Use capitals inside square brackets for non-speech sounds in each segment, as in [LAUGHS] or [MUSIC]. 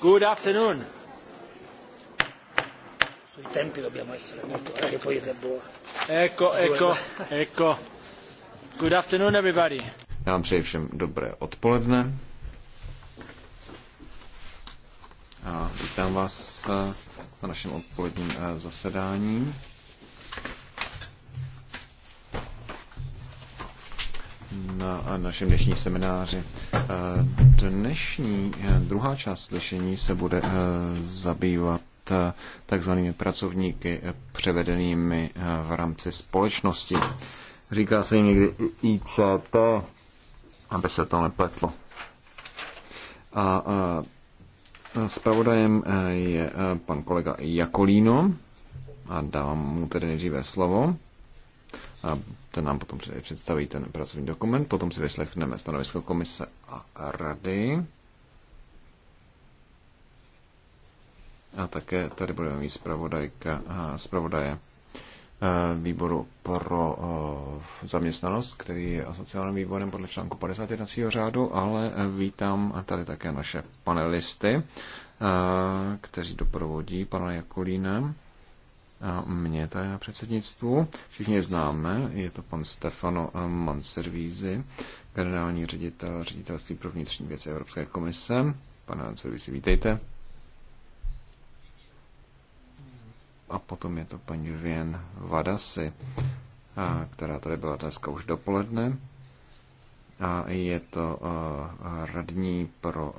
Good afternoon. Sui tempi dobbiamo essere molto poi è boh. Ecco, ecco, ecco. Good afternoon everybody. Já vám přeji všem dobré odpoledne. A vítám vás eh, na našem odpoledním eh, zasedání. na našem dnešním semináři. Dnešní druhá část slyšení se bude eh, zabývat eh, takzvanými pracovníky převedenými eh, v rámci společnosti. Říká se jim někdy ICT, aby se to nepletlo. A zpravodajem je pan kolega Jakolíno a dávám mu tedy nejdříve slovo. A ten nám potom představí ten pracovní dokument, potom si vyslechneme stanovisko komise a rady. A také tady budeme mít zpravodajka, zpravodaje e, výboru pro e, zaměstnanost, který je asociálním výborem podle článku 50 jednacího řádu, ale e, vítám tady také naše panelisty, kteří doprovodí pana Jakulína a mě tady na předsednictvu. Všichni je známe, je to pan Stefano Manservízy, generální ředitel ředitelství pro vnitřní věci Evropské komise. Pane Manservízy, vítejte. A potom je to paní Vien Vadasi, která tady byla dneska už dopoledne. A je to radní pro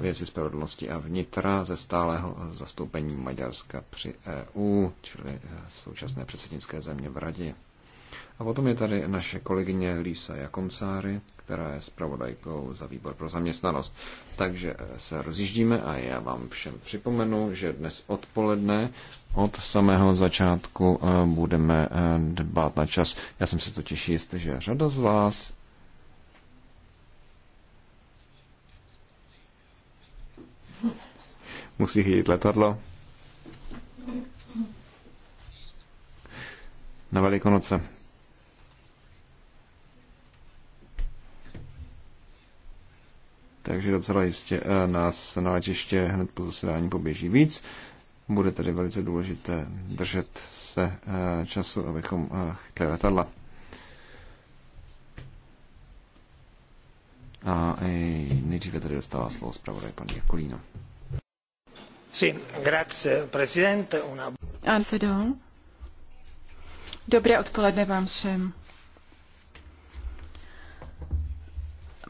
věci spravedlnosti a vnitra ze stálého zastoupení Maďarska při EU, čili eh, současné předsednické země v Radě. A potom je tady naše kolegyně Lisa Jakomsáry, která je zpravodajkou za výbor pro zaměstnanost. Takže eh, se rozjíždíme a já vám všem připomenu, že dnes odpoledne od samého začátku eh, budeme dbát na čas. Já jsem se totiž jist, že řada z vás musí chytit letadlo. Na Velikonoce. Takže docela jistě eh, nás na letiště hned po zasedání poběží víc. Bude tedy velice důležité držet se eh, času, abychom eh, chytli letadla. A nejdříve tady dostává slovo zpravodaj pan Jakolína. Dobré odpoledne vám všem.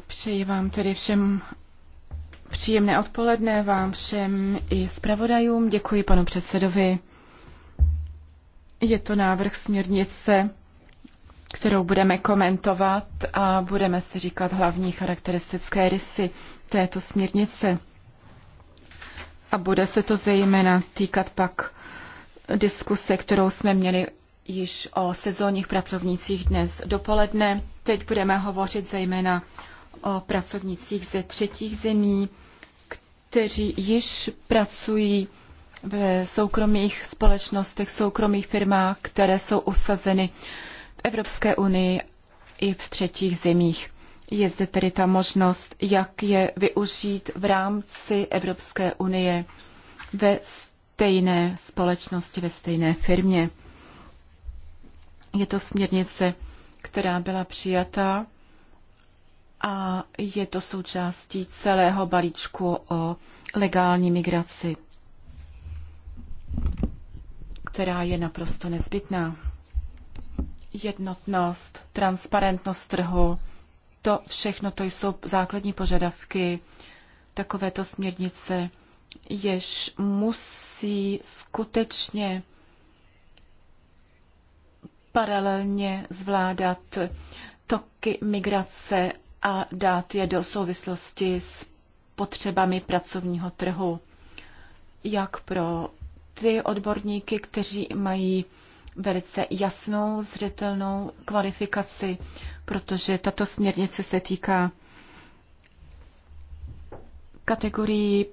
Přeji vám tedy všem příjemné odpoledne, vám všem i zpravodajům. Děkuji panu předsedovi. Je to návrh směrnice, kterou budeme komentovat a budeme si říkat hlavní charakteristické rysy této směrnice a bude se to zejména týkat pak diskuse, kterou jsme měli již o sezónních pracovnících dnes dopoledne. Teď budeme hovořit zejména o pracovnicích ze třetích zemí, kteří již pracují v soukromých společnostech, soukromých firmách, které jsou usazeny v Evropské unii i v třetích zemích. Je zde tedy ta možnost, jak je využít v rámci Evropské unie ve stejné společnosti, ve stejné firmě. Je to směrnice, která byla přijata a je to součástí celého balíčku o legální migraci, která je naprosto nezbytná. Jednotnost, transparentnost trhu, to všechno to jsou základní požadavky takovéto směrnice, jež musí skutečně paralelně zvládat toky migrace a dát je do souvislosti s potřebami pracovního trhu, jak pro ty odborníky, kteří mají velice jasnou, zřetelnou kvalifikaci, protože tato směrnice se týká kategorií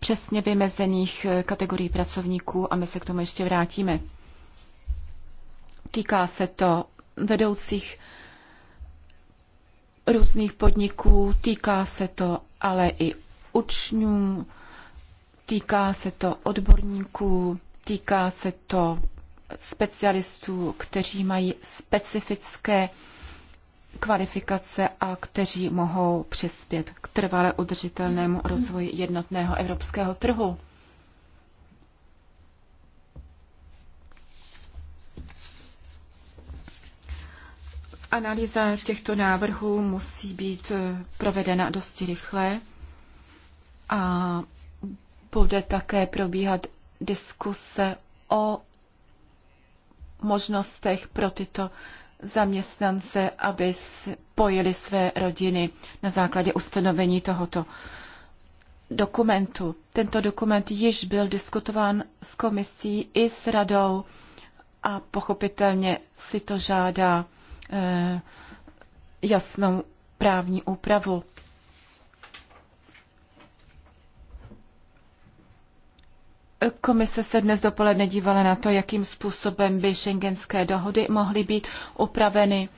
přesně vymezených eh, kategorií pracovníků a my se k tomu ještě vrátíme. Týká se to vedoucích různých podniků, týká se to ale i učňů, týká se to odborníků, týká se to specialistů, kteří mají specifické kvalifikace a kteří mohou přispět k trvale udržitelnému rozvoji jednotného evropského trhu. Analýza těchto návrhů musí být eh, provedena dosti rychle a bude také probíhat diskuse o možnostech pro tyto zaměstnance, aby spojili své rodiny na základě ustanovení tohoto dokumentu. Tento dokument již byl diskutován s komisí i s radou a pochopitelně si to žádá eh, jasnou právní úpravu. Komise se dnes dopoledne dívala na to, jakým způsobem by šengenské dohody mohly být upraveny.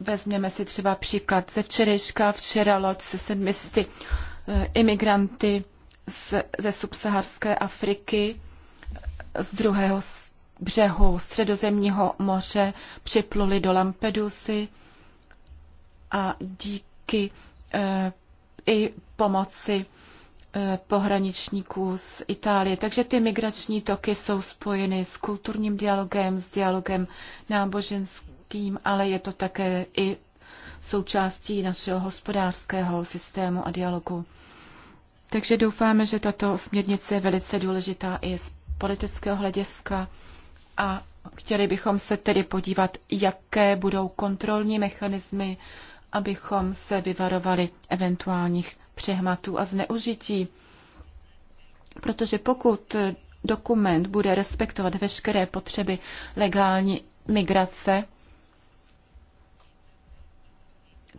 Vezměme si třeba příklad ze včerejška. Včera loď se sedmisty eh, imigranty z, ze subsaharské Afriky z druhého břehu středozemního moře připluli do Lampedusy a díky e, i pomoci Eh, pohraničníků z Itálie. Takže ty migrační toky jsou spojeny s kulturním dialogem, s dialogem náboženským, ale je to také i součástí našeho hospodářského systému a dialogu. Takže doufáme, že tato směrnice je velice důležitá i z politického hlediska a chtěli bychom se tedy podívat, jaké budou kontrolní mechanismy, abychom se vyvarovali eventuálních přehmatů a zneužití. Protože pokud dokument bude respektovat veškeré potřeby legální migrace,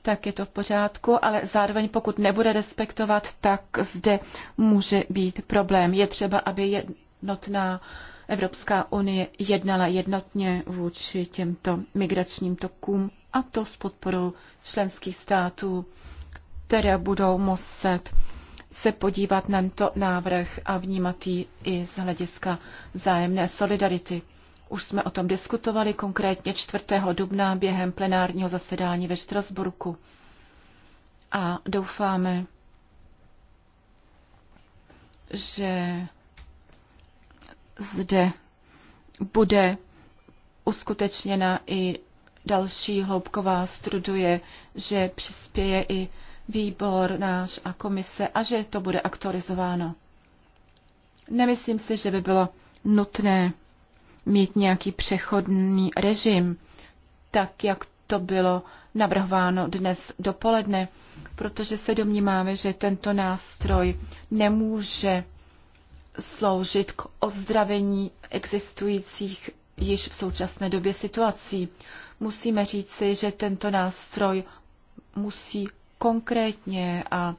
tak je to v pořádku, ale zároveň pokud nebude respektovat, tak zde může být problém. Je třeba, aby jednotná Evropská unie jednala jednotně vůči těmto migračním tokům a to s podporou členských států které budou muset se podívat na tento návrh a vnímat ji i z hlediska zájemné solidarity. Už jsme o tom diskutovali konkrétně 4. dubna během plenárního zasedání ve Štrasburku. A doufáme, že zde bude uskutečněna i další hloubková studie, že přispěje i výbor náš a komise a že to bude aktualizováno. Nemyslím si, že by bylo nutné mít nějaký přechodný režim, tak jak to bylo navrhováno dnes dopoledne, protože se domníváme, že tento nástroj nemůže sloužit k ozdravení existujících již v současné době situací. Musíme říci, že tento nástroj musí konkrétně a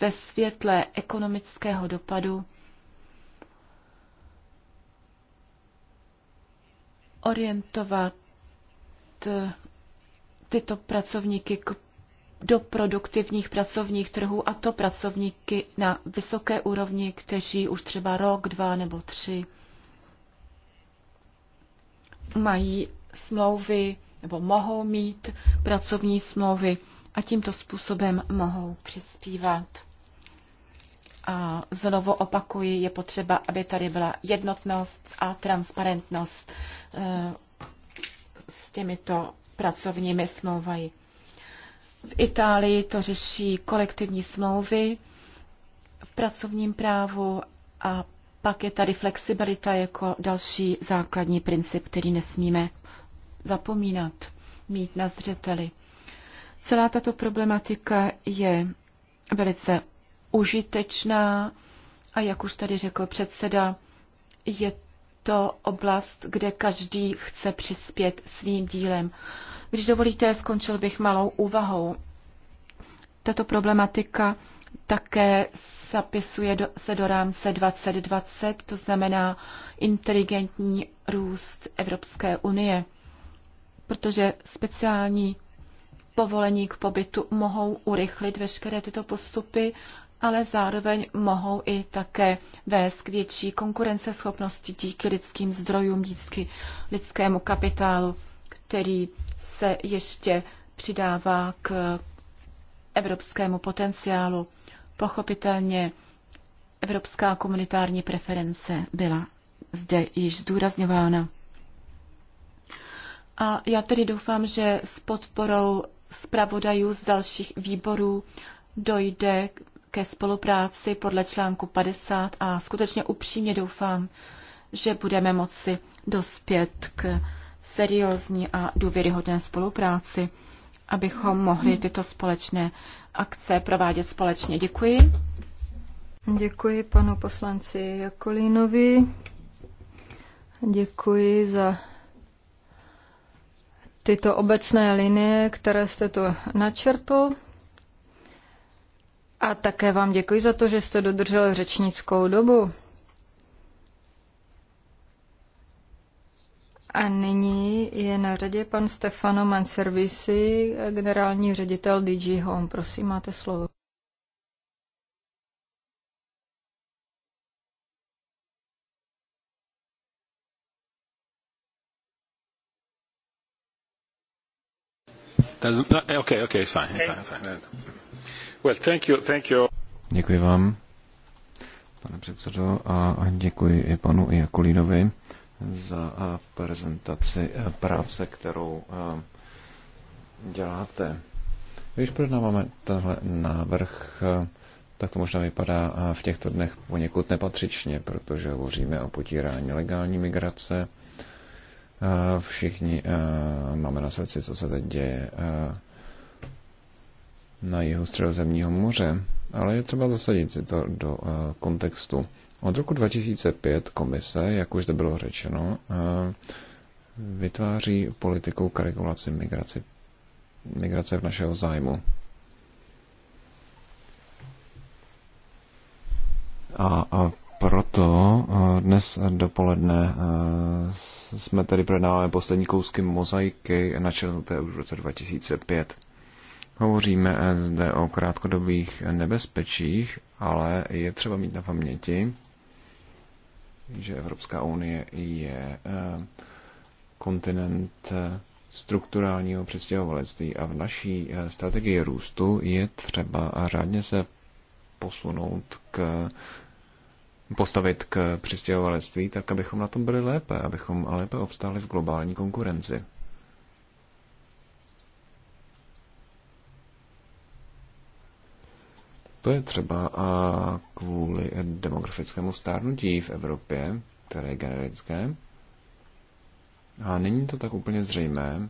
ve světle ekonomického dopadu orientovat tyto pracovníky k, do produktivních pracovních trhů a to pracovníky na vysoké úrovni, kteří už třeba rok, dva nebo tři mají smlouvy nebo mohou mít pracovní smlouvy a tímto způsobem mohou přispívat. A znovu opakuji, je potřeba, aby tady byla jednotnost a transparentnost eh, s těmito pracovními smlouvami. V Itálii to řeší kolektivní smlouvy v pracovním právu a pak je tady flexibilita jako další základní princip, který nesmíme zapomínat, mít na zřeteli. Celá tato problematika je velice užitečná a jak už tady řekl předseda, je to oblast, kde každý chce přispět svým dílem. Když dovolíte, skončil bych malou úvahou. Tato problematika také zapisuje do, se do rámce 2020, to znamená inteligentní růst Evropské unie, protože speciální povolení k pobytu mohou urychlit veškeré tyto postupy, ale zároveň mohou i také vést k větší konkurenceschopnosti díky lidským zdrojům, díky lidskému kapitálu, který se ještě přidává k evropskému potenciálu. Pochopitelně evropská komunitární preference byla zde již zdůrazňována. A já tedy doufám, že s podporou zpravodajů z dalších výborů dojde ke spolupráci podle článku 50 a skutečně upřímně doufám, že budeme moci dospět k seriózní a důvěryhodné spolupráci, abychom mohli tyto společné akce provádět společně. Děkuji. Děkuji panu poslanci Jakolínovi. Děkuji za tyto obecné linie, které jste tu načrtl. A také vám děkuji za to, že jste dodržel řečnickou dobu. A nyní je na řadě pan Stefano Manservisi, generální ředitel DG Home. Prosím, máte slovo. No, eh, well, thank you, thank you. Děkuji vám, pane předsedo, a děkuji i panu Jakulínovi za eh, prezentaci eh, práce, kterou děláte. Když projednáváme tenhle návrh, tak to možná vypadá v těchto dnech poněkud nepatřičně, protože hovoříme o potírání legální migrace, Všichni máme na srdci, co se teď děje na jihu středozemního moře, ale je třeba zasadit si to do kontextu. Od roku 2005 komise, jak už to bylo řečeno, vytváří politiku k regulaci migraci, migrace v našeho zájmu. A, a proto eh, dnes dopoledne eh, jsme tady projednáváme poslední kousky mozaiky na už v roce 2005. Hovoříme eh, zde o krátkodobých nebezpečích, ale je třeba mít na paměti, že Evropská unie je kontinent strukturálního přestěhovalectví a v naší strategii růstu je třeba řádně se posunout k postavit k přistěhovalectví, tak abychom na tom byli lépe, abychom lépe obstáli v globální konkurenci. To je třeba a kvůli demografickému stárnutí v Evropě, které je generické. A není to tak úplně zřejmé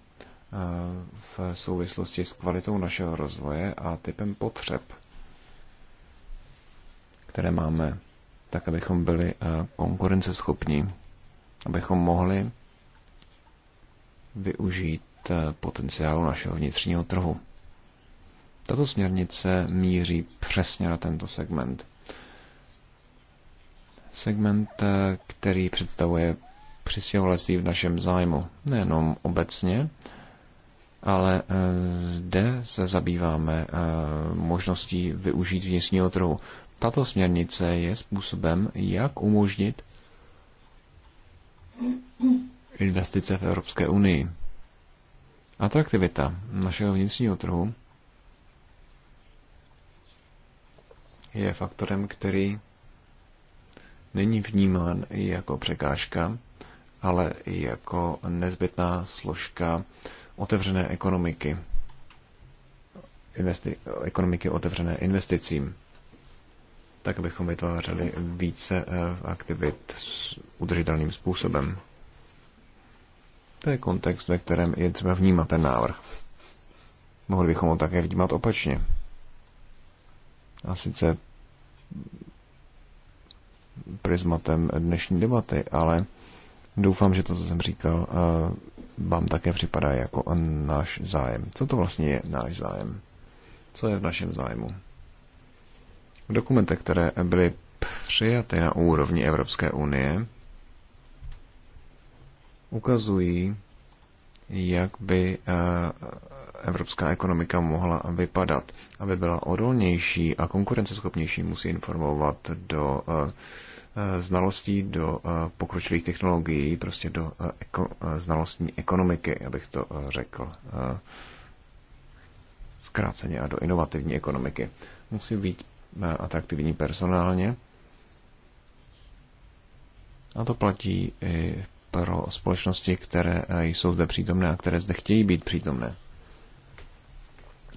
v souvislosti s kvalitou našeho rozvoje a typem potřeb, které máme tak abychom byli eh, konkurenceschopní, abychom mohli využít eh, potenciálu našeho vnitřního trhu. Tato směrnice míří přesně na tento segment. Segment, eh, který představuje přistěhovalectví v našem zájmu. Nejenom obecně, ale zde se zabýváme možností využít vnitřního trhu tato směrnice je způsobem, jak umožnit investice v Evropské unii. Atraktivita našeho vnitřního trhu je faktorem, který není vnímán jako překážka, ale jako nezbytná složka otevřené ekonomiky, investi- ekonomiky otevřené investicím tak abychom vytvářeli více eh, aktivit s udržitelným způsobem. To je kontext, ve kterém je třeba vnímat ten návrh. Mohli bychom ho také vnímat opačně. A sice prismatem dnešní debaty, ale doufám, že to, co jsem říkal, eh, vám také připadá jako náš zájem. Co to vlastně je náš zájem? Co je v našem zájmu? V dokumentech, které byly přijaty na úrovni Evropské unie, ukazují, jak by eh, evropská ekonomika mohla vypadat. Aby byla odolnější a konkurenceschopnější, musí informovat do eh, znalostí, do eh, pokročilých technologií, prostě do eko, znalostní ekonomiky, abych to řekl zkráceně, a do inovativní ekonomiky. Musí být Eh, atraktivní personálně. A to platí i pro společnosti, které eh, jsou zde přítomné a které zde chtějí být přítomné.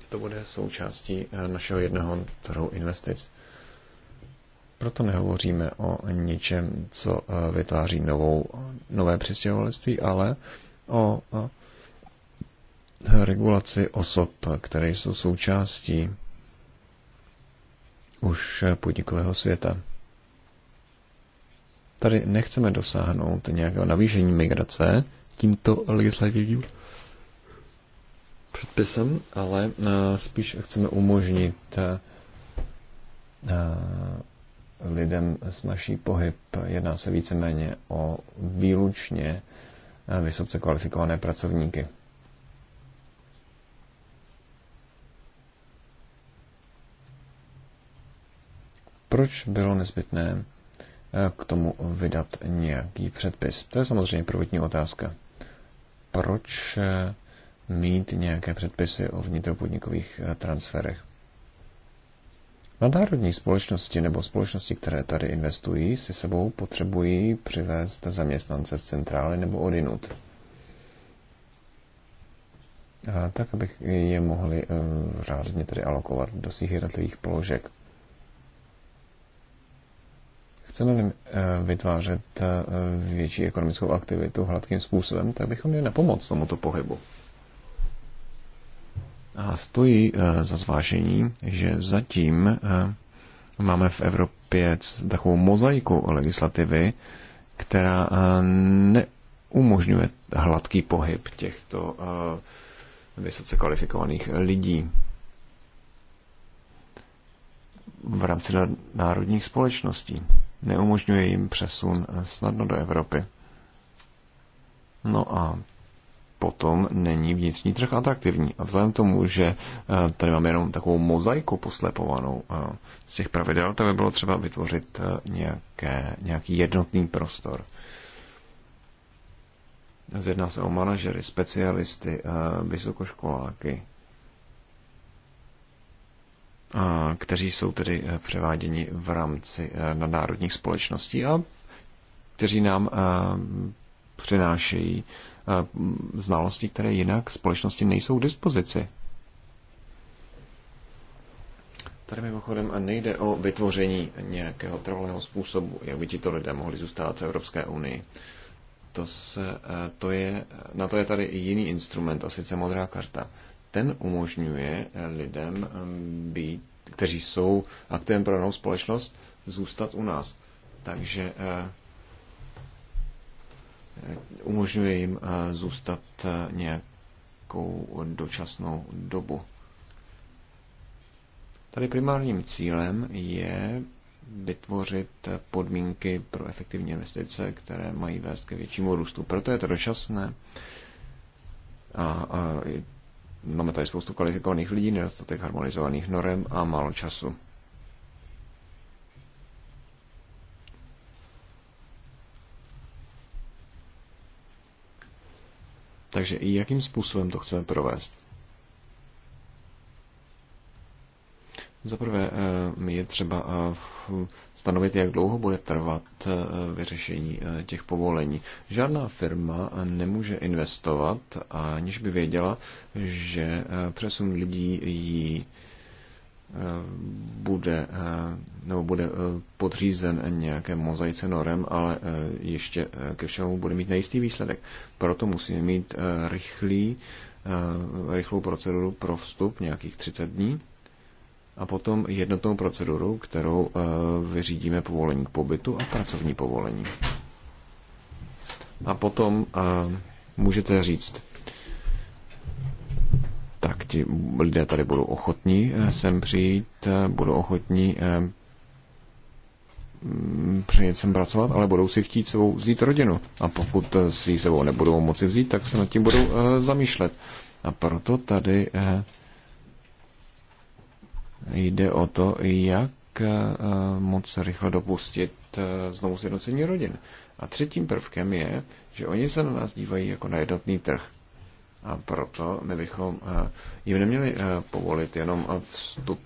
To bude součástí eh, našeho jednoho trhu investic. Proto nehovoříme o ničem, co vytváří novou, nové přistěhovalství, ale o regulaci osob, které jsou součástí už eh, podnikového světa. Tady nechceme dosáhnout nějakého navýšení migrace tímto legislativním předpisem, ale eh, spíš chceme umožnit eh, lidem s naší pohyb. Jedná se víceméně o výlučně vysoce kvalifikované pracovníky. proč bylo nezbytné eh, k tomu vydat nějaký předpis? To je samozřejmě prvotní otázka. Proč eh, mít nějaké předpisy o vnitropodnikových eh, transferech? Nadárodní společnosti nebo společnosti, které tady investují, si sebou potřebují přivést zaměstnance z centrály nebo odinut. A tak, abych je mohli řádně tedy alokovat do svých jednotlivých položek. Chceme eh, vytvářet eh, větší ekonomickou aktivitu hladkým způsobem, tak bychom měli na pomoc tomuto pohybu. A stojí eh, za zvážení, že zatím máme v Evropě takovou mozaiku legislativy, která neumožňuje hladký pohyb těchto vysoce kvalifikovaných lidí v rámci národních společností neumožňuje jim přesun eh, snadno do Evropy. No a potom není vnitřní trh atraktivní. A vzhledem k tomu, že eh, tady máme jenom takovou mozaiku poslepovanou eh, z těch pravidel, tak by bylo třeba vytvořit nějaké, nějaký jednotný prostor. Zjedná se o manažery, specialisty, vysokoškoláky, kteří jsou tedy eh, převáděni v rámci eh, nadnárodních společností a kteří nám eh, přinášejí znalosti, které jinak společnosti nejsou k dispozici. Tady mimochodem nejde o vytvoření nějakého trvalého způsobu, jak by to lidé mohli zůstat v Evropské unii. To, se, to je, na to je tady i jiný instrument, a sice modrá karta ten umožňuje eh, lidem eh, být, kteří jsou aktivem pro danou společnost, zůstat u nás. Takže eh, umožňuje jim zůstat nějakou dočasnou dobu. Tady primárním cílem je vytvořit podmínky pro efektivní investice, které mají vést ke většímu růstu. Proto je to dočasné a, a Máme tady spoustu kvalifikovaných lidí, nedostatek harmonizovaných norem a málo času. Takže i jakým způsobem to chceme provést? Za prvé eh, je třeba eh, stanovit, jak dlouho bude trvat eh, vyřešení těch povolení. Žádná firma nemůže investovat, aniž by věděla, že přesun lidí jí bude, nebo bude podřízen nějaké mozaice norem, ale ještě ke všemu bude mít nejistý výsledek. Proto musíme mít rychlý, rychlou proceduru pro vstup nějakých 30 dní a potom jednotnou proceduru, kterou eh, vyřídíme povolení k pobytu a pracovní povolení. A potom eh, můžete říct, tak ti lidé tady budou ochotní eh, sem přijít, budou ochotní přijet sem pracovat, ale budou si chtít sebou vzít rodinu. A pokud si ji sebou nebudou moci vzít, tak se nad tím budou zamýšlet. A proto tady Jde o to, jak eh, moc rychle dopustit eh, znovu sjednocení rodin. A třetím prvkem je, že oni se na nás dívají jako na jednotný trh. A proto my bychom eh, jim neměli povolit jenom vstup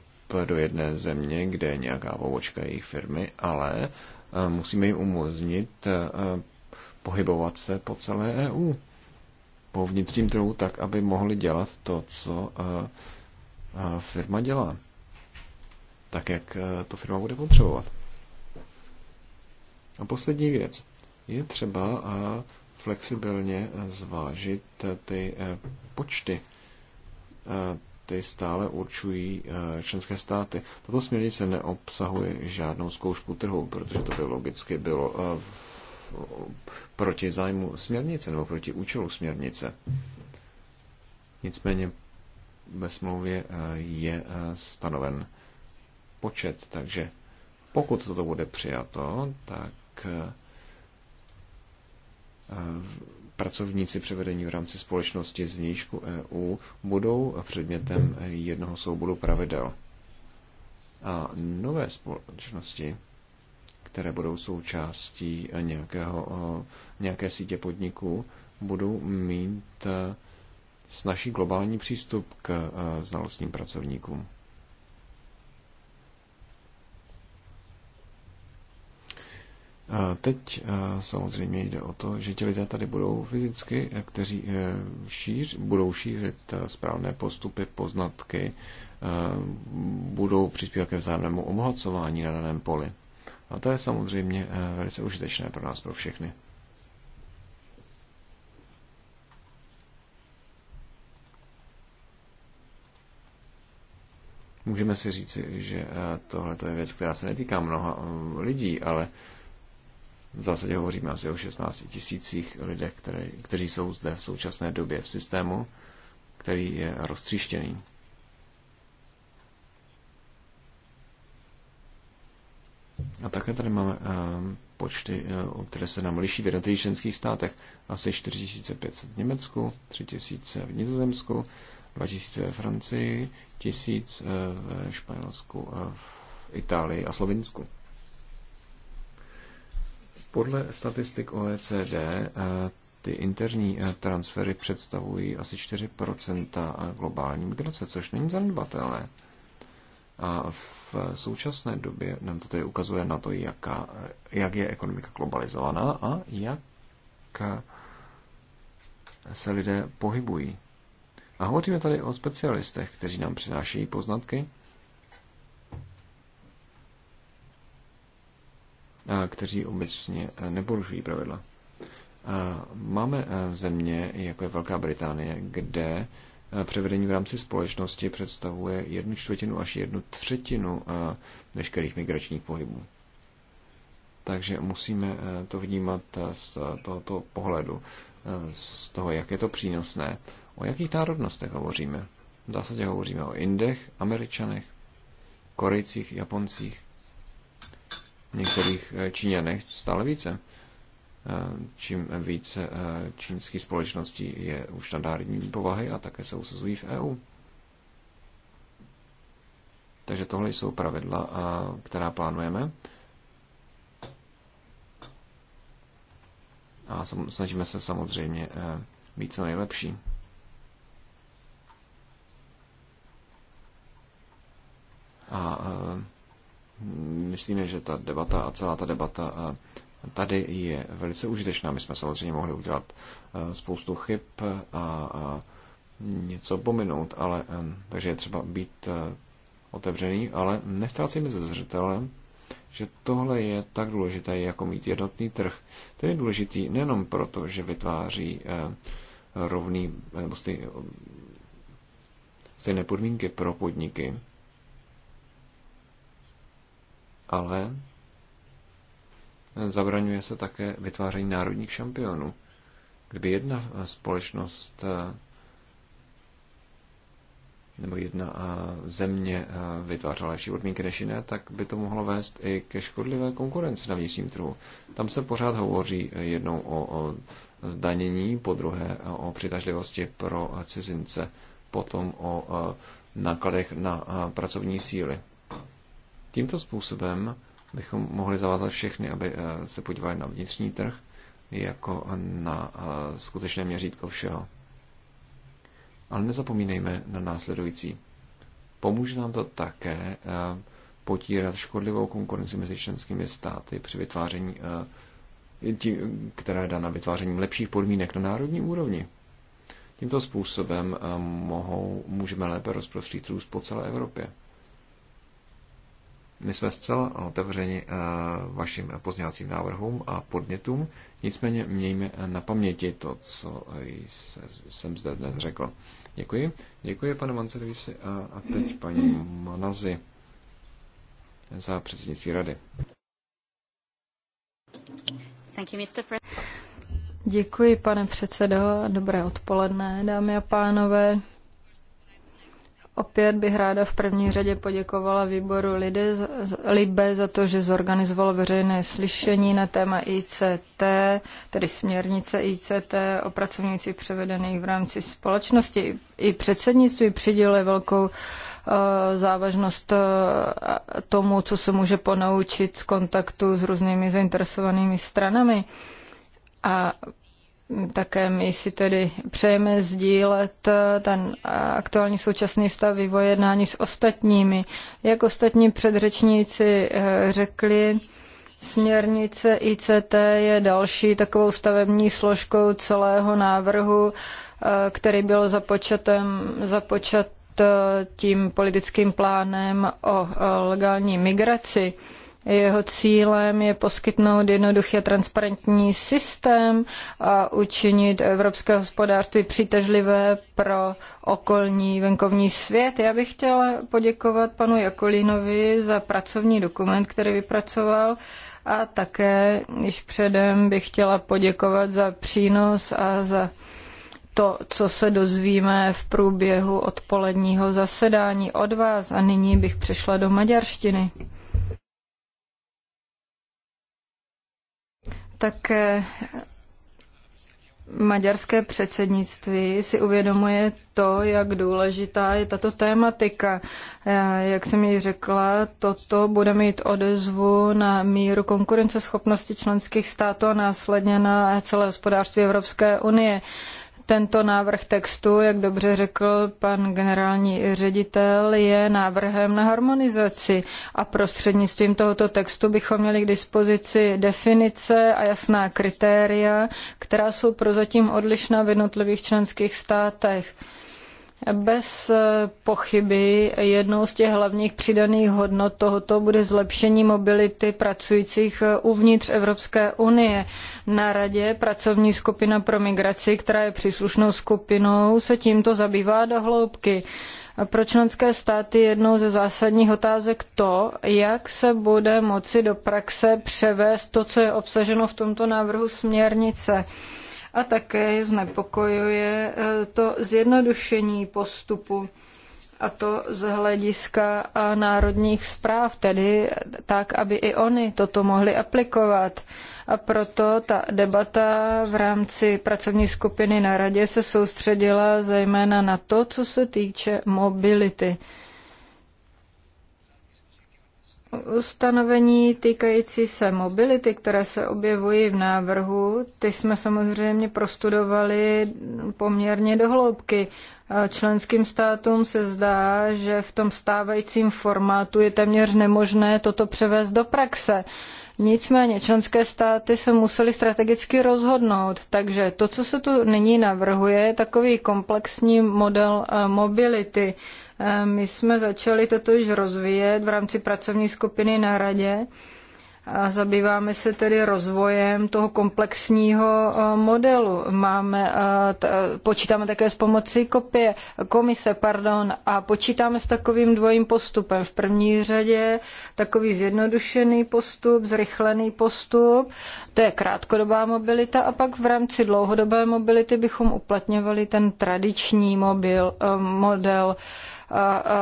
do jedné země, kde je nějaká pobočka jejich firmy, ale musíme jim umožnit pohybovat se po celé EU, po vnitřním trhu, tak, aby mohli dělat to, co firma dělá tak, jak eh, to firma bude potřebovat. A poslední věc. Je třeba eh, flexibilně eh, zvážit ty počty. Ty stále určují členské státy. Tato směrnice neobsahuje žádnou zkoušku trhu, protože to by logicky bylo proti zájmu směrnice nebo proti účelu směrnice. Nicméně ve smlouvě je stanoven počet. Takže pokud toto bude přijato, tak eh, pracovníci převedení v rámci společnosti z vnějšku EU budou předmětem jednoho souboru pravidel. A nové společnosti, které budou součástí nějakého, eh, nějaké sítě podniků, budou mít eh, snaží globální přístup k znalostním pracovníkům. Teď samozřejmě jde o to, že ti lidé tady budou fyzicky, kteří e, šíř, budou šířit e, správné postupy, poznatky, e, budou přispívat ke vzájemnému omohacování na daném poli. A to je samozřejmě velice užitečné pro nás, pro všechny. Můžeme si říci, že tohle je věc, která se netýká mnoha lidí, ale v zásadě hovoříme asi o 16 tisících lidech, které, kteří jsou zde v současné době v systému, který je roztříštěný. A také tady máme eh, počty, eh, které se nám liší v jednotlivých členských státech. Asi 4500 v Německu, 3000 v Nizozemsku, 2000 ve Francii, 1000 eh, ve Španělsku, v Itálii a Slovinsku. Podle statistik OECD eh, ty interní eh, transfery představují asi 4% eh, globální migrace, což není zanedbatelné. A v současné době nám to tedy ukazuje na to, jaká, jak je ekonomika globalizovaná a jak se lidé pohybují. A hovoříme tady o specialistech, kteří nám přináší poznatky, kteří obecně neporušují pravidla. Máme země, jako je Velká Británie, kde převedení v rámci společnosti představuje jednu čtvrtinu až jednu třetinu veškerých migračních pohybů. Takže musíme to vnímat z tohoto pohledu, z toho, jak je to přínosné. O jakých národnostech hovoříme? V zásadě hovoříme o Indech, Američanech, Korejcích, Japoncích, některých eh, Číňanech stále více. Eh, Čím více eh, čínských společností je už nadnárodní povahy a také se usazují v EU. Takže tohle jsou pravidla, která plánujeme. A snažíme se samozřejmě být co nejlepší. A myslíme, že ta debata a celá ta debata tady je velice užitečná. My jsme samozřejmě mohli udělat e, spoustu chyb a něco pominout, ale, e, takže je třeba být e, otevřený, ale nestrácíme ze zřetelem, že tohle je tak důležité jako mít jednotný trh. To je důležitý nejenom proto, že vytváří rovný, nebo stejné podmínky pro podniky, ale zabraňuje se také vytváření národních šampionů. Kdyby jedna společnost eh, nebo jedna eh, země eh, vytvářela lepší podmínky než jiné, tak by to mohlo vést i ke škodlivé konkurenci na vnitřním trhu. Tam se pořád hovoří jednou o, o zdanění, po druhé o přitažlivosti pro cizince, potom o nákladech na pracovní síly. Tímto způsobem bychom mohli zavázat všechny, aby eh, se podívali na vnitřní trh jako na eh, skutečné měřítko všeho. Ale nezapomínejme na následující. Pomůže nám to také eh, potírat škodlivou konkurenci mezi členskými státy při vytváření, která je dána vytvářením lepších podmínek na národní úrovni. Tímto způsobem mohou, můžeme lépe rozprostřít růst po celé Evropě. My jsme zcela otevřeni eh, vašim pozměňovacím návrhům a podnětům, nicméně mějme na paměti to, co jsem zde dnes řekl. Děkuji. Děkuji panu Mancervisi a, teď paní Manazi za předsednictví rady. Děkuji, pane předsedo. Dobré odpoledne, dámy a pánové. Opět bych ráda v první řadě poděkovala výboru Lide, Libe za to, že zorganizovalo veřejné slyšení na téma ICT, tedy směrnice ICT o pracovnících převedených v rámci společnosti. I předsednictví přiděluje velkou eh, závažnost eh, tomu, co se může ponaučit z kontaktu s různými zainteresovanými stranami. A také my si tedy přejeme sdílet eh, ten eh, aktuální současný stav vývoje jednání s ostatními. Jak ostatní předřečníci eh, řekli, směrnice ICT je další takovou stavební složkou celého návrhu, který byl započatem, započat tím politickým plánem o legální migraci. Jeho cílem je poskytnout jednoduchý a transparentní systém a učinit evropské hospodářství přitažlivé pro okolní venkovní svět. Já bych chtěla poděkovat panu Jakolínovi za pracovní dokument, který vypracoval a také již předem bych chtěla poděkovat za přínos a za to, co se dozvíme v průběhu odpoledního zasedání od vás. A nyní bych přešla do maďarštiny. Také eh, maďarské předsednictví si uvědomuje to, jak důležitá je tato tématika. Eh, jak jsem ji řekla, toto bude mít odezvu na míru konkurenceschopnosti členských států a následně na celé hospodářství Evropské unie. Tento návrh textu, jak dobře řekl pan generální ředitel, je návrhem na harmonizaci a prostřednictvím tohoto textu bychom měli k dispozici definice a jasná kritéria, která jsou prozatím odlišná v jednotlivých členských státech. Bez eh, pochyby jednou z těch hlavních přidaných hodnot tohoto bude zlepšení mobility pracujících eh, uvnitř Evropské unie. Na radě pracovní skupina pro migraci, která je příslušnou skupinou, se tímto zabývá do hloubky. Pro členské státy jednou ze zásadních otázek to, jak se bude moci do praxe převést to, co je obsaženo v tomto návrhu směrnice a také znepokojuje eh, to zjednodušení postupu a to z hlediska eh, národních zpráv, tedy tak, aby i oni toto mohli aplikovat. A proto ta debata v rámci pracovní skupiny na radě se soustředila zejména na to, co se týče mobility. Ustanovení týkající se mobility, které se objevují v návrhu, ty jsme samozřejmě prostudovali poměrně dohloubky. Členským státům se zdá, že v tom stávajícím formátu je téměř nemožné toto převést do praxe. Nicméně členské státy se musely strategicky rozhodnout, takže to, co se tu nyní navrhuje, je takový komplexní model eh, mobility. Eh, my jsme začali toto již rozvíjet v rámci pracovní skupiny na radě. A zabýváme se tedy rozvojem toho komplexního e, modelu. Máme, e, e, počítáme také s pomocí kopie, komise pardon, a počítáme s takovým dvojím postupem. V první řadě takový zjednodušený postup, zrychlený postup, to je krátkodobá mobilita a pak v rámci dlouhodobé mobility bychom uplatňovali ten tradiční mobil, model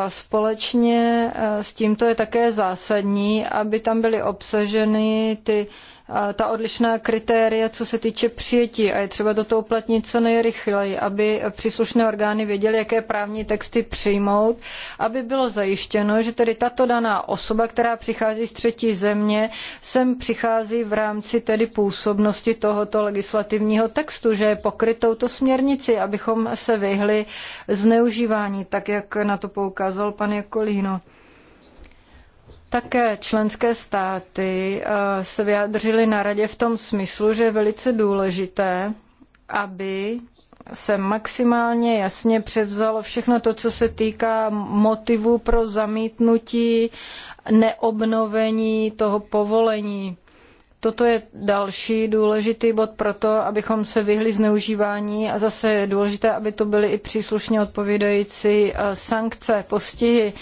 společně s tímto je také zásadní, aby tam byly obsaženy ty Eh, ta odlišná kritéria, co se týče přijetí a je třeba toto uplatnit co nejrychleji, aby příslušné orgány věděly, jaké právní texty přijmout, aby bylo zajištěno, že tedy tato daná osoba, která přichází z třetí země, sem přichází v rámci tedy působnosti tohoto legislativního textu, že je pokrytou to směrnici, abychom se vyhli zneužívání, tak jak na to poukázal pan Jakolíno. Také členské státy eh, se vyjádřily na radě v tom smyslu, že je velice důležité, aby se maximálně jasně převzalo všechno to, co se týká motivu pro zamítnutí, neobnovení toho povolení. Toto je další důležitý bod pro to, abychom se vyhli zneužívání a zase je důležité, aby to byly i příslušně odpovídající eh, sankce, postihy.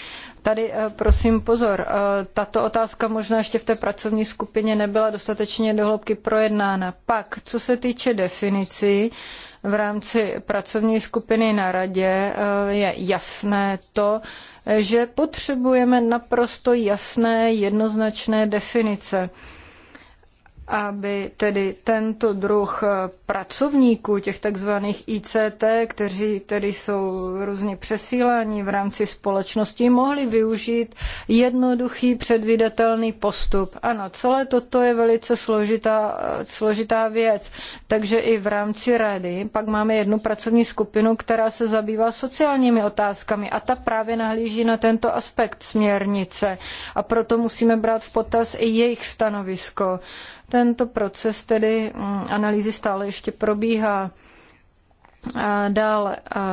Tady eh, prosím pozor, eh, tato otázka možná ještě v té pracovní skupině nebyla dostatečně dohloubky projednána. Pak, co se týče definicí, v rámci pracovní skupiny na radě eh, je jasné to, že potřebujeme naprosto jasné, jednoznačné definice aby tedy tento druh eh, pracovníků, těch takzvaných ICT, kteří tedy jsou různě přesíláni v rámci společnosti, mohli využít jednoduchý předvídatelný postup. Ano, celé toto je velice složitá, eh, složitá věc, takže i v rámci rady pak máme jednu pracovní skupinu, která se zabývá sociálními otázkami a ta právě nahlíží na tento aspekt směrnice a proto musíme brát v potaz i jejich stanovisko. Tento proces tedy mm, analýzy stále ještě probíhá. A dále a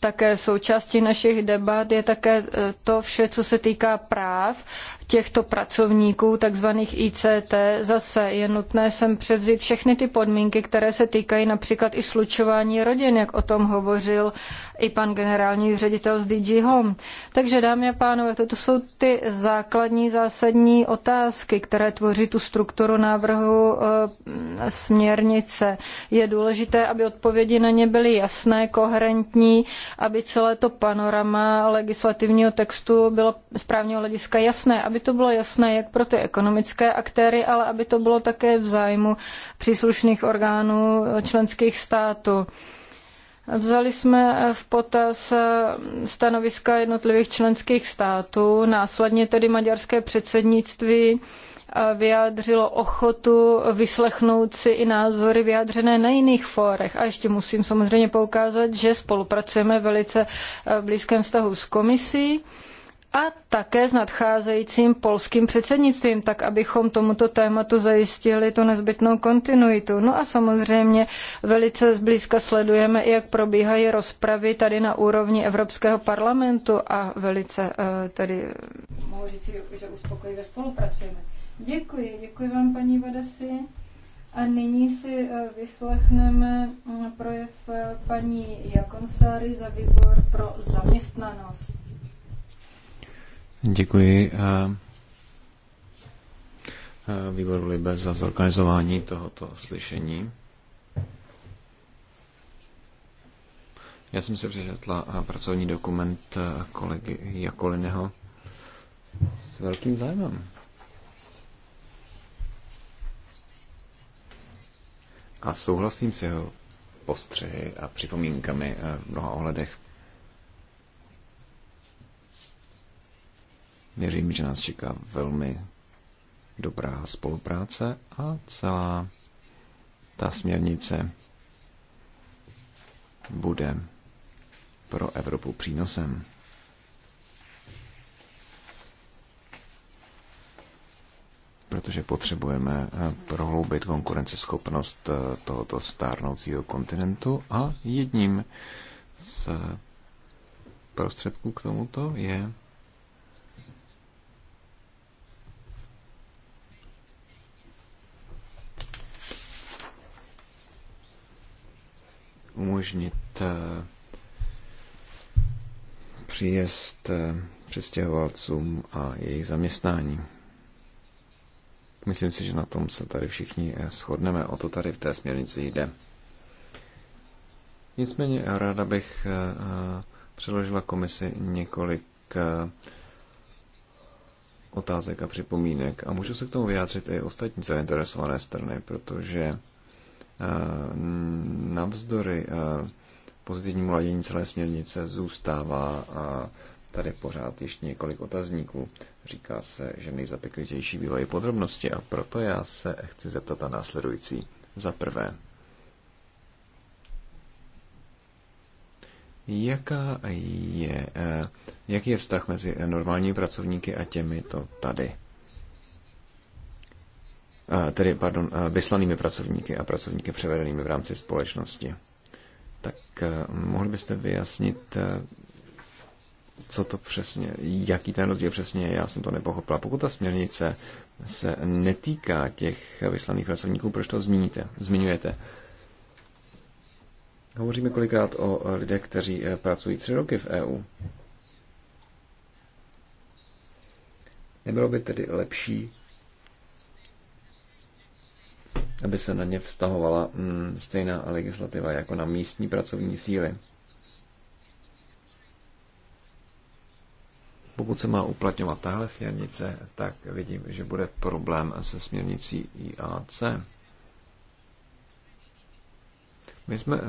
také součástí našich debat je také e, to vše, co se týká práv těchto pracovníků, takzvaných ICT, zase je nutné sem převzít všechny ty podmínky, které se týkají například i slučování rodin, jak o tom hovořil i pan generální ředitel z DG Home. Takže dámy a pánové, toto jsou ty základní zásadní otázky, které tvoří tu strukturu návrhu e, směrnice. Je důležité, aby odpovědi na ně byly jasné, koherentní, aby celé to panorama legislativního textu bylo právního hlediska jasné, aby to bylo jasné jak pro ty ekonomické aktéry, ale aby to bylo také v zájmu příslušných orgánů členských států. Vzali jsme v potaz stanoviska jednotlivých členských států, následně tedy maďarské předsednictví vyjádřilo ochotu vyslechnout si i názory vyjádřené na jiných fórech. A ještě musím samozřejmě poukázat, že spolupracujeme v velice blízkém vztahu s komisí a také s nadcházejícím polským předsednictvím, tak abychom tomuto tématu zajistili tu nezbytnou kontinuitu. No a samozřejmě velice zblízka sledujeme, jak probíhají rozpravy tady na úrovni Evropského parlamentu a velice eh, tady mohu říct, že uspokojivě spolupracujeme. Děkuji, děkuji vám, paní Vadasi. A nyní si eh, vyslechneme hm, projev eh, paní Jakonsáry za výbor pro zaměstnanost. Děkuji eh, eh, výboru Libe za zorganizování tohoto slyšení. Já jsem si přečetla eh, pracovní dokument kolegy Jakoliného s velkým zájmem. A souhlasím s jeho postřehy a připomínkami v mnoha ohledech. Věřím, že nás čeká velmi dobrá spolupráce a celá ta směrnice bude pro Evropu přínosem. protože potřebujeme eh, prohloubit konkurenceschopnost eh, tohoto stárnoucího kontinentu a jedním z prostředků k tomuto je umožnit eh, příjezd eh, přestěhovalcům a jejich zaměstnání. Myslím si, že na tom se tady všichni eh, shodneme, o to tady v té směrnici jde. Nicméně ráda bych předložila komisi několik otázek a připomínek a můžu se k tomu vyjádřit i ostatní zainteresované strany, protože Eh, navzdory eh, pozitivnímu ladění celé směrnice zůstává tady pořád ještě několik otazníků. Říká se, že nejzapeklitější bývají podrobnosti a proto já se chci zeptat na následující. Za prvé, jaká je, eh, jaký je vztah mezi normálními pracovníky a těmi to tady? tedy pardon, vyslanými pracovníky a pracovníky převedenými v rámci společnosti. Tak e, mohli byste vyjasnit, e, co to přesně, jaký ten rozdíl přesně je, já jsem to nepochopila. Pokud ta směrnice se netýká těch vyslaných pracovníků, proč to zmíníte, zmiňujete? Hovoříme kolikrát o lidech, kteří e, pracují tři roky v EU. Nebylo by tedy lepší aby se na ně vztahovala mm, stejná legislativa jako na místní pracovní síly. Pokud se má uplatňovat tahle směrnice, tak vidím, že bude problém se směrnicí IAC. My jsme eh,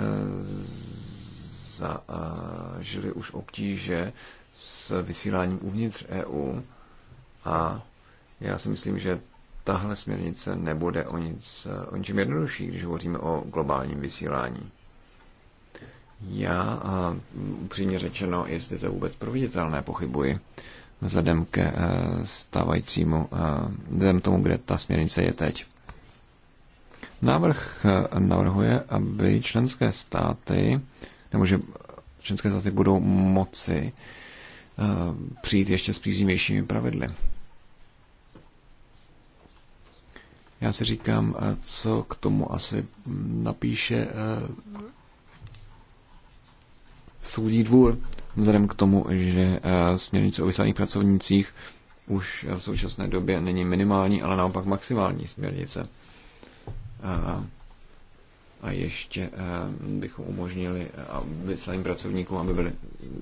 zažili eh, už obtíže s vysíláním uvnitř EU a já si myslím, že tahle směrnice nebude o, nic, o ničem jednodušší, když hovoříme o globálním vysílání. Já a upřímně řečeno, jestli to vůbec proveditelné, pochybuji vzhledem eh, eh, k stávajícímu, vzhledem tomu, kde ta směrnice je teď. Návrh eh, navrhuje, aby členské státy, nebo že členské státy budou moci přijít ještě s příznivějšími pravidly. Já si říkám, eh, co k tomu asi mm, napíše eh, soudní dvůr, vzhledem k tomu, že eh, směrnice o vyslaných pracovnících už v současné době není minimální, ale naopak maximální směrnice. A, ještě bychom umožnili vyslaným pracovníkům, aby, byli,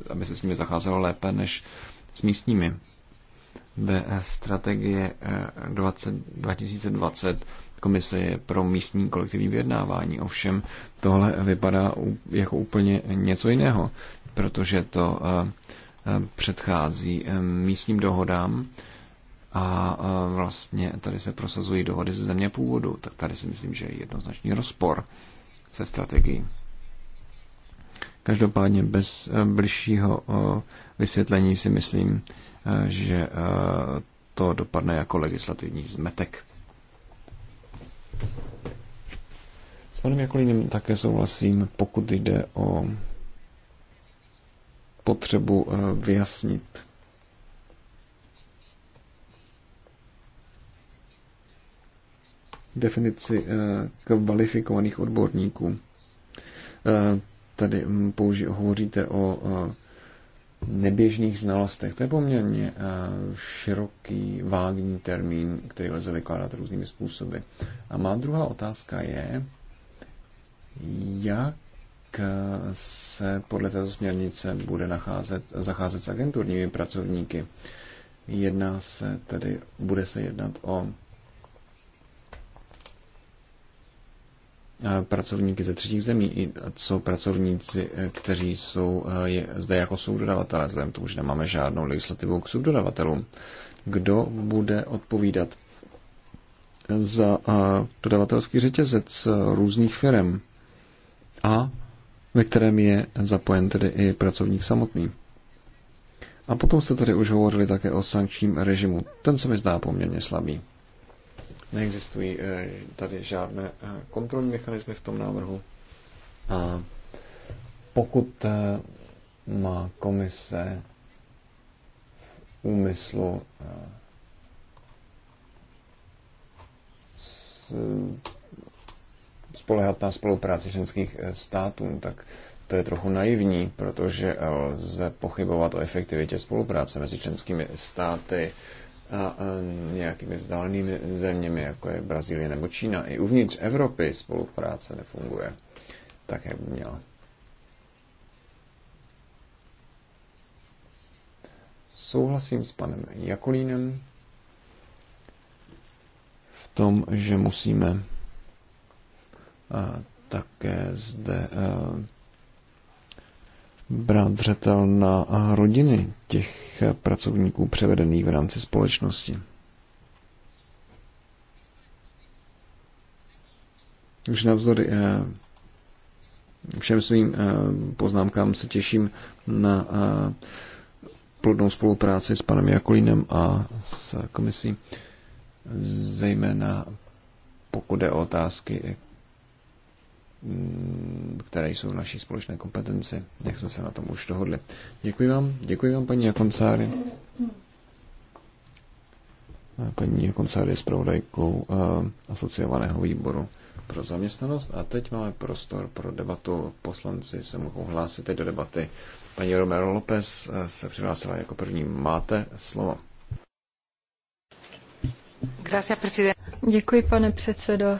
aby se s nimi zacházelo lépe než s místními ve strategie 2020 eh, komise je pro místní kolektivní vyjednávání. Ovšem tohle vypadá jako úplně něco jiného, protože to eh, eh, předchází místním dohodám a vlastně tady se prosazují dohody ze země původu. Tak tady si myslím, že je jednoznačný rozpor se strategií. Každopádně bez bližšího vysvětlení si myslím, že eh, to dopadne jako legislativní zmetek. S panem Jakolínem také souhlasím, pokud jde o potřebu eh, vyjasnit definici eh, kvalifikovaných odborníků. Tady hm, použi- hovoříte o neběžných znalostech. To je poměrně eh, široký, vágní termín, který lze vykládat různými způsoby. A má druhá otázka je, jak eh, se podle této směrnice bude nacházet, zacházet s agenturními pracovníky. Jedná se tedy, bude se jednat o pracovníky ze třetích zemí, jsou pracovníci, eh, kteří jsou eh, zde jako subdodavatelé, vzhledem k tomu, že nemáme žádnou legislativu k subdodavatelům. Kdo bude odpovídat za eh, dodavatelský řetězec různých firm a ve kterém je zapojen tedy i pracovník samotný. A potom se tady už hovořili také o sankčním režimu. Ten se mi zdá poměrně slabý. Neexistují eh, tady žádné eh, kontrolní mechanismy v tom návrhu. A pokud eh, má komise v úmyslu spolehat na spolupráci ženských států, tak to je trochu naivní, protože lze pochybovat o efektivitě spolupráce mezi členskými státy a nějakými vzdálenými zeměmi, jako je Brazílie nebo Čína. I uvnitř Evropy spolupráce nefunguje tak, jak by měla. Souhlasím s panem Jakolínem v tom, že musíme také zde brát zřetel na rodiny těch pracovníků převedených v rámci společnosti. Už vzory, eh, všem svým eh, poznámkám se těším na eh, plodnou spolupráci s panem Jakulínem a s komisí, zejména pokud je o otázky Mm, které jsou v naší společné kompetenci, jak jsme se na tom už dohodli. Děkuji vám, děkuji vám, paní Jakoncáry. Paní Jakoncáry je zpravodajkou eh, asociovaného výboru pro zaměstnanost a teď máme prostor pro debatu. Poslanci se mohou hlásit teď do debaty. Paní Romero López eh, se přihlásila jako první. Máte slovo. Děkuji, pane předsedo.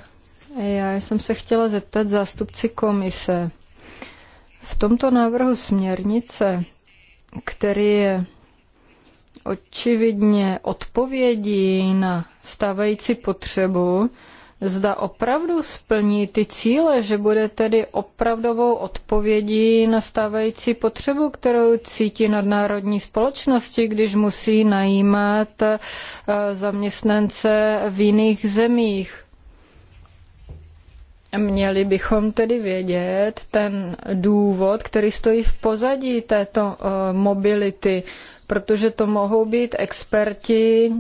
Já jsem se chtěla zeptat zástupci komise. V tomto návrhu směrnice, který je očividně odpovědí na stávající potřebu, zda opravdu splní ty cíle, že bude tedy opravdovou odpovědí na stávající potřebu, kterou cítí nadnárodní společnosti, když musí najímat eh, zaměstnance v jiných zemích. Měli bychom tedy vědět ten důvod, který stojí v pozadí této eh, mobility, protože to mohou být experti,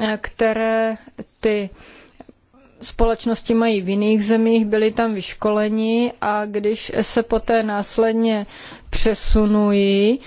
eh, které ty společnosti mají v jiných zemích, byli tam vyškoleni a když se poté následně přesunují,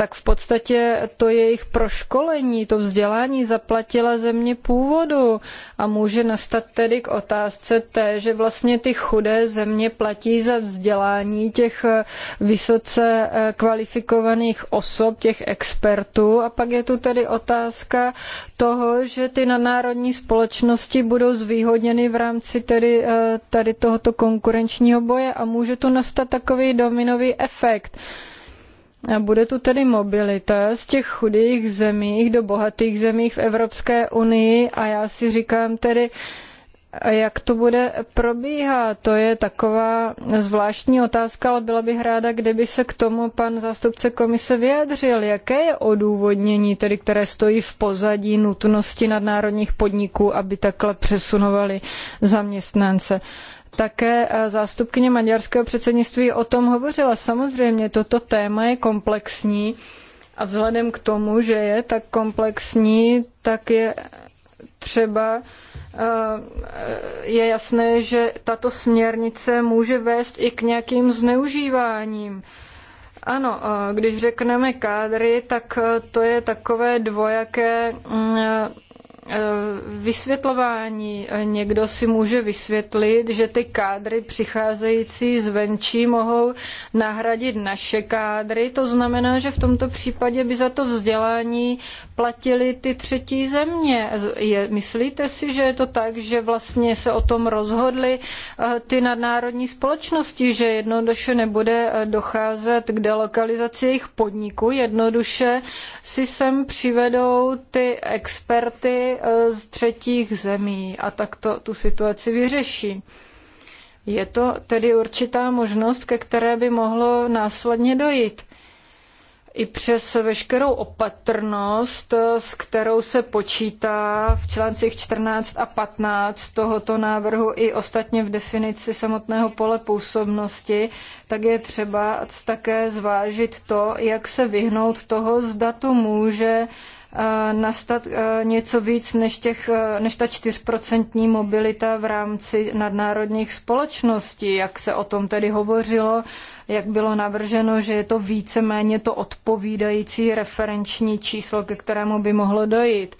tak v podstatě to jejich proškolení, to vzdělání zaplatila země původu. A může nastat tedy k otázce té, že vlastně ty chudé země platí za vzdělání těch eh, vysoce eh, kvalifikovaných osob, těch expertů. A pak je tu tedy otázka toho, že ty nadnárodní společnosti budou zvýhodněny v rámci tedy eh, tady tohoto konkurenčního boje a může tu nastat takový dominový efekt. Bude tu tedy mobilita z těch chudých zemí do bohatých zemí v Evropské unii a já si říkám tedy, jak to bude probíhat, to je taková zvláštní otázka, ale byla bych ráda, kdyby se k tomu pan zástupce komise vyjádřil. Jaké je odůvodnění, tedy které stojí v pozadí nutnosti nadnárodních podniků, aby takhle přesunovali zaměstnance? Také eh, zástupkyně maďarského předsednictví o tom hovořila. Samozřejmě toto téma je komplexní a vzhledem k tomu, že je tak komplexní, tak je třeba eh, je jasné, že tato směrnice může vést i k nějakým zneužíváním. Ano, eh, když řekneme kádry, tak to je takové dvojaké mm, Eh, vysvětlování. Eh, někdo si může vysvětlit, že ty kádry přicházející zvenčí mohou nahradit naše kádry. To znamená, že v tomto případě by za to vzdělání platili ty třetí země. Je, myslíte si, že je to tak, že vlastně se o tom rozhodly eh, ty nadnárodní společnosti, že jednoduše nebude docházet k delokalizaci jejich podniků, jednoduše si sem přivedou ty experty Eh, z třetích zemí a tak to tu situaci vyřeší. Je to tedy určitá možnost, ke které by mohlo následně dojít. I přes veškerou opatrnost, eh, s kterou se počítá v článcích 14 a 15 tohoto návrhu i ostatně v definici samotného pole působnosti, tak je třeba také zvážit to, jak se vyhnout toho, zda to může Eh, nastat eh, něco víc než, těch, eh, než ta čtyřprocentní mobilita v rámci nadnárodních společností, jak se o tom tedy hovořilo, jak bylo navrženo, že je to víceméně to odpovídající referenční číslo, ke kterému by mohlo dojít.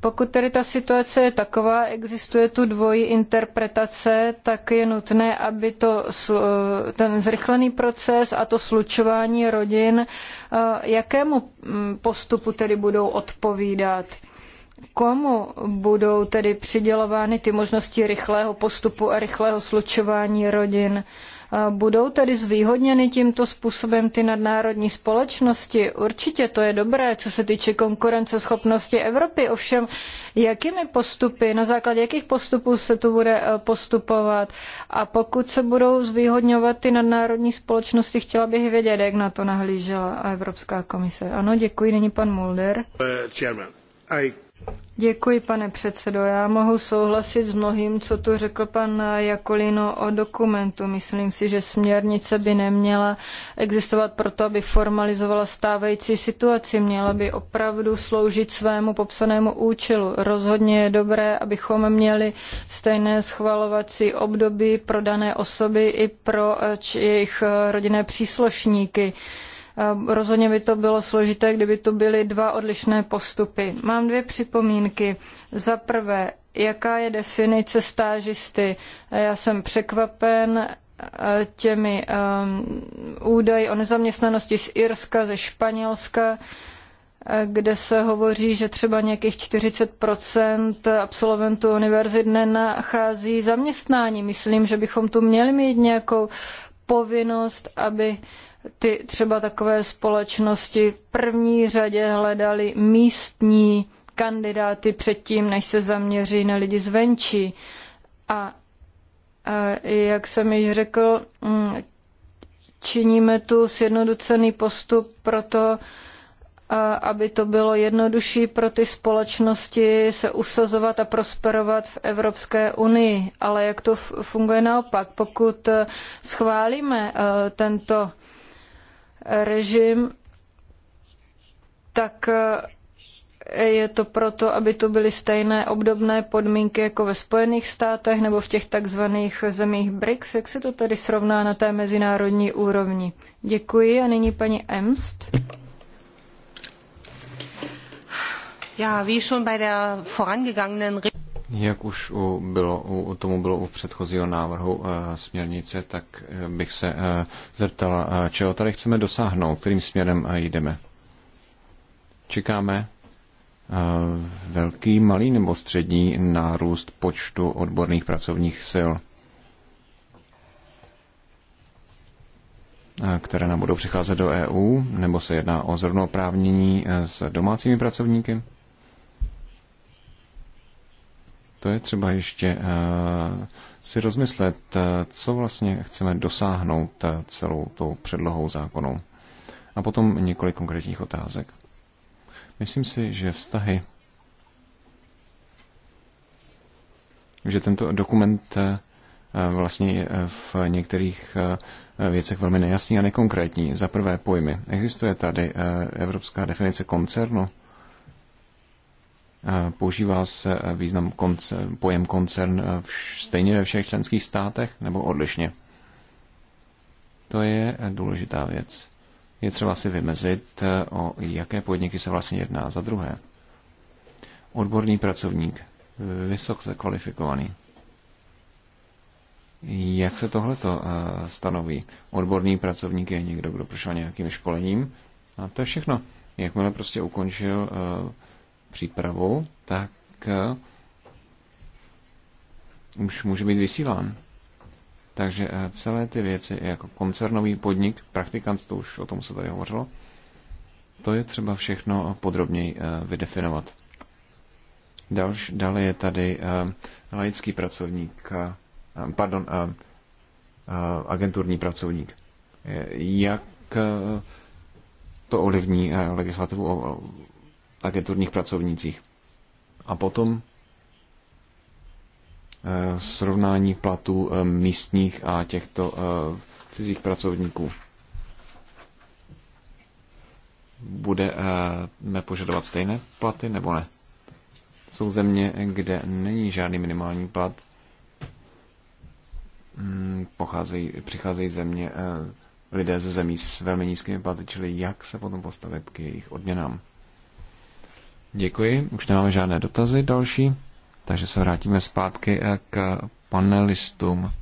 Pokud tedy ta situace je taková, existuje tu dvojí interpretace, tak je nutné, aby to, ten zrychlený proces a to slučování rodin, eh, jakému mm, postupu tedy budou odpovídat? Komu budou tedy přidělovány ty možnosti rychlého postupu a rychlého slučování rodin? Eh, budou tedy zvýhodněny tímto způsobem ty nadnárodní společnosti? Určitě to je dobré, co se týče konkurenceschopnosti Evropy. Ovšem, jakými postupy, na základě jakých postupů se tu bude eh, postupovat? A pokud se budou zvýhodňovat ty nadnárodní společnosti, chtěla bych vědět, jak na to nahlížela Evropská komise. Ano, děkuji, nyní pan Mulder. Uh, Děkuji, pane předsedo. Já mohu souhlasit s mnohým, co tu řekl pan Jakolino o dokumentu. Myslím si, že směrnice by neměla existovat proto, aby formalizovala stávající situaci. Měla by opravdu sloužit svému popsanému účelu. Rozhodně je dobré, abychom měli stejné schvalovací období pro dané osoby i pro eh, jejich eh, rodinné příslušníky. Ehm, rozhodně by to bylo složité, kdyby to byly dva odlišné postupy. Mám dvě připomínky. Za prvé, jaká je definice stážisty? Eh, já jsem překvapen eh, těmi ehm, údaji o nezaměstnanosti z Irska, ze Španělska, eh, kde se hovoří, že třeba nějakých 40 absolventů univerzit nenachází zaměstnání. Myslím, že bychom tu měli mít nějakou povinnost, aby ty třeba takové společnosti v první řadě hledali místní kandidáty předtím, než se zaměří na lidi zvenčí. A, a jak jsem již řekl, mm, činíme tu sjednoducený postup pro to, aby to bylo jednodušší pro ty společnosti se usazovat a prosperovat v Evropské unii. Ale jak to funguje naopak? Pokud eh, schválíme eh, tento režim, tak eh, je to proto, aby tu byly stejné obdobné podmínky jako ve Spojených státech nebo v těch takzvaných zemích BRICS. Jak se to tedy srovná na té mezinárodní úrovni? Děkuji a nyní paní Emst. Ja, wie schon bei der vorangegangenen jak už u, bylo, u, tomu bylo u předchozího návrhu e, směrnice, tak eh, bych se e, zeptala, čeho tady chceme dosáhnout, kterým směrem e, jdeme. Čekáme e, velký, malý nebo střední nárůst počtu odborných pracovních sil, e, které nám budou přicházet do EU, nebo se jedná o zrovnoprávnění s domácími pracovníky? To je třeba ještě eh, si rozmyslet, eh, co vlastně chceme dosáhnout eh, celou tou předlohou zákonu. A potom několik konkrétních otázek. Myslím si, že vztahy, že tento dokument vlastně v některých věcech velmi nejasný a nekonkrétní. Za prvé pojmy. Existuje tady evropská definice koncernu? Eh, používá se eh, význam konc, pojem koncern eh, v, stejně ve všech členských státech nebo odlišně? To je důležitá věc. Je třeba si vymezit, o jaké podniky se vlastně jedná za druhé. Odborný pracovník, vysoce kvalifikovaný. Jak se tohleto stanoví? Odborný pracovník je někdo, kdo prošel nějakým školením. A to je všechno. Jakmile prostě ukončil přípravu, tak eh, už může být vysílán. Takže eh, celé ty věci jako koncernový podnik, praktikant, to už o tom se tady hovořilo, to je třeba všechno podrobněji eh, vydefinovat. Dalš, dále je tady laický pracovník, pardon, agenturní pracovník. Jak to ovlivní legislativu agenturních pracovnících. A potom eh, srovnání platů eh, místních a těchto eh, cizích pracovníků. Budeme požadovat stejné platy nebo ne? Jsou země, kde není žádný minimální plat. Hmm, pocházejí, přicházejí země, lidé ze zemí s velmi nízkými platy, čili jak se potom postavit k jejich odměnám. Děkuji, už nemáme žádné dotazy další, takže se vrátíme zpátky eh, k panelistům.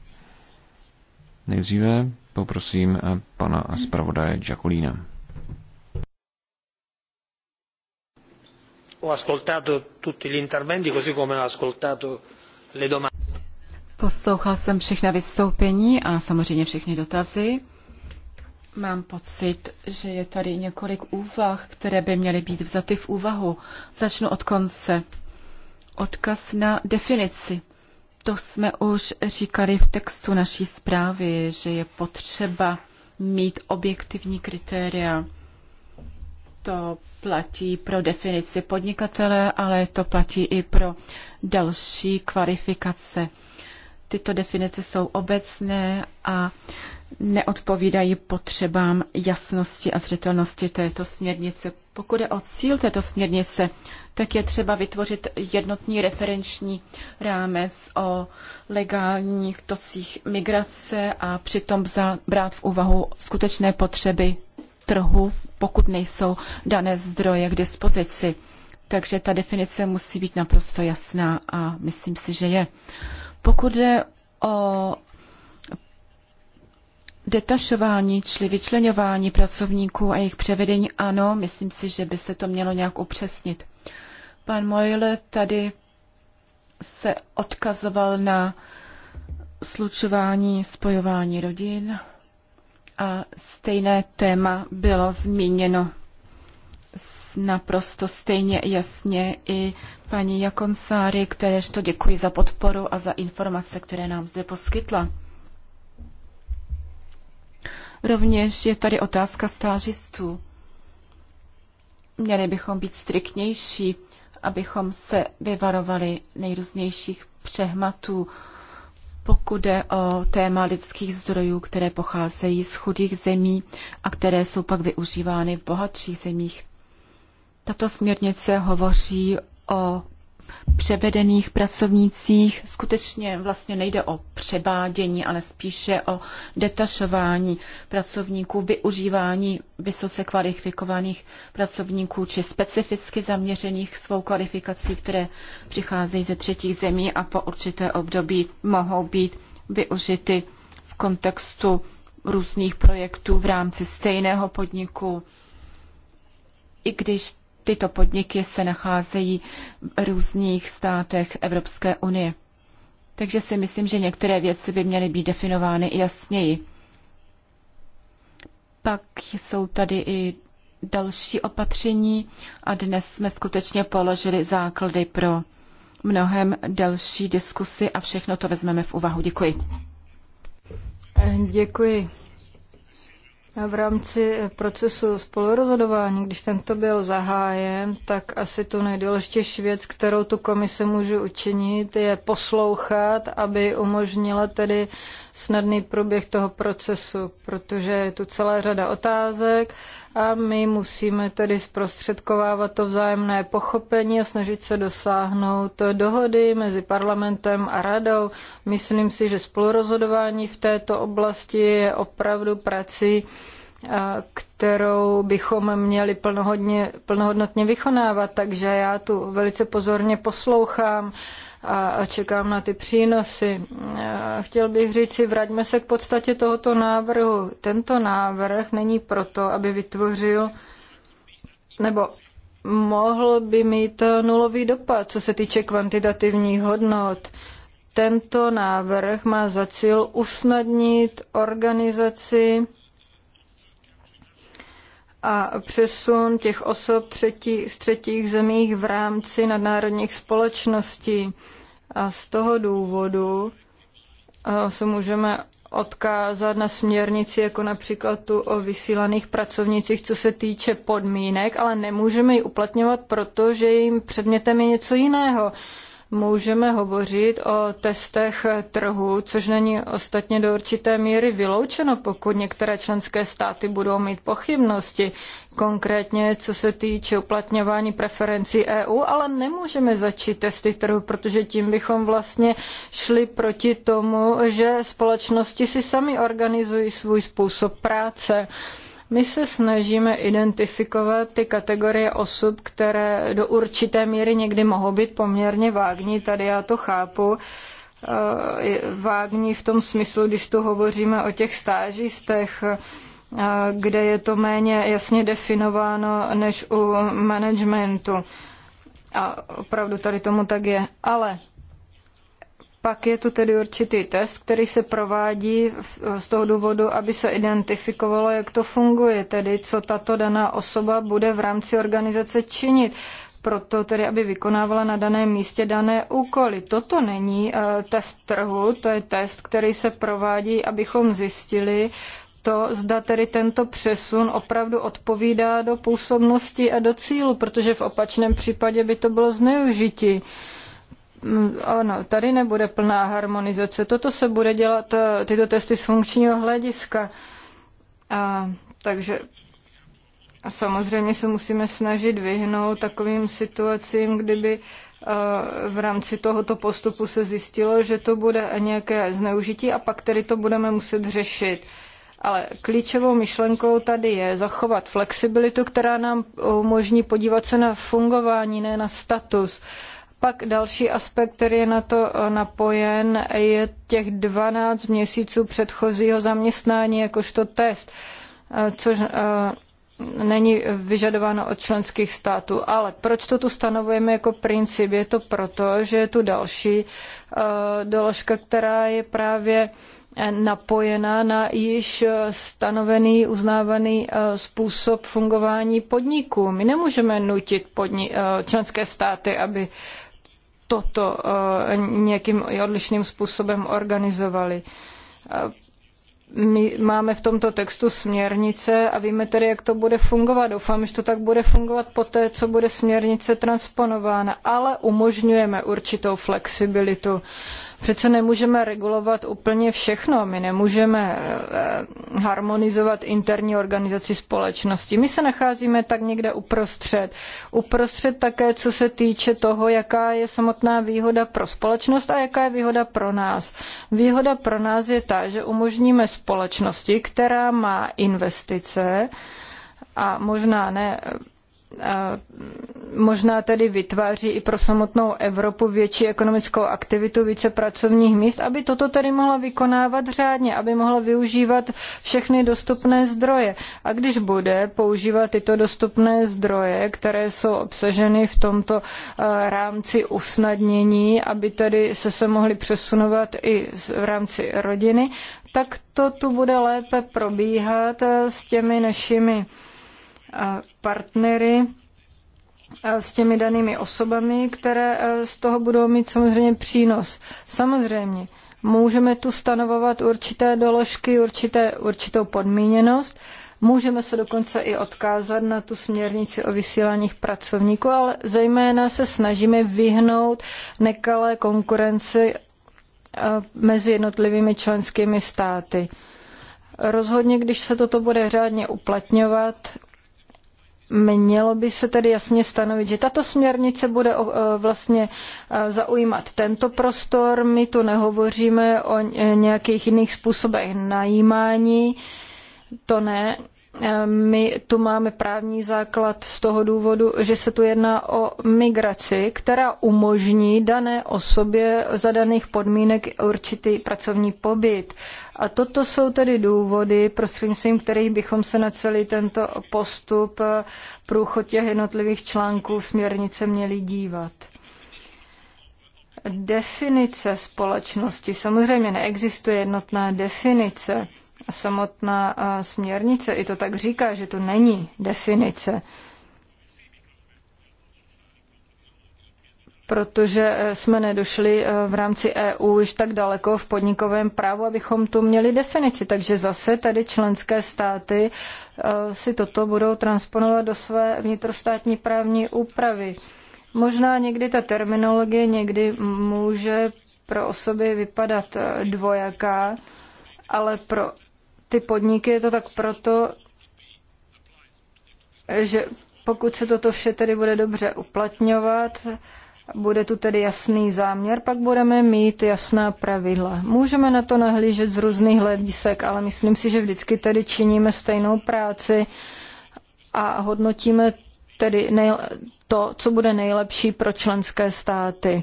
Nejdříve poprosím eh, pana zpravodaje Jacolina. tutti gli interventi, così come le domande. Poslouchal jsem všechna vystoupení a samozřejmě všechny dotazy. Mám pocit, že je tady několik úvah, které by měly být vzaty v úvahu. Začnu od konce. Odkaz na definici. To jsme už říkali v textu naší zprávy, že je potřeba mít objektivní kritéria. To platí pro definici podnikatele, ale to platí i pro další kvalifikace. Tyto definice jsou obecné a neodpovídají potřebám jasnosti a zřetelnosti této směrnice. Pokud je o cíl této směrnice, tak je třeba vytvořit jednotný referenční rámec o legálních tocích migrace a přitom brát v úvahu skutečné potřeby trhu, pokud nejsou dané zdroje k dispozici. Takže ta definice musí být naprosto jasná a myslím si, že je. Pokud je o Detašování čili vyčlenování pracovníků a jejich převedení, ano, myslím si, že by se to mělo nějak upřesnit. Pan Moyle tady se odkazoval na slučování, spojování rodin a stejné téma bylo zmíněno naprosto stejně jasně i paní Jakonsáry, kteréž to děkuji za podporu a za informace, které nám zde poskytla. Rovněž je tady otázka stážistů. Měli bychom být striktnější, abychom se vyvarovali nejrůznějších přehmatů, pokud jde o téma lidských zdrojů, které pocházejí z chudých zemí a které jsou pak využívány v bohatších zemích. Tato směrnice hovoří o převedených pracovnících. Skutečně vlastně nejde o přebádění, ale spíše o detašování pracovníků, využívání vysoce kvalifikovaných pracovníků či specificky zaměřených svou kvalifikací, které přicházejí ze třetích zemí a po určité období mohou být využity v kontextu různých projektů v rámci stejného podniku. I když tyto podniky se nacházejí v různých státech Evropské unie. Takže si myslím, že některé věci by měly být definovány jasněji. Pak jsou tady i další opatření a dnes jsme skutečně položili základy pro mnohem další diskusy a všechno to vezmeme v úvahu. Děkuji. Děkuji v rámci eh, procesu spolurozhodování, když tento byl zahájen, tak asi tu nejdůležitější věc, kterou tu komise může učinit, je poslouchat, aby umožnila tedy snadný průběh toho procesu, protože je tu celá řada otázek a my musíme tedy zprostředkovávat to vzájemné pochopení a snažit se dosáhnout dohody mezi parlamentem a radou. Myslím si, že spolurozhodování v této oblasti je opravdu prací, kterou bychom měli plnohodně, plnohodnotně vykonávat. Takže já tu velice pozorně poslouchám a čekám na ty přínosy. Chtěl bych říct si, vraťme se k podstatě tohoto návrhu. Tento návrh není proto, aby vytvořil nebo mohl by mít nulový dopad, co se týče kvantitativních hodnot. Tento návrh má za cíl usnadnit organizaci a přesun těch osob třetí, z třetích zemích v rámci nadnárodních společností. A z toho důvodu se můžeme odkázat na směrnici, jako například tu o vysílaných pracovnicích, co se týče podmínek, ale nemůžeme ji uplatňovat, protože jejím předmětem je něco jiného. Můžeme hovořit o testech trhu, což není ostatně do určité míry vyloučeno, pokud některé členské státy budou mít pochybnosti konkrétně co se týče uplatňování preferencí EU, ale nemůžeme začít testy trhu, protože tím bychom vlastně šli proti tomu, že společnosti si sami organizují svůj způsob práce. My se snažíme identifikovat ty kategorie osob, které do určité míry někdy mohou být poměrně vágní, tady já to chápu, eh, vágní v tom smyslu, když tu hovoříme o těch stážistech, kde je to méně jasně definováno než u managementu. A opravdu tady tomu tak je. Ale pak je tu tedy určitý test, který se provádí z toho důvodu, aby se identifikovalo, jak to funguje, tedy co tato daná osoba bude v rámci organizace činit. Proto tedy, aby vykonávala na daném místě dané úkoly. Toto není eh, test trhu, to je test, který se provádí, abychom zjistili, to, zda tedy tento přesun opravdu odpovídá do působnosti a do cílu, protože v opačném případě by to bylo zneužití. Mm, ano, tady nebude plná harmonizace. Toto se bude dělat, eh, tyto testy z funkčního hlediska. A, takže a samozřejmě se musíme snažit vyhnout takovým situacím, kdyby eh, v rámci tohoto postupu se zjistilo, že to bude nějaké zneužití a pak tedy to budeme muset řešit. Ale klíčovou myšlenkou tady je zachovat flexibilitu, která nám umožní podívat se na fungování, ne na status. Pak další aspekt, který je na to napojen, je těch 12 měsíců předchozího zaměstnání jakožto test, což eh, není vyžadováno od členských států. Ale proč to tu stanovujeme jako princip? Je to proto, že je tu další eh, doložka, která je právě napojena na již stanovený, uznávaný eh, způsob fungování podniků. My nemůžeme nutit podni- eh, členské státy, aby toto eh, nějakým odlišným způsobem organizovali. My máme v tomto textu směrnice a víme tedy, jak to bude fungovat. Doufám, že to tak bude fungovat poté, co bude směrnice transponována, ale umožňujeme určitou flexibilitu. Přece nemůžeme regulovat úplně všechno, my nemůžeme eh, harmonizovat interní organizaci společnosti. My se nacházíme tak někde uprostřed. Uprostřed také, co se týče toho, jaká je samotná výhoda pro společnost a jaká je výhoda pro nás. Výhoda pro nás je ta, že umožníme společnosti, která má investice, a možná ne možná tedy vytváří i pro samotnou Evropu větší ekonomickou aktivitu, více pracovních míst, aby toto tedy mohla vykonávat řádně, aby mohla využívat všechny dostupné zdroje. A když bude používat tyto dostupné zdroje, které jsou obsaženy v tomto rámci usnadnění, aby tedy se se mohly přesunovat i v rámci rodiny, tak to tu bude lépe probíhat s těmi našimi partnery s těmi danými osobami, které e, z toho budou mít samozřejmě přínos. Samozřejmě, můžeme tu stanovovat určité doložky, určité, určitou podmíněnost, Můžeme se dokonce i odkázat na tu směrnici o vysíláních pracovníků, ale zejména se snažíme vyhnout nekalé konkurenci e, mezi jednotlivými členskými státy. Rozhodně, když se toto bude řádně uplatňovat, Mělo by se tedy jasně stanovit, že tato směrnice bude e, vlastně e, zaujímat tento prostor. My tu nehovoříme o nějakých jiných způsobech najímání, to ne. Eh, my tu máme právní základ z toho důvodu, že se tu jedná o migraci, která umožní dané osobě za daných podmínek určitý pracovní pobyt. A toto jsou tedy důvody, prostřednictvím kterých bychom se na celý tento postup eh, průchod těch jednotlivých článků směrnice měli dívat definice společnosti. Samozřejmě neexistuje jednotná definice samotná směrnice i to tak říká, že to není definice. protože e, jsme nedošli e, v rámci EU už tak daleko v podnikovém právu, abychom tu měli definici. Takže zase tady členské státy e, si toto budou transponovat do své vnitrostátní právní úpravy. Možná někdy ta terminologie někdy může pro osoby vypadat dvojaká, ale pro ty podniky je to tak proto, že pokud se toto vše tedy bude dobře uplatňovat, bude tu tedy jasný záměr, pak budeme mít jasná pravidla. Můžeme na to nahlížet z různých hledisek, ale myslím si, že vždycky tedy činíme stejnou práci a hodnotíme tedy to, co bude nejlepší pro členské státy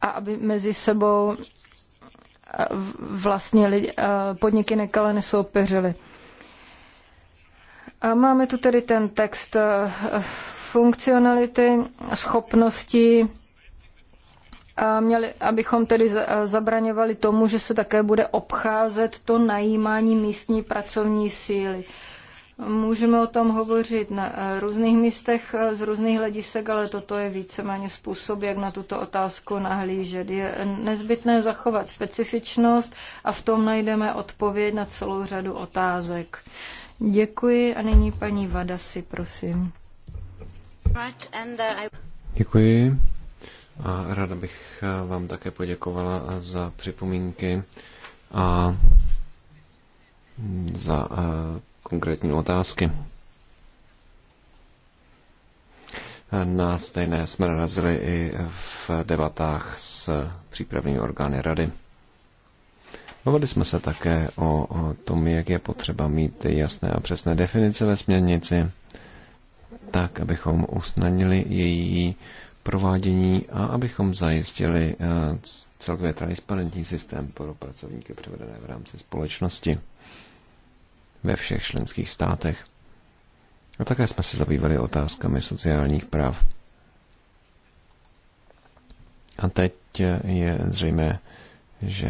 a aby mezi sebou vlastně lidi, eh, podniky nekale nesoupeřily. A máme tu tedy ten text eh, funkcionality, schopnosti, a měli, abychom tedy eh, zabraňovali tomu, že se také bude obcházet to najímání místní pracovní síly. Můžeme o tom hovořit na různých místech z různých hledisek, ale toto je víceméně způsob, jak na tuto otázku nahlížet. Je nezbytné zachovat specifičnost a v tom najdeme odpověď na celou řadu otázek. Děkuji a nyní paní Vadasi, prosím. Děkuji. A ráda bych vám také poděkovala za připomínky a za eh, konkrétní otázky. Na stejné jsme narazili i v debatách s přípravnými orgány rady. Mluvili jsme se také o, o tom, jak je potřeba mít jasné a přesné definice ve směrnici, tak abychom usnadnili její provádění a abychom zajistili eh, celkově transparentní systém pro pracovníky převedené v rámci společnosti ve všech členských státech. A také jsme se zabývali otázkami sociálních práv. A teď je zřejmé, že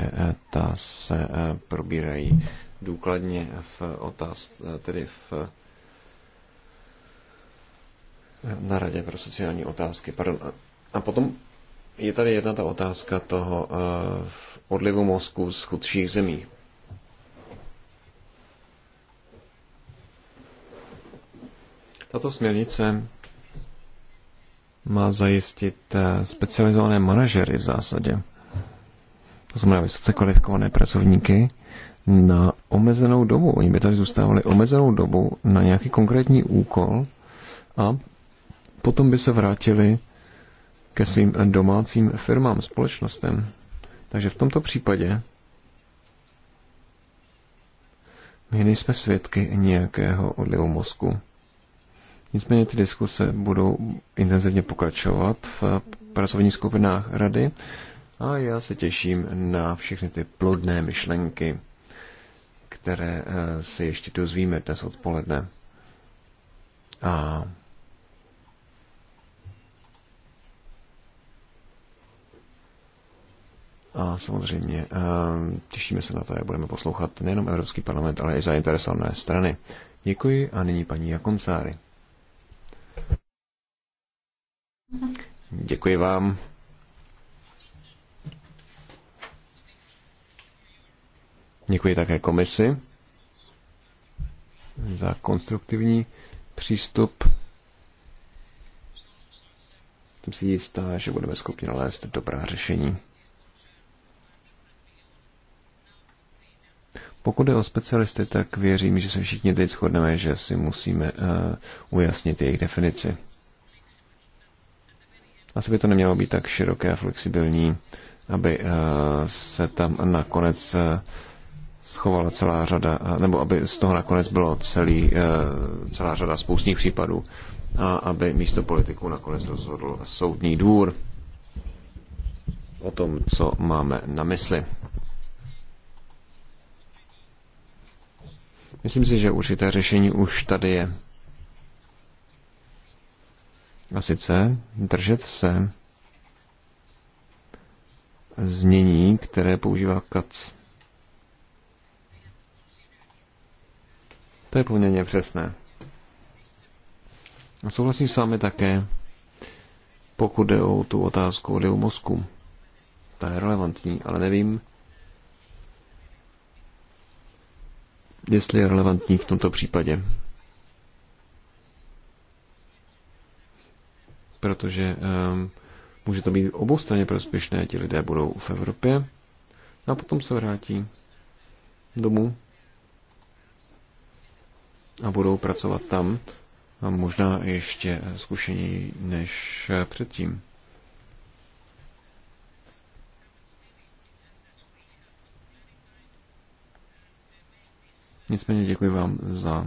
ta se eh, probírají důkladně v otáz, eh, tedy v eh, na Radě pro sociální otázky. Pardon. A potom je tady jedna ta otázka toho v odlivu mozku z chudších zemí. Tato směrnice má zajistit eh, specializované manažery v zásadě, to znamená vysoce kvalifikované pracovníky, na omezenou dobu. Oni by tady zůstávali omezenou dobu na nějaký konkrétní úkol a potom by se vrátili ke svým domácím firmám, společnostem. Takže v tomto případě my nejsme svědky nějakého odlivu mozku. Nicméně ty diskuse budou intenzivně pokračovat v pracovních skupinách rady a já se těším na všechny ty plodné myšlenky, které eh, se ještě dozvíme dnes odpoledne. A A samozřejmě eh, těšíme se na to, jak budeme poslouchat nejenom Evropský parlament, ale i zainteresované strany. Děkuji a nyní paní Jakoncáry. Děkuji vám. Děkuji také komisi za konstruktivní přístup. Jsem si jistá, že budeme schopni nalézt dobrá řešení. Pokud je o specialisty, tak věřím, že se všichni teď shodneme, že si musíme uh, ujasnit jejich definici. Asi by to nemělo být tak široké a flexibilní, aby eh, se tam nakonec eh, schovala celá řada, eh, nebo aby z toho nakonec bylo celý, celá řada spoustních případů a aby místo politiku nakonec rozhodl soudní dvůr o tom, co máme na mysli. Myslím si, že určité řešení už tady je. A sice držet se znění, které používá Kac. To je poměrně přesné. A souhlasí s vámi také, pokud jde o tu otázku odlivu mozku. Ta je relevantní, ale nevím, jestli je relevantní v tomto případě. protože ehm, může to být oboustranně prospěšné, ti lidé budou v Evropě no a potom se vrátí domů a budou pracovat tam, a možná ještě zkušeněji než předtím. Nicméně děkuji vám za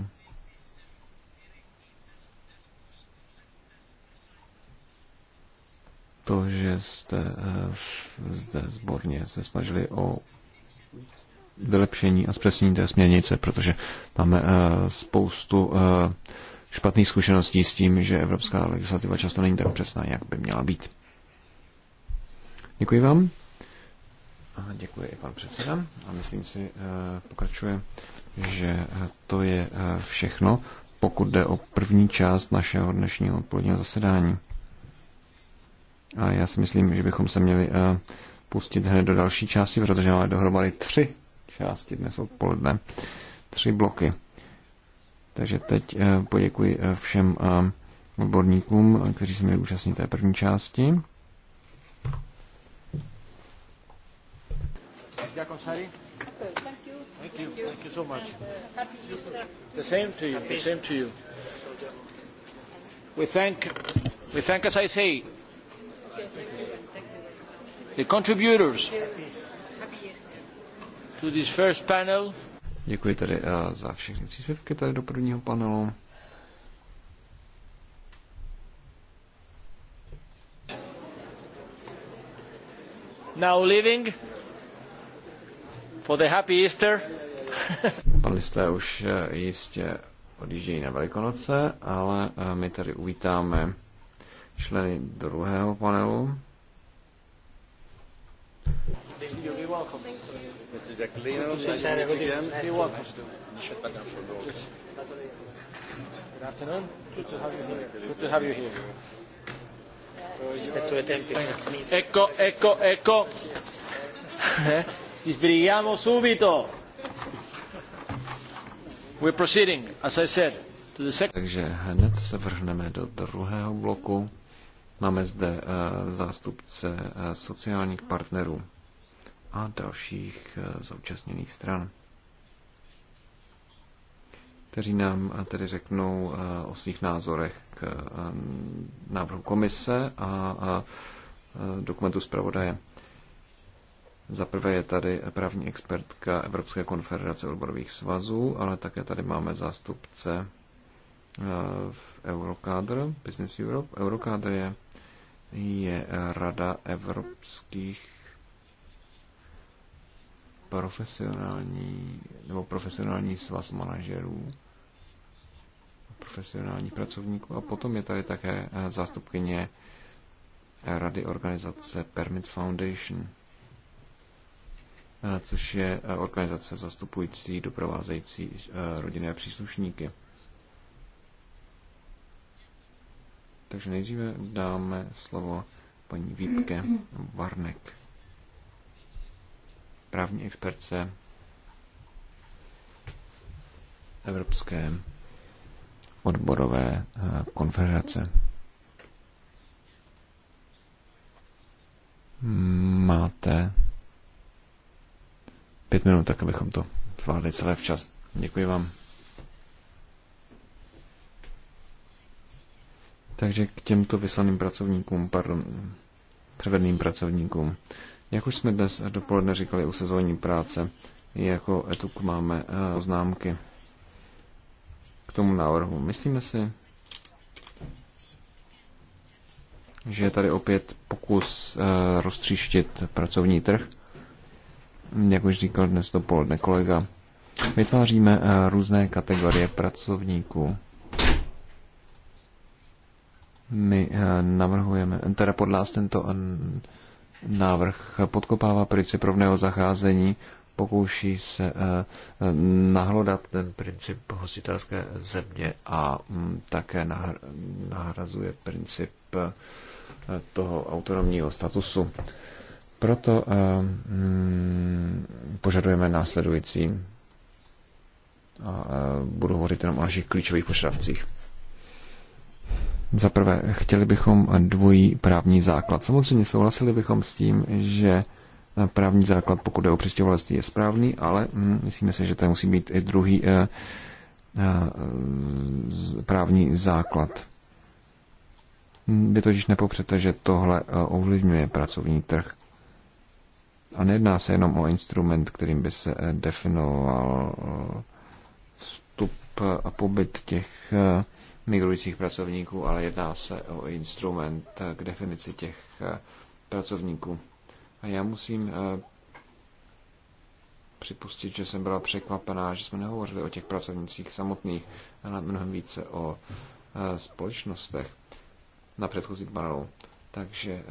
to, že jste eh, zde zborně se snažili o vylepšení a zpřesnění té směrnice, protože máme eh, spoustu eh, špatných zkušeností s tím, že evropská legislativa často není tak přesná, jak by měla být. Děkuji vám. A děkuji i pan předseda. A myslím si, pokračuje, že to je všechno, pokud jde o první část našeho dnešního odpoledního zasedání. A já si myslím, že bychom se měli eh, pustit hned do další části, protože máme dohromady tři části dnes odpoledne, tři bloky. Takže teď eh, poděkuji eh, všem odborníkům, kteří se měli účastnit té první části. Thank you. Thank you. Thank you so much. happy Easter. The same to you. The same to you. We thank, we thank, as I say, the contributors to this first panel. Děkuji tady eh, za všechny příspěvky tady do prvního panelu. Now leaving for the happy Easter. [LAUGHS] Panelisté už eh, jistě odjíždějí na Velikonoce, ale eh, my tady uvítáme členy druhého panelu. Good afternoon. Good to have you here. to Ecco, ecco, ecco. Ci eh? sbrighiamo subito. We're proceeding, as I said, to the second. Takže hned se vrhneme do druhého bloku. Máme zde eh, zástupce eh, sociálních partnerů a dalších eh, zúčastněných stran, kteří nám tedy řeknou o svých názorech k návrhu komise a dokumentu zpravodaje. Za prvé je tady právní expertka Evropské konfederace odborových svazů, ale také tady máme zástupce v Eurocadr, Business Europe. Eurocadr je je Rada evropských profesionální nebo profesionální svaz manažerů profesionálních pracovníků a potom je tady také eh, zástupkyně rady organizace Permits Foundation, eh, což je eh, organizace zastupující, doprovázející rodinné příslušníky. Takže nejdříve dáme slovo paní Vípke Varnek, právní expertce Evropské odborové eh, konfederace. Máte pět minut, tak abychom to zvládli celé včas. Děkuji vám. Takže k těmto vyslaným pracovníkům, pardon, převedným pracovníkům. Jak už jsme dnes dopoledne říkali u sezónní práce, jako etuk máme eh, oznámky k tomu návrhu. Myslíme si, že je tady opět pokus eh, roztříštit pracovní trh. Jak už říkal dnes dopoledne kolega, vytváříme eh, různé kategorie pracovníků my eh, navrhujeme, teda podle nás tento eh, návrh podkopává princip rovného zacházení, pokouší se eh, nahlodat ten princip hostitelské země a mm, také nahrazuje princip toho autonomního statusu. Proto mm, požadujeme následující a budu hovořit jenom o našich klíčových požadavcích. Za prvé, chtěli bychom dvojí právní základ. Samozřejmě souhlasili bychom s tím, že právní základ, pokud jde o přistěhovalectví, je správný, ale hm, myslíme si, že to musí být i druhý eh, eh, právní základ. Vy totiž nepopřete, že tohle eh, ovlivňuje pracovní trh. A nejedná se jenom o instrument, kterým by se eh, definoval eh, vstup a pobyt těch migrujících pracovníků, ale jedná se o instrument k definici těch eh, pracovníků. A já musím eh, připustit, že jsem byla překvapená, že jsme nehovořili o těch pracovnících samotných, ale mnohem více o eh, společnostech na předchozí panelu. Takže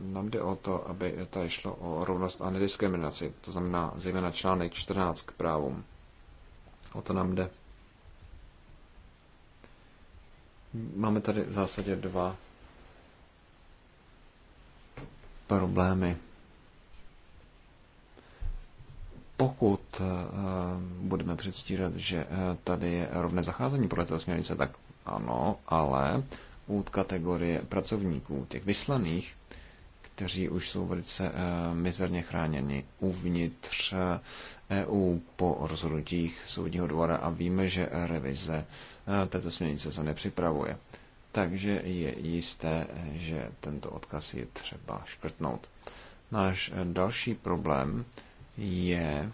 nám jde o to, aby tady šlo o rovnost a nediskriminaci, to znamená zejména článek 14 k právům. O to nám jde. Máme tady v zásadě dva problémy. Pokud eh, budeme předstírat, že eh, tady je rovné zacházení podle této směrnice, tak ano, ale u kategorie pracovníků, těch vyslaných, kteří už jsou velice eh, mizerně chráněni uvnitř EU eh, e po rozhodnutích soudního dvora a víme, že revize eh, této směrnice se nepřipravuje. Takže je jisté, že tento odkaz je třeba škrtnout. Náš další problém je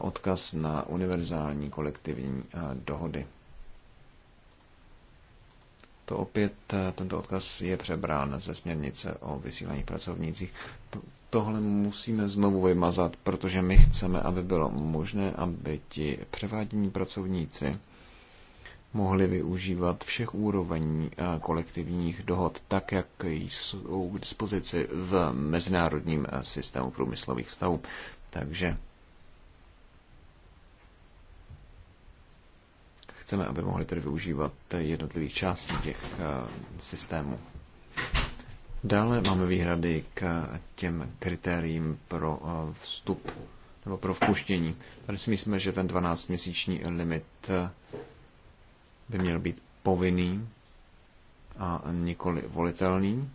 odkaz na univerzální kolektivní dohody to opět eh, tento odkaz je přebrán ze směrnice o vysílaných pracovnících. Tohle musíme znovu vymazat, protože my chceme, aby bylo možné, aby ti převádění pracovníci mohli využívat všech úroveň eh, kolektivních dohod, tak jak jsou k dispozici v mezinárodním eh, systému průmyslových vztahů. Takže chceme, aby mohli tedy využívat jednotlivých částí těch eh, systémů. Dále máme výhrady k těm kritériím pro eh, vstup nebo pro vpuštění. Tady si myslíme, že ten 12-měsíční limit eh, by měl být povinný a nikoli volitelný.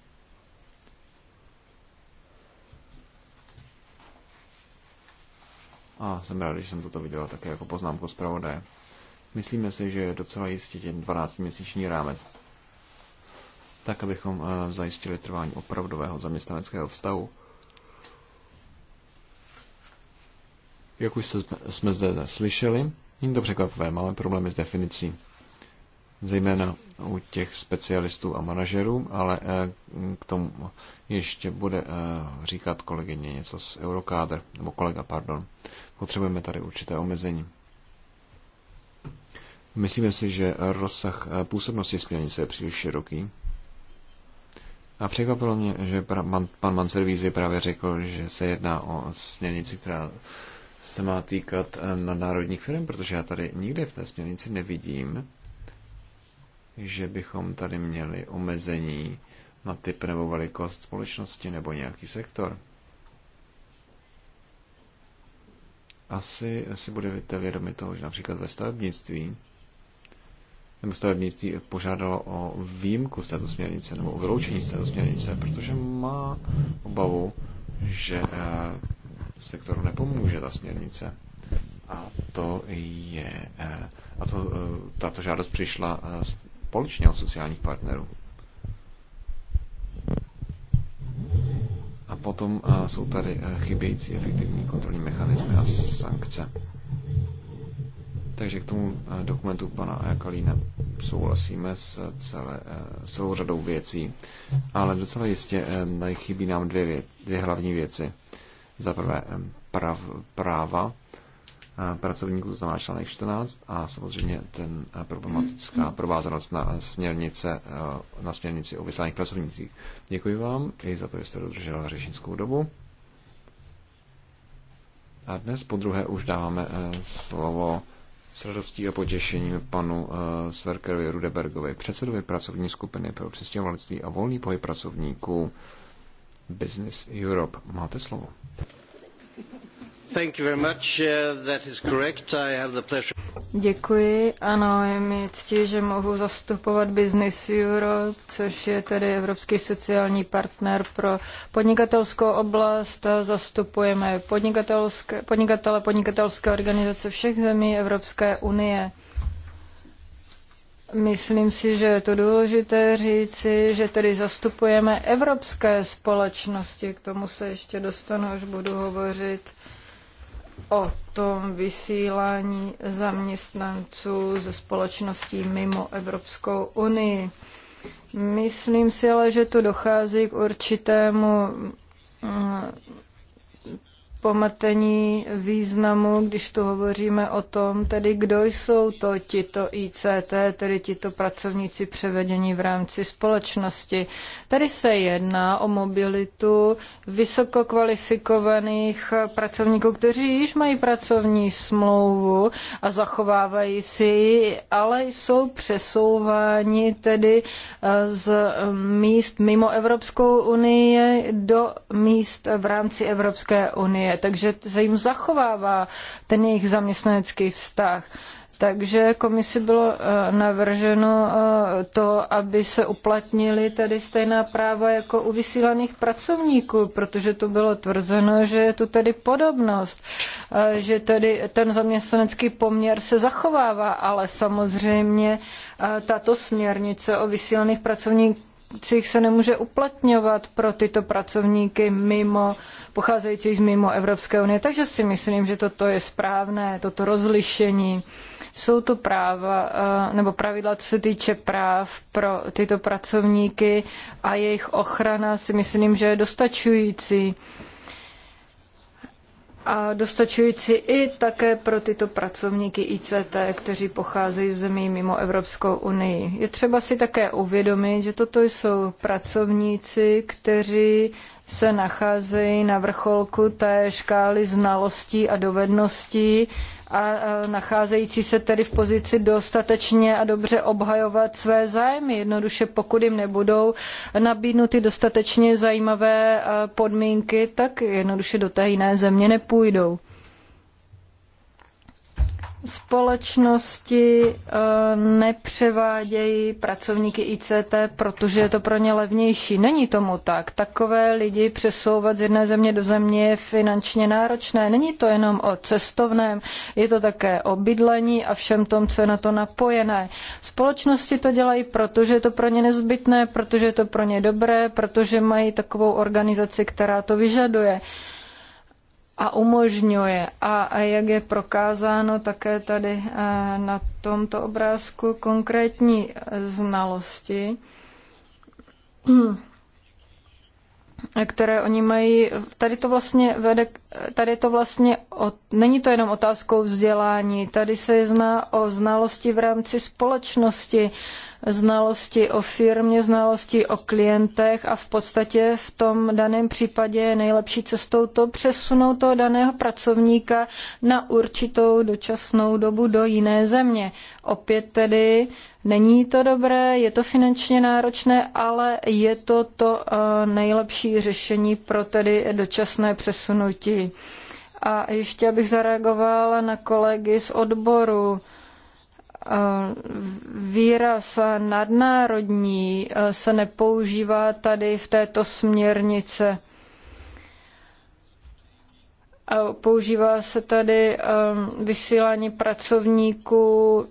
A jsem rád, že jsem toto viděla také jako poznámku zpravodaje. Myslíme si, že je docela jistě ten 12-měsíční rámec, tak abychom eh, zajistili trvání opravdového zaměstnaneckého vztahu. Jak už se, jsme zde slyšeli, není to překvapivé, máme problémy s definicí, zejména u těch specialistů a manažerů, ale eh, k tomu ještě bude eh, říkat kolegyně něco z Eurokádr, nebo kolega, pardon. Potřebujeme tady určité omezení. Myslíme si, že rozsah eh, působnosti směrnice je příliš široký. A překvapilo mě, že pan, pan právě řekl, že se jedná o směrnici, která se má týkat eh, nadnárodních firm, protože já tady nikde v té směrnici nevidím, že bychom tady měli omezení na typ nebo velikost společnosti nebo nějaký sektor. Asi si budete vědomi toho, že například ve stavebnictví nebo stavebnictví požádalo o výjimku z této směrnice nebo o vyloučení z této směrnice, protože má obavu, že eh, sektoru nepomůže ta směrnice. A to je, eh, a to, eh, tato žádost přišla společně od sociálních partnerů. A potom jsou tady chybějící efektivní kontrolní mechanismy a sankce. Takže k tomu eh, dokumentu pana Ajakalína souhlasíme s eh, celé, eh, celou řadou věcí, ale docela jistě chybí nám dvě, věc, dvě hlavní věci. Za prvé prav, práva pracovníků, to znamená článek 14, a samozřejmě ten problematická provázanost na, směrnice, na směrnici o vyslaných pracovnících. Děkuji vám i za to, že jste dodržela řečnickou dobu. A dnes po druhé už dáváme slovo s radostí a potěšením panu eh, Sverkerovi Rudebergovi, předsedovi pracovní skupiny pro přestěhovalectví a volný pohyb pracovníků Business Europe. Máte slovo. Děkuji. Ano, je mi ctí, že mohu zastupovat Business Europe, což je tedy Evropský sociální partner pro podnikatelskou oblast. Zastupujeme podnikatelské, podnikatele, podnikatelské organizace všech zemí Evropské unie. Myslím si, že je to důležité říci, že tedy zastupujeme evropské společnosti. K tomu se ještě dostanu, až budu hovořit o tom vysílání zaměstnanců ze společností mimo Evropskou unii. Myslím si ale, že tu dochází k určitému mm, pomatení významu, když tu hovoříme o tom, tedy kdo jsou to tito ICT, tedy tito pracovníci převedení v rámci společnosti. Tady se jedná o mobilitu vysokokvalifikovaných pracovníků, kteří již mají pracovní smlouvu a zachovávají si ji, ale jsou přesouváni tedy eh, z míst mimo Evropskou unii do míst v rámci Evropské unie takže se jim zachovává ten jejich zaměstnanecký vztah. Takže komisi bylo eh, navrženo eh, to, aby se uplatnili tady stejná práva jako u vysílaných pracovníků, protože to bylo tvrzeno, že je tu tedy podobnost, eh, že tedy ten zaměstnanecký poměr se zachovává, ale samozřejmě tato směrnice o vysílaných pracovníků pracujících se nemůže uplatňovat pro tyto pracovníky mimo, pocházející z mimo Evropské unie. Takže si myslím, že toto je správné, toto rozlišení. Jsou to práva eh, nebo pravidla, co se týče práv pro tyto pracovníky a jejich ochrana si myslím, že je dostačující a dostačující i také pro tyto pracovníky ICT, kteří pocházejí z zemí mimo Evropskou unii. Je třeba si také uvědomit, že toto jsou pracovníci, kteří se nacházejí na vrcholku té škály znalostí a dovedností, a nacházející se tedy v pozici dostatečně a dobře obhajovat své zájmy. Jednoduše, pokud jim nebudou nabídnuty dostatečně zajímavé podmínky, tak jednoduše do té jiné země nepůjdou společnosti eh, nepřevádějí pracovníky ICT, protože je to pro ně levnější. Není tomu tak. Takové lidi přesouvat z jedné země do země je finančně náročné. Není to jenom o cestovném, je to také o bydlení a všem tom, co je na to napojené. Společnosti to dělají, protože je to pro ně nezbytné, protože je to pro ně dobré, protože mají takovou organizaci, která to vyžaduje a umožňuje. A jak je prokázáno také tady eh, na tomto obrázku, konkrétní znalosti které oni mají, tady to vlastně vede, tady to vlastně, od, není to jenom otázkou vzdělání, tady se jedná o znalosti v rámci společnosti, znalosti o firmě, znalosti o klientech a v podstatě v tom daném případě je nejlepší cestou to přesunout toho daného pracovníka na určitou dočasnou dobu do jiné země. Opět tedy Není to dobré, je to finančně náročné, ale je to to eh, nejlepší řešení pro tedy dočasné přesunutí. A ještě abych zareagovala na kolegy z odboru. Eh, výraz nadnárodní eh, se nepoužívá tady v této směrnice. Používá se tady vysílání pracovníků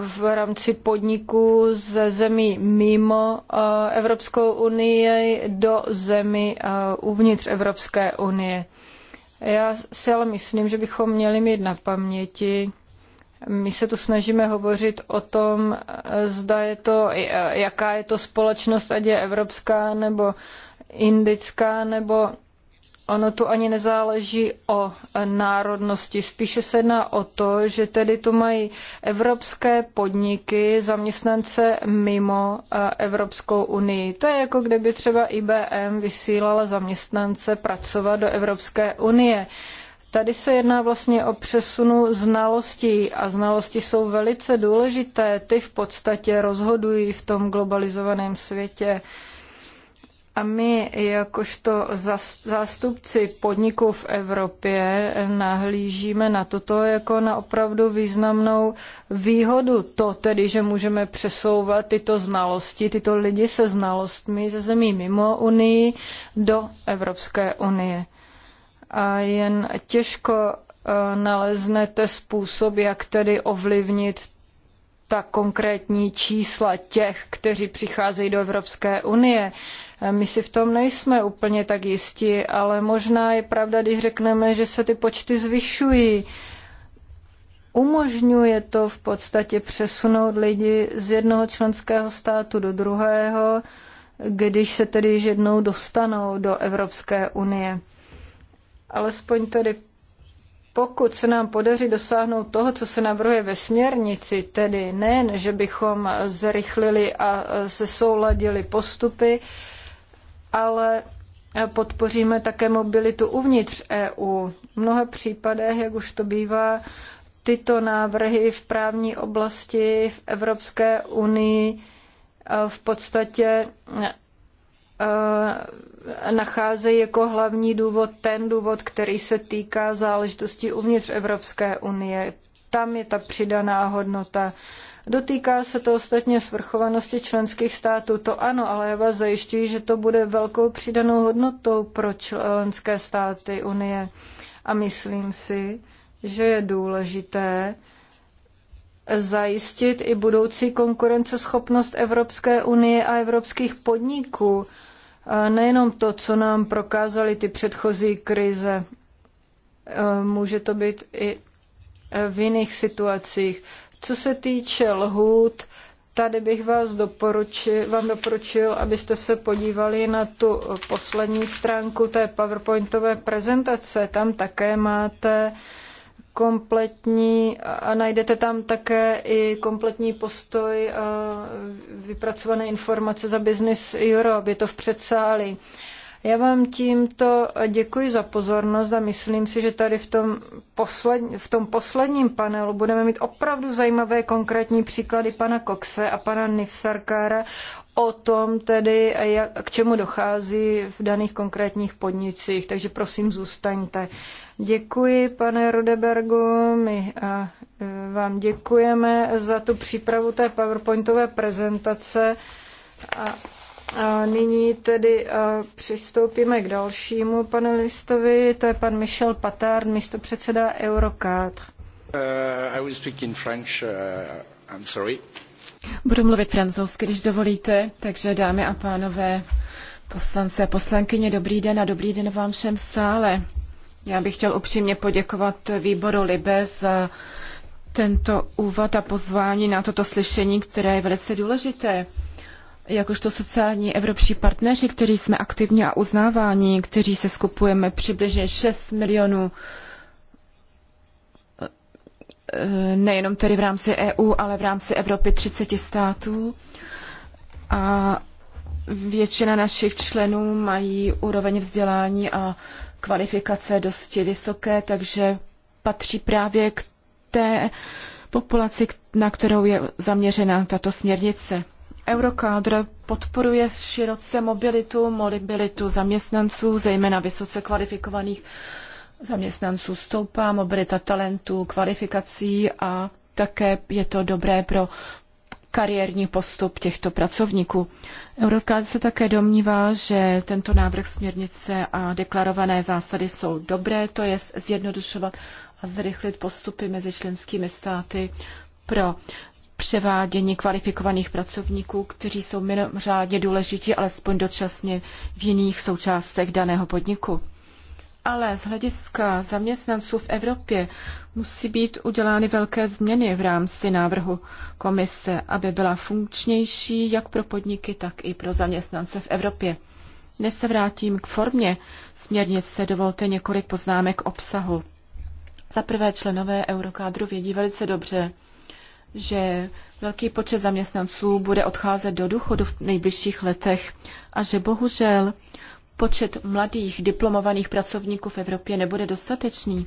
v rámci podniků ze zemí mimo eh, Evropskou unii do zemí eh, uvnitř Evropské unie. Já si ale myslím, že bychom měli mít na paměti, my se tu snažíme hovořit o tom, eh, zda je to, jaká je to společnost, ať je evropská nebo indická nebo Ono tu ani nezáleží o národnosti, spíše se jedná o to, že tedy tu mají evropské podniky, zaměstnance mimo eh, Evropskou unii. To je jako kdyby třeba IBM vysílala zaměstnance pracovat do Evropské unie. Tady se jedná vlastně o přesunu znalostí a znalosti jsou velice důležité. Ty v podstatě rozhodují v tom globalizovaném světě. A my, jakožto zástupci podniků v Evropě, nahlížíme na toto jako na opravdu významnou výhodu. To tedy, že můžeme přesouvat tyto znalosti, tyto lidi se znalostmi ze zemí mimo Unii do Evropské unie. A jen těžko eh, naleznete způsob, jak tedy ovlivnit ta konkrétní čísla těch, kteří přicházejí do Evropské unie my si v tom nejsme úplně tak jistí, ale možná je pravda, když řekneme, že se ty počty zvyšují. Umožňuje to v podstatě přesunout lidi z jednoho členského státu do druhého, když se tedy již jednou dostanou do Evropské unie. Alespoň tedy pokud se nám podaří dosáhnout toho, co se navrhuje ve směrnici, tedy nejen, že bychom zrychlili a sesouladili postupy, ale podpoříme také mobilitu uvnitř EU. V mnoha případech, jak už to bývá, tyto návrhy v právní oblasti v Evropské unii eh, v podstatě eh, nacházejí jako hlavní důvod ten důvod, který se týká záležitostí uvnitř Evropské unie tam je ta přidaná hodnota. Dotýká se to ostatně svrchovanosti členských států, to ano, ale já vás zajišťuji, že to bude velkou přidanou hodnotou pro členské státy Unie. A myslím si, že je důležité zajistit i budoucí konkurenceschopnost Evropské unie a evropských podniků, nejenom to, co nám prokázaly ty předchozí krize. E, může to být i v jiných situacích. Co se týče lhůt, tady bych vás doporučil, vám doporučil, abyste se podívali na tu poslední stránku té PowerPointové prezentace. Tam také máte kompletní a najdete tam také i kompletní postoj a vypracované informace za Business Europe. Je to v předsáli. Já vám tímto děkuji za pozornost a myslím si, že tady v tom, posled, v tom posledním panelu budeme mít opravdu zajímavé konkrétní příklady pana Coxe a pana Nifsarkára o tom tedy, jak, k čemu dochází v daných konkrétních podnicích. Takže prosím, zůstaňte. Děkuji, pane Rodebergu, my a, e, vám děkujeme za tu přípravu té PowerPointové prezentace. A nyní tedy přistoupíme k dalšímu panelistovi, to je pan Michel Patard, místopředseda Eurocard. Uh, I will speak in French, uh, I'm sorry. Budu mluvit francouzsky, když dovolíte, takže dámy a pánové, poslance a poslankyně, dobrý den a dobrý den vám všem v sále. Já bych chtěl upřímně poděkovat výboru Libe za tento úvod a pozvání na toto slyšení, které je velice důležité jakožto sociální evropští partneři, kteří jsme aktivní a uznáváni, kteří se skupujeme přibližně 6 milionů eh, nejenom tedy v rámci EU, ale v rámci Evropy 30 států. A většina našich členů mají úroveň vzdělání a kvalifikace dosti vysoké, takže patří právě k té populaci, na kterou je zaměřena tato směrnice. Eurokádr podporuje široce mobilitu, mobilitu zaměstnanců, zejména vysoce kvalifikovaných zaměstnanců. Stoupá mobilita talentů, kvalifikací a také je to dobré pro kariérní postup těchto pracovníků. Eurokádr se také domnívá, že tento návrh směrnice a deklarované zásady jsou dobré, to je zjednodušovat a zrychlit postupy mezi členskými státy pro převádění kvalifikovaných pracovníků, kteří jsou mimořádně důležití, alespoň dočasně v jiných součástech daného podniku. Ale z hlediska zaměstnanců v Evropě musí být udělány velké změny v rámci návrhu komise, aby byla funkčnější jak pro podniky, tak i pro zaměstnance v Evropě. Dnes se vrátím k formě směrnice, dovolte několik poznámek obsahu. Za prvé členové Eurokádru vědí velice dobře, že velký počet zaměstnanců bude odcházet do důchodu v nejbližších letech a že bohužel počet mladých diplomovaných pracovníků v Evropě nebude dostatečný,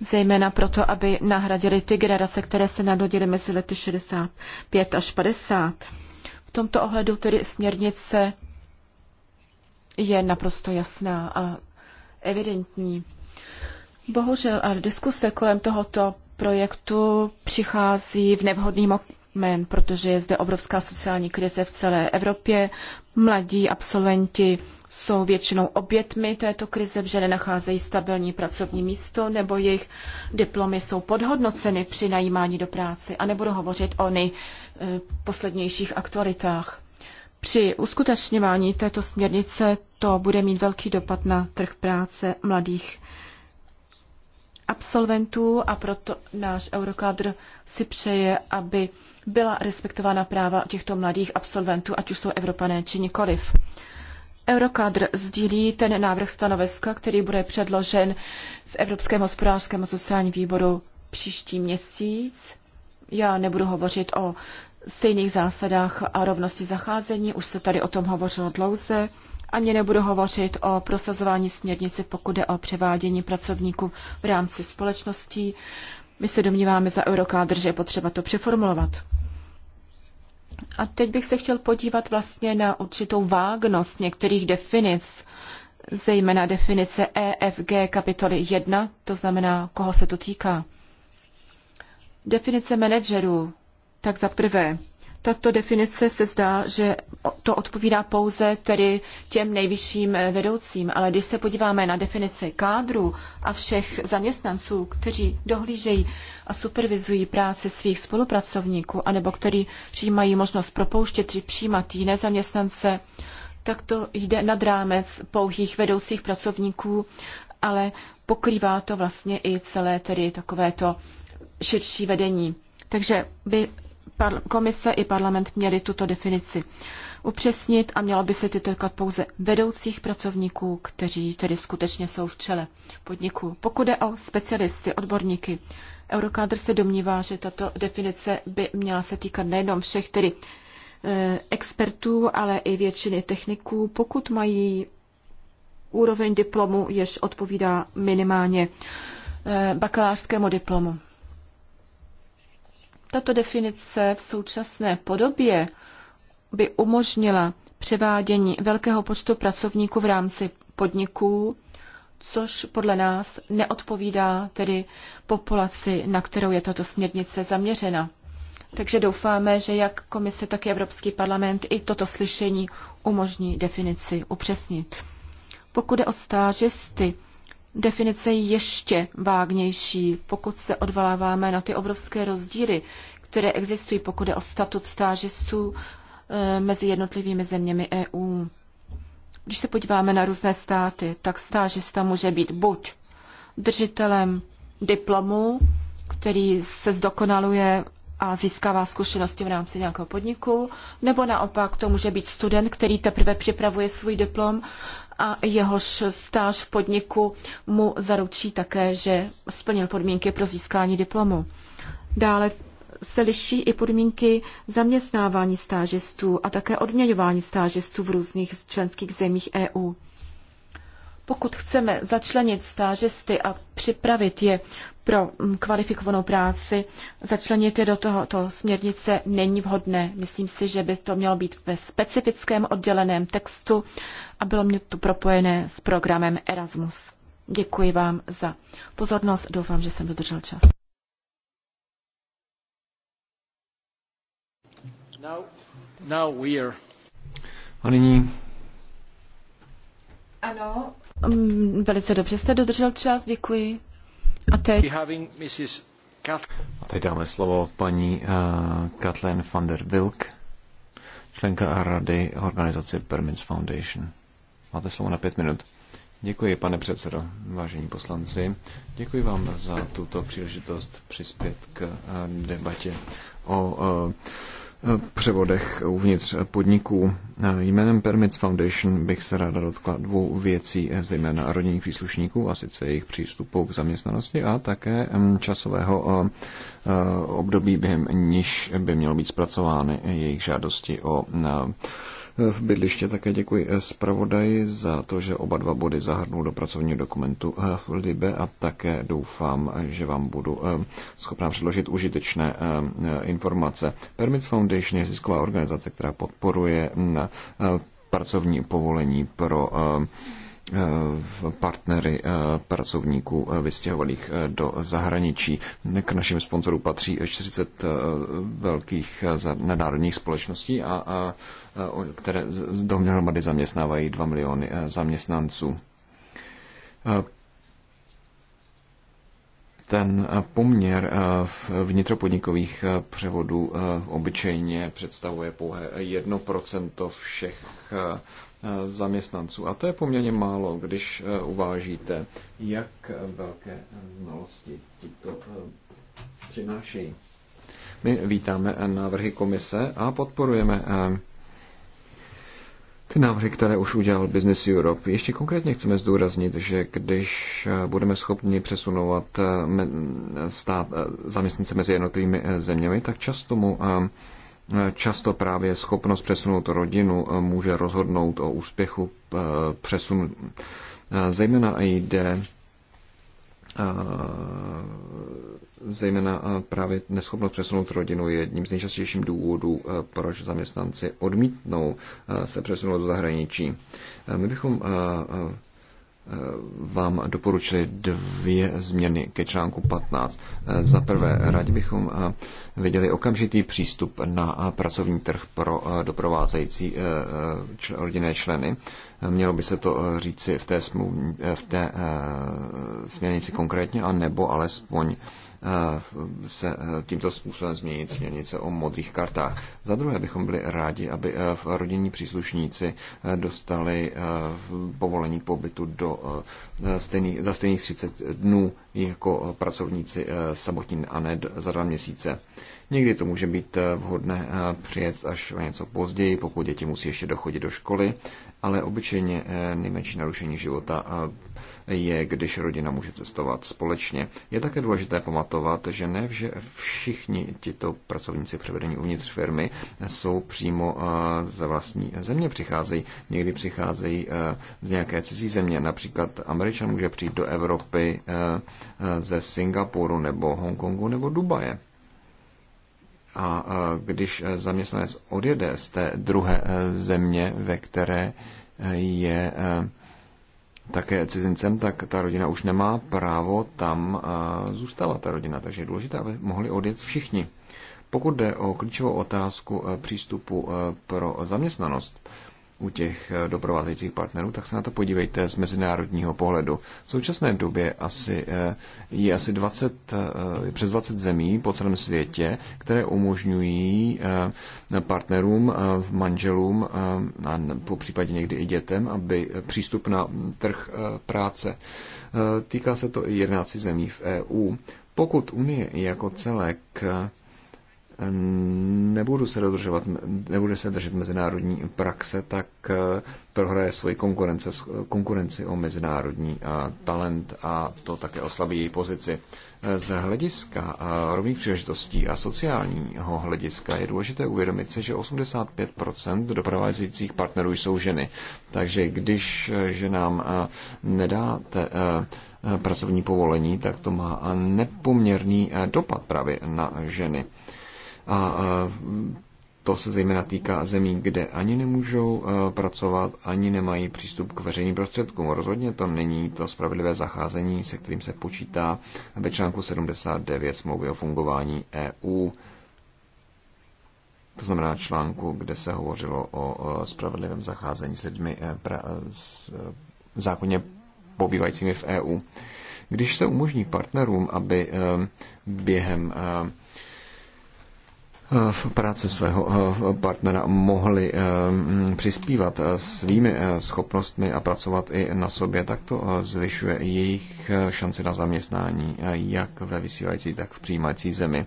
zejména proto, aby nahradili ty generace, které se narodily mezi lety 65 až 50. V tomto ohledu tedy směrnice je naprosto jasná a evidentní. Bohužel, ale diskuse kolem tohoto projektu přichází v nevhodný moment, protože je zde obrovská sociální krize v celé Evropě. Mladí absolventi jsou většinou obětmi této krize, že nenacházejí stabilní pracovní místo, nebo jejich diplomy jsou podhodnoceny při najímání do práce. A nebudu hovořit o nejposlednějších aktualitách. Při uskutečňování této směrnice to bude mít velký dopad na trh práce mladých absolventů a proto náš eurokádr si přeje, aby byla respektována práva těchto mladých absolventů, ať už jsou Evropané či nikoliv. Eurokadr sdílí ten návrh stanoviska, který bude předložen v Evropském hospodářském a sociálním výboru příští měsíc. Já nebudu hovořit o stejných zásadách a rovnosti zacházení, už se tady o tom hovořilo dlouze. Ani nebudu hovořit o prosazování směrnice, pokud jde o převádění pracovníků v rámci společností. My se domníváme za Eurokádr, že je potřeba to přeformulovat. A teď bych se chtěl podívat vlastně na určitou vágnost některých definic, zejména definice EFG kapitoly 1, to znamená, koho se to týká. Definice manažerů, tak za prvé, tato definice se zdá, že to odpovídá pouze tedy těm nejvyšším vedoucím, ale když se podíváme na definici kádru a všech zaměstnanců, kteří dohlížejí a supervizují práci svých spolupracovníků, anebo kteří přijímají možnost propouštět či přijímat jiné zaměstnance, tak to jde nad rámec pouhých vedoucích pracovníků, ale pokrývá to vlastně i celé tedy takovéto širší vedení. Takže by komise i parlament měli tuto definici upřesnit a mělo by se to týkat pouze vedoucích pracovníků, kteří tedy skutečně jsou v čele podniku. Pokud je o specialisty, odborníky, Eurokádr se domnívá, že tato definice by měla se týkat nejenom všech tedy eh, expertů, ale i většiny techniků, pokud mají úroveň diplomu, jež odpovídá minimálně eh, bakalářskému diplomu. Tato definice v současné podobě by umožnila převádění velkého počtu pracovníků v rámci podniků, což podle nás neodpovídá tedy populaci, na kterou je tato směrnice zaměřena. Takže doufáme, že jak komise, tak i Evropský parlament i toto slyšení umožní definici upřesnit. Pokud je o stážisty, definice ještě vágnější, pokud se odvoláváme na ty obrovské rozdíly, které existují, pokud je o statut stážistů eh, mezi jednotlivými zeměmi EU. Když se podíváme na různé státy, tak stážista může být buď držitelem diplomu, který se zdokonaluje a získává zkušenosti v rámci nějakého podniku, nebo naopak to může být student, který teprve připravuje svůj diplom a jehož stáž v podniku mu zaručí také, že splnil podmínky pro získání diplomu. Dále se liší i podmínky zaměstnávání stážistů a také odměňování stážistů v různých členských zemích EU. Pokud chceme začlenit stážisty a připravit je pro mm, kvalifikovanou práci, začlenit je do tohoto směrnice není vhodné. Myslím si, že by to mělo být ve specifickém odděleném textu a bylo mě to propojené s programem Erasmus. Děkuji vám za pozornost. Doufám, že jsem dodržel čas. Now, now we are. A nyní. Ano, Velice dobře jste dodržel čas, děkuji. A teď... A teď dáme slovo paní uh, Kathleen van der Wilk, členka rady organizace Permits Foundation. Máte slovo na pět minut. Děkuji, pane předsedo, vážení poslanci. Děkuji vám za tuto příležitost přispět k eh, debatě o uh, převodech uvnitř podniků. Jménem Permits Foundation bych se ráda dotkla dvou věcí, zejména rodinných příslušníků, a sice jejich přístupu k zaměstnanosti a také časového období, během níž by mělo být zpracovány jejich žádosti o v bydliště. Také děkuji eh, zpravodaji za to, že oba dva body zahrnul do pracovního dokumentu v eh, Libe a také doufám, eh, že vám budu schopná předložit užitečné informace. Permits Foundation je zisková organizace, která podporuje mm, pracovní povolení pro uh, partnery eh, pracovníků eh, vystěhovaných eh, do zahraničí. K našim sponsorům patří 40 velkých nadárodních společností, a, a, které dohromady zaměstnávají 2 miliony zaměstnanců. Ten poměr vnitropodnikových převodů obyčejně představuje pouhé 1% všech Eh, zaměstnanců. A to je poměrně málo, když eh, uvážíte, jak velké znalosti tyto eh, přinášejí. My vítáme návrhy komise a podporujeme ty návrhy, které už udělal Business Europe. Ještě konkrétně chceme zdůraznit, že když budeme schopni přesunovat stát, zaměstnance mezi jednotlivými zeměmi, tak čas tomu Často právě schopnost přesunout rodinu eh, může rozhodnout o úspěchu eh, přesunu. Eh, zejména jde zejména právě neschopnost přesunout rodinu je jedním z nejčastějších důvodů, proč zaměstnanci odmítnou se přesunout do zahraničí. My bychom vám doporučili dvě změny ke článku 15. Za prvé, rádi bychom viděli okamžitý přístup na pracovní trh pro eh, doprovázející eh, eh, rodinné členy. Mělo by se to říci v té, smluv, v té směrnici konkrétně, anebo alespoň Eh, se eh, tímto způsobem změnit směrnice o modrých kartách. Za druhé bychom byli rádi, aby eh, rodinní příslušníci dostali povolení pobytu do stejný, za stejných 30 dnů jako pracovníci samotní a ne za dva měsíce. Někdy to může být vhodné přijet až o něco později, pokud děti musí ještě dochodit do školy, ale obyčejně eh, nejmenší narušení života eh, je, když rodina může cestovat společně. Je také důležité pamatovat, že ne že všichni tito pracovníci převedení uvnitř firmy eh, jsou přímo ze vlastní země přicházejí. Někdy přicházejí z nějaké cizí země. Například Američan může přijít do Evropy ze Singapuru nebo Hongkongu nebo Dubaje. A když zaměstnanec odjede z té druhé e, země, ve které e, je e, také cizincem, tak ta rodina už nemá právo tam zůstávat, ta rodina. Takže je důležité, aby mohli odjet všichni. Pokud jde o klíčovou otázku přístupu pro zaměstnanost, u těch eh, doprovázejících partnerů, tak se na to podívejte z mezinárodního pohledu. V současné době asi, eh, je asi 20, eh, přes 20 zemí po celém světě, které umožňují partnerům, manželům a po případě někdy i dětem, aby přístup na trh práce. Týká se to i 11 zemí v EU. Pokud Unie jako celek nebudu se dodržovat, nebude se držet mezinárodní praxe, tak eh, prohraje svoji konkurence, konkurenci o mezinárodní eh, talent a to také oslabí její pozici. Eh, z hlediska rovných příležitostí a sociálního hlediska je důležité uvědomit si, že 85% doprovázejících partnerů jsou ženy. Takže když ženám nedáte pracovní povolení, tak to má nepoměrný dopad právě na ženy. A to se zejména týká zemí, kde ani nemůžou pracovat, ani nemají přístup k veřejným prostředkům. Rozhodně to není to spravedlivé zacházení, se kterým se počítá ve článku 79 smlouvy o fungování EU. To znamená článku, kde se hovořilo o spravedlivém zacházení s lidmi e, pra, e, s, e, zákonně pobývajícími v EU. Když se umožní partnerům, aby během v práci svého eh, partnera mohli eh, mm, přispívat eh, svými schopnostmi a pracovat i na sobě, tak to zvyšuje jejich šanci na zaměstnání jak ve vysílající, tak v přijímající zemi.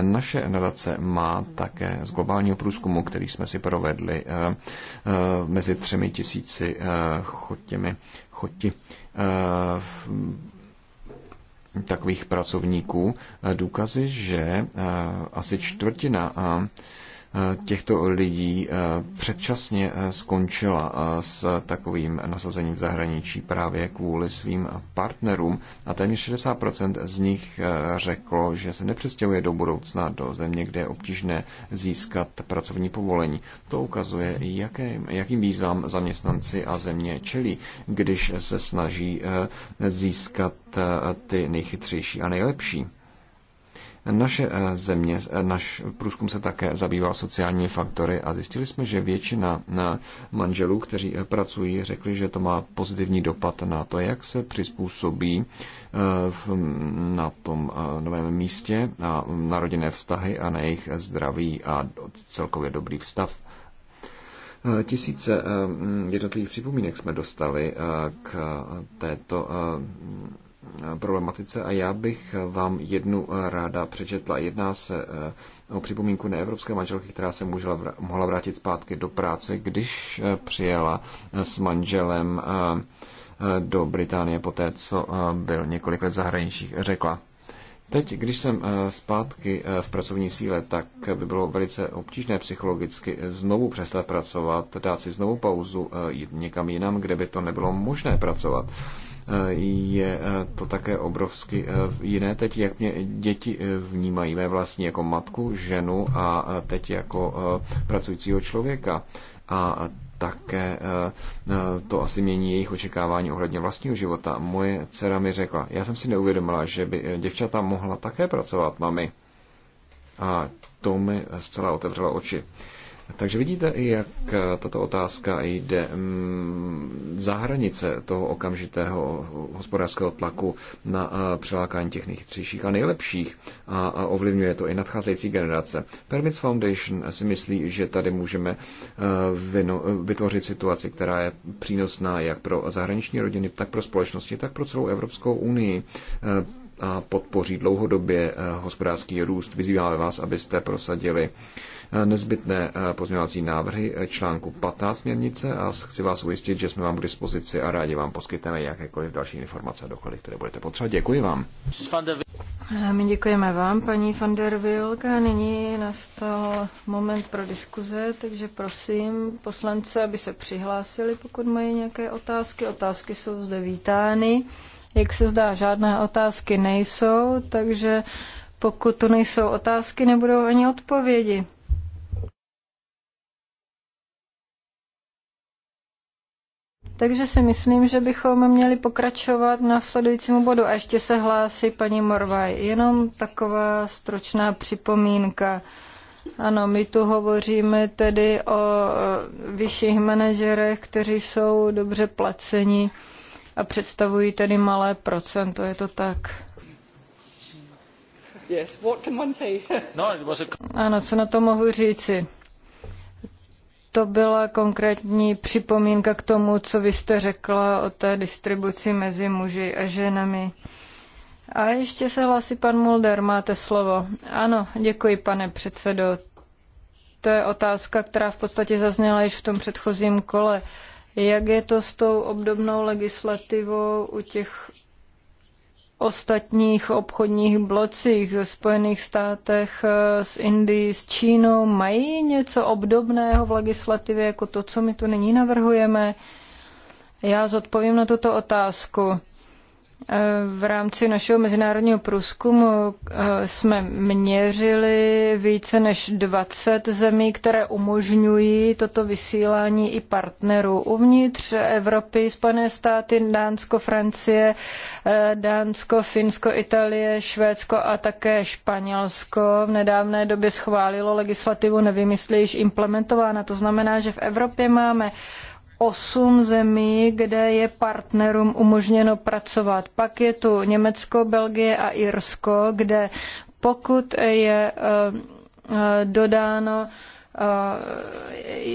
Naše nadace má také z globálního průzkumu, který jsme si provedli mezi třemi tisíci chotěmi, choti takových pracovníků eh, důkazy, že eh, asi čtvrtina eh, Eh, těchto lidí eh, předčasně eh, skončila s takovým nasazením v zahraničí právě kvůli svým partnerům a téměř 60% z nich řeklo, že se nepřestěhuje do budoucna do země, kde je obtížné získat pracovní povolení. To ukazuje, jaké, jakým výzvám zaměstnanci a země čelí, když se snaží získat ty nejchytřejší a nejlepší. Naše eh, země, eh, naš průzkum se také zabýval sociálními faktory a zjistili jsme, že většina eh, manželů, kteří pracují, řekli, že to má pozitivní dopad na to, jak se přizpůsobí na tom novém místě, a na rodinné vztahy a na jejich zdraví a celkově dobrý vztah. Tisíce jednotlivých připomínek jsme dostali k této problematice a já bych vám jednu eh, ráda přečetla. Jedná se eh, o připomínku neevropské manželky, která se můžela mohla vrátit zpátky do práce, když eh, přijela s manželem do Británie poté, co byl několik let zahraničí, řekla. Teď, když jsem zpátky v pracovní síle, tak by bylo velice obtížné psychologicky znovu přestat pracovat, dát si znovu pauzu jít někam jinam, kde by to nebylo možné pracovat. Eh, je eh, to také obrovsky eh, jiné teď, jak mě děti vnímají mé vlastní jako matku, ženu a teď jako pracujícího člověka. A také to asi mění jejich očekávání ohledně vlastního života. Moje dcera mi řekla, já jsem si neuvědomila, že by děvčata mohla také pracovat, mami. A to mi zcela otevřelo oči. Takže vidíte, jak eh, tato otázka jde mm, za hranice toho okamžitého hospodářského tlaku na eh, přelákání těch nejchytřejších a nejlepších a ovlivňuje to i nadcházející generace. Permits Foundation si myslí, že tady můžeme eh, vytvořit situaci, která je přínosná jak pro zahraniční rodiny, tak pro společnosti, tak pro celou Evropskou unii a podpoří dlouhodobě hospodářský růst. Vyzýváme vás, abyste prosadili nezbytné eh, pozměňovací návrhy eh, článku 15 směrnice a chci vás ujistit, že jsme vám k dispozici a rádi vám poskytneme jakékoliv další informace a doklady, které budete potřebovat. Děkuji vám. Eh, my děkujeme vám, paní van der Wilke. Nyní nastal moment pro diskuze, takže prosím poslance, aby se přihlásili, pokud mají nějaké otázky. Otázky jsou zde vítány. Jak se zdá, žádné otázky nejsou, takže pokud tu nejsou otázky, nebudou ani odpovědi. Takže si myslím, že bychom měli pokračovat na sledujícímu bodu. A ještě se hlásí paní Morvaj. Jenom taková stročná připomínka. Ano, my tu hovoříme tedy o vyšších manažerech, kteří jsou dobře placeni a představují tedy malé procento, je to tak? Yes, what can one say? no, it was a... Ano, co na to mohu říci? to byla konkrétní připomínka k tomu, co vy jste řekla o té distribuci mezi muži a ženami. A ještě se hlásí pan Mulder, máte slovo. Ano, děkuji, pane předsedo. To je otázka, která v podstatě zazněla již v tom předchozím kole. Jak je to s tou obdobnou legislativou u těch ostatních obchodních blocích ve Spojených státech, eh, s Indií, s Čínou mají něco obdobného v legislativě jako to, co my tu nyní navrhujeme? Já zodpovím na tuto otázku. Eh, v rámci našeho mezinárodního průzkumu eh, jsme měřili více než 20 zemí, které umožňují toto vysílání i partnerů uvnitř Evropy, Spojené státy, Dánsko, Francie, eh, Dánsko, Finsko, Itálie, Švédsko a také Španělsko. V nedávné době schválilo legislativu, nevím, jestli již implementována. To znamená, že v Evropě máme osm zemí, kde je partnerům umožněno pracovat. Pak je tu Německo, Belgie a Irsko, kde pokud je eh, eh, dodáno, eh,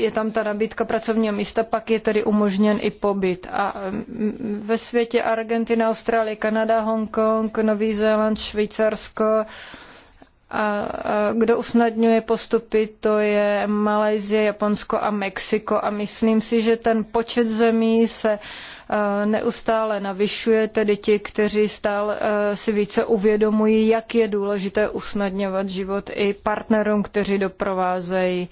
je tam ta nabídka pracovního místa, pak je tedy umožněn i pobyt. A mm, ve světě Argentina, Austrálie, Kanada, Hongkong, Nový Zéland, Švýcarsko, a kdo usnadňuje postupy, to je Malajzie, Japonsko a Mexiko. A myslím si, že ten počet zemí se neustále navyšuje, tedy ti, kteří stále si více uvědomují, jak je důležité usnadňovat život i partnerům, kteří doprovázejí.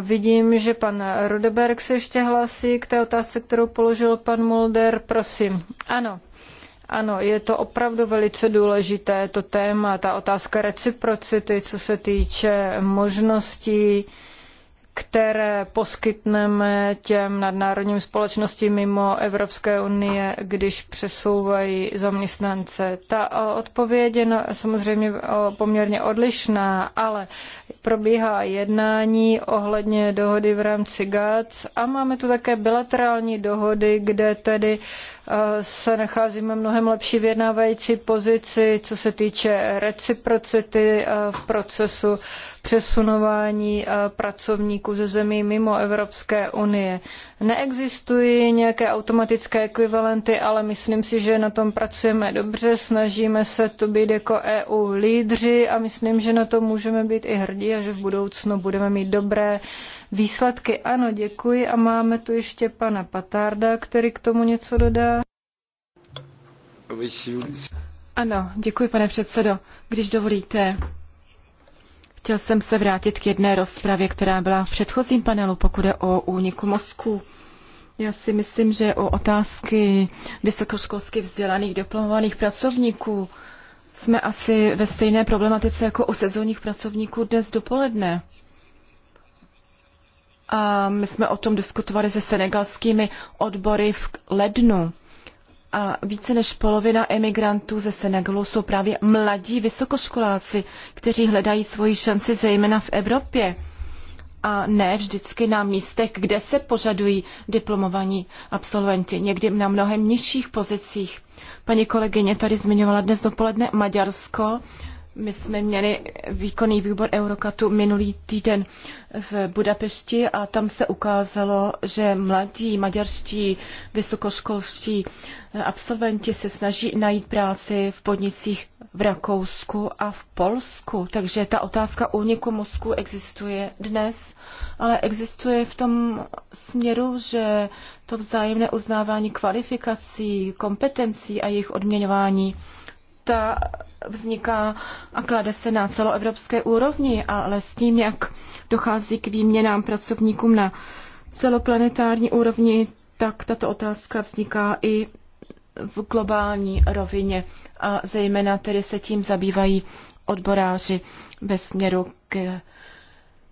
vidím, že pan Rudeberg se ještě hlásí k té otázce, kterou položil pan Mulder. Prosím. Ano. Ano, je to opravdu velice důležité, to téma, ta otázka reciprocity, co se týče možností, které poskytneme těm nadnárodním společnostím mimo Evropské unie, když přesouvají zaměstnance. Ta odpověď je no, samozřejmě poměrně odlišná, ale probíhá jednání ohledně dohody v rámci GATS a máme tu také bilaterální dohody, kde tedy Eh, se nacházíme v mnohem lepší vyjednávající pozici, co se týče reciprocity eh, v procesu přesunování eh, pracovníků ze zemí mimo Evropské unie. Neexistují nějaké automatické ekvivalenty, ale myslím si, že na tom pracujeme dobře, snažíme se to být jako EU lídři a myslím, že na to můžeme být i hrdí a že v budoucnu budeme mít dobré výsledky. Ano, děkuji a máme tu ještě pana Patarda, který k tomu něco dodá. Ano, děkuji, pane předsedo. Když dovolíte, chtěl jsem se vrátit k jedné rozpravě, která byla v předchozím panelu, pokud je o úniku mozku. Já si myslím, že o otázky vysokoškolsky vzdělaných diplomovaných pracovníků jsme asi ve stejné problematice jako u sezónních pracovníků dnes dopoledne. A my jsme o tom diskutovali se senegalskými odbory v lednu. A více než polovina emigrantů ze Senegalu jsou právě mladí vysokoškoláci, kteří hledají svoji šanci zejména v Evropě a ne vždycky na místech, kde se požadují diplomovaní absolventi, někdy na mnohem nižších pozicích. Paní kolegyně tady zmiňovala dnes dopoledne Maďarsko. My jsme měli výkonný výbor Eurokatu minulý týden v Budapešti a tam se ukázalo, že mladí maďarští vysokoškolští absolventi se snaží najít práci v podnicích v Rakousku a v Polsku. Takže ta otázka úniku mozku existuje dnes, ale existuje v tom směru, že to vzájemné uznávání kvalifikací, kompetencí a jejich odměňování ta vzniká a klade se na celoevropské úrovni, ale s tím, jak dochází k výměnám pracovníkům na celoplanetární úrovni, tak tato otázka vzniká i v globální rovině a zejména tedy se tím zabývají odboráři ve směru k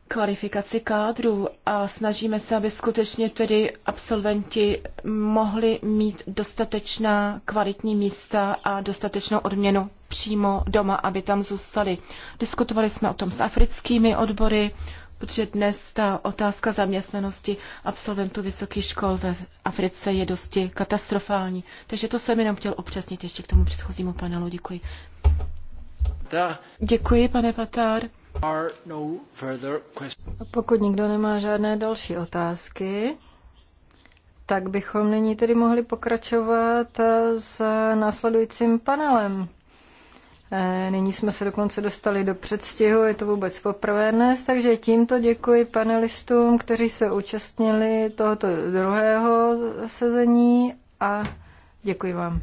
kvalifikaci kádru a snažíme se, aby skutečně tedy absolventi mohli mít dostatečná kvalitní místa a dostatečnou odměnu přímo doma, aby tam zůstali. Diskutovali jsme o tom s africkými odbory, protože dnes ta otázka zaměstnanosti absolventů vysokých škol ve Africe je dosti katastrofální. Takže to jsem jenom chtěl upřesnit ještě k tomu předchozímu panelu. Děkuji. Děkuji, pane Patár. No Pokud nikdo nemá žádné další otázky, tak bychom nyní tedy mohli pokračovat s následujícím panelem. Eh, nyní jsme se dokonce dostali do předstihu, je to vůbec poprvé dnes, takže tímto děkuji panelistům, kteří se účastnili tohoto druhého sezení a děkuji vám.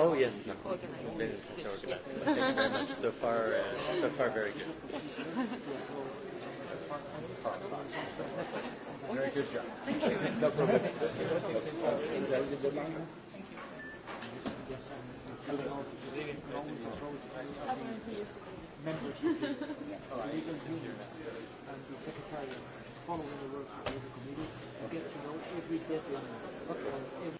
Oh yes, no. Been organized. Thank you very much. So far, uh, so far, very good. Very good job. Thank you. No problem. legal and the following the work of the committee get to know every deadline. Okay.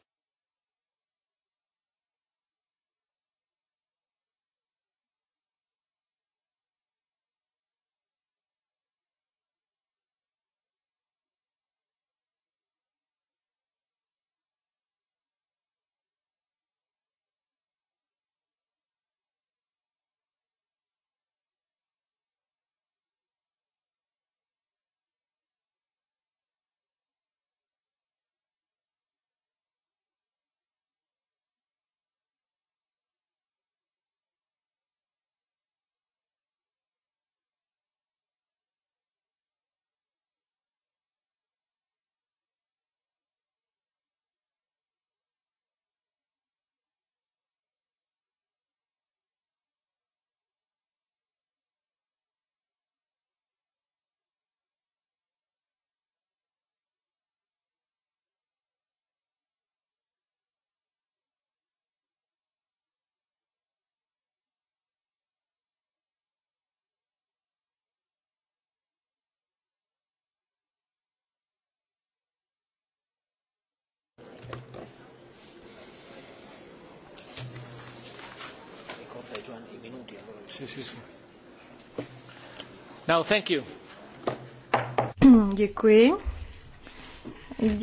Děkuji.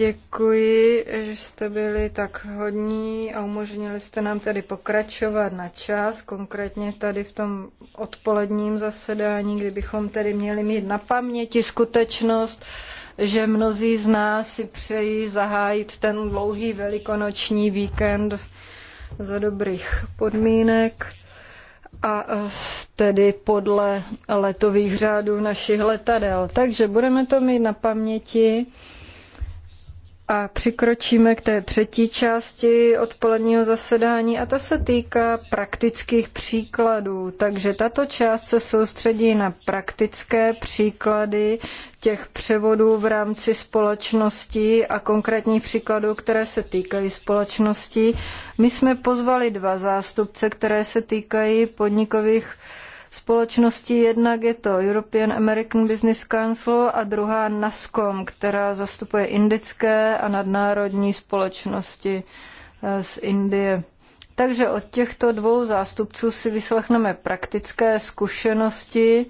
Děkuji, že jste byli tak hodní a umožnili jste nám tady pokračovat na čas, konkrétně tady v tom odpoledním zasedání, kdybychom tedy měli mít na paměti skutečnost, že mnozí z nás si přejí zahájit ten dlouhý velikonoční víkend za dobrých podmínek a eh, tedy podle letových řádů našich letadel. Takže budeme to mít na paměti. A přikročíme k té třetí části odpoledního zasedání a ta se týká praktických příkladů. Takže tato část se soustředí na praktické příklady těch převodů v rámci společností a konkrétních příkladů, které se týkají společností. My jsme pozvali dva zástupce, které se týkají podnikových společností. Jednak je to European American Business Council a druhá NASCOM, která zastupuje indické a nadnárodní společnosti eh, z Indie. Takže od těchto dvou zástupců si vyslechneme praktické zkušenosti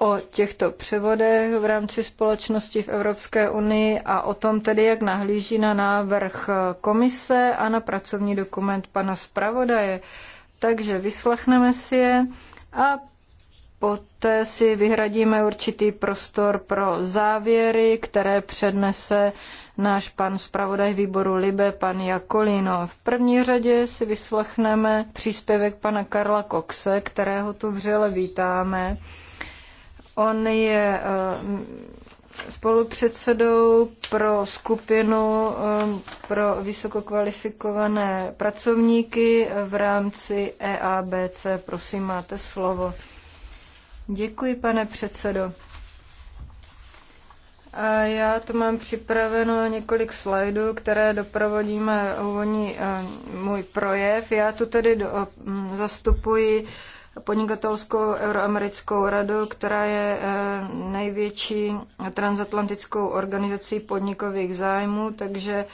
o těchto převodech v rámci společnosti v Evropské unii a o tom tedy, jak nahlíží na návrh komise a na pracovní dokument pana zpravodaje. Takže vyslechneme si je a poté si vyhradíme určitý prostor pro závěry, které přednese náš pan zpravodaj výboru Libe, pan Jakolino. V první řadě si vyslechneme příspěvek pana Karla Coxe, kterého tu vřele vítáme. On je eh, spolupředsedou pro skupinu um, pro vysokokvalifikované pracovníky v rámci EABC. Prosím, máte slovo. Děkuji, pane předsedo. A já to mám připraveno několik slajdů, které doprovodíme úvodní um, můj projev. Já tu tedy do, um, zastupuji podnikatelskou euroamerickou radu, která je eh, největší transatlantickou organizací podnikových zájmů, takže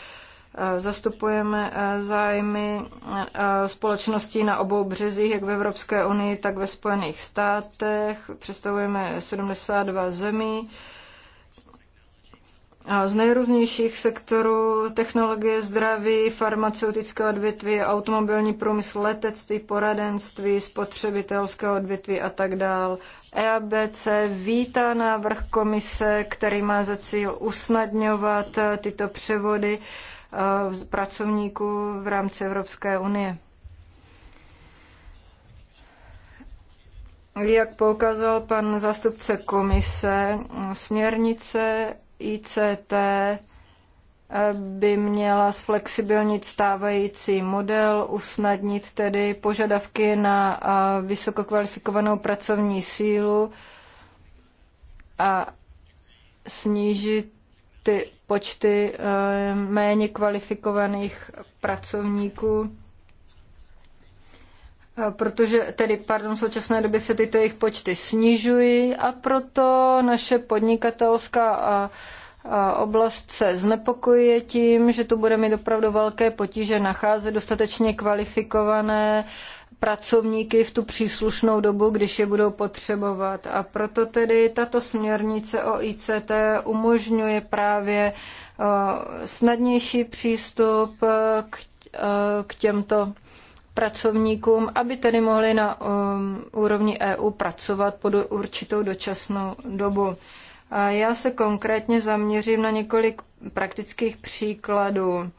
eh, zastupujeme eh, zájmy společností na obou březích, jak v Evropské unii, tak ve Spojených státech. Představujeme 72 zemí z nejrůznějších sektorů, technologie, zdraví, farmaceutické odvětví, automobilní průmysl, letectví, poradenství, spotřebitelské odvětví a tak dál. EABC vítá návrh komise, který má za cíl usnadňovat eh, tyto převody eh, pracovníků v rámci Evropské unie. Jak poukázal pan zástupce komise, eh, směrnice ICT eh, by měla zflexibilnit stávající model, usnadnit tedy požadavky na eh, vysokokvalifikovanou pracovní sílu a snížit ty počty eh, méně kvalifikovaných pracovníků Eh, protože tedy, pardon, v současné době se tyto jejich počty snižují a proto naše podnikatelská a oblast se znepokojuje tím, že tu bude mít opravdu velké potíže nacházet dostatečně kvalifikované pracovníky v tu příslušnou dobu, když je budou potřebovat. A proto tedy tato směrnice o ICT umožňuje právě eh, snadnější přístup eh, k těmto pracovníkům, aby tedy mohli na um, úrovni EU pracovat pod určitou dočasnou dobu. A já se konkrétně zaměřím na několik praktických příkladů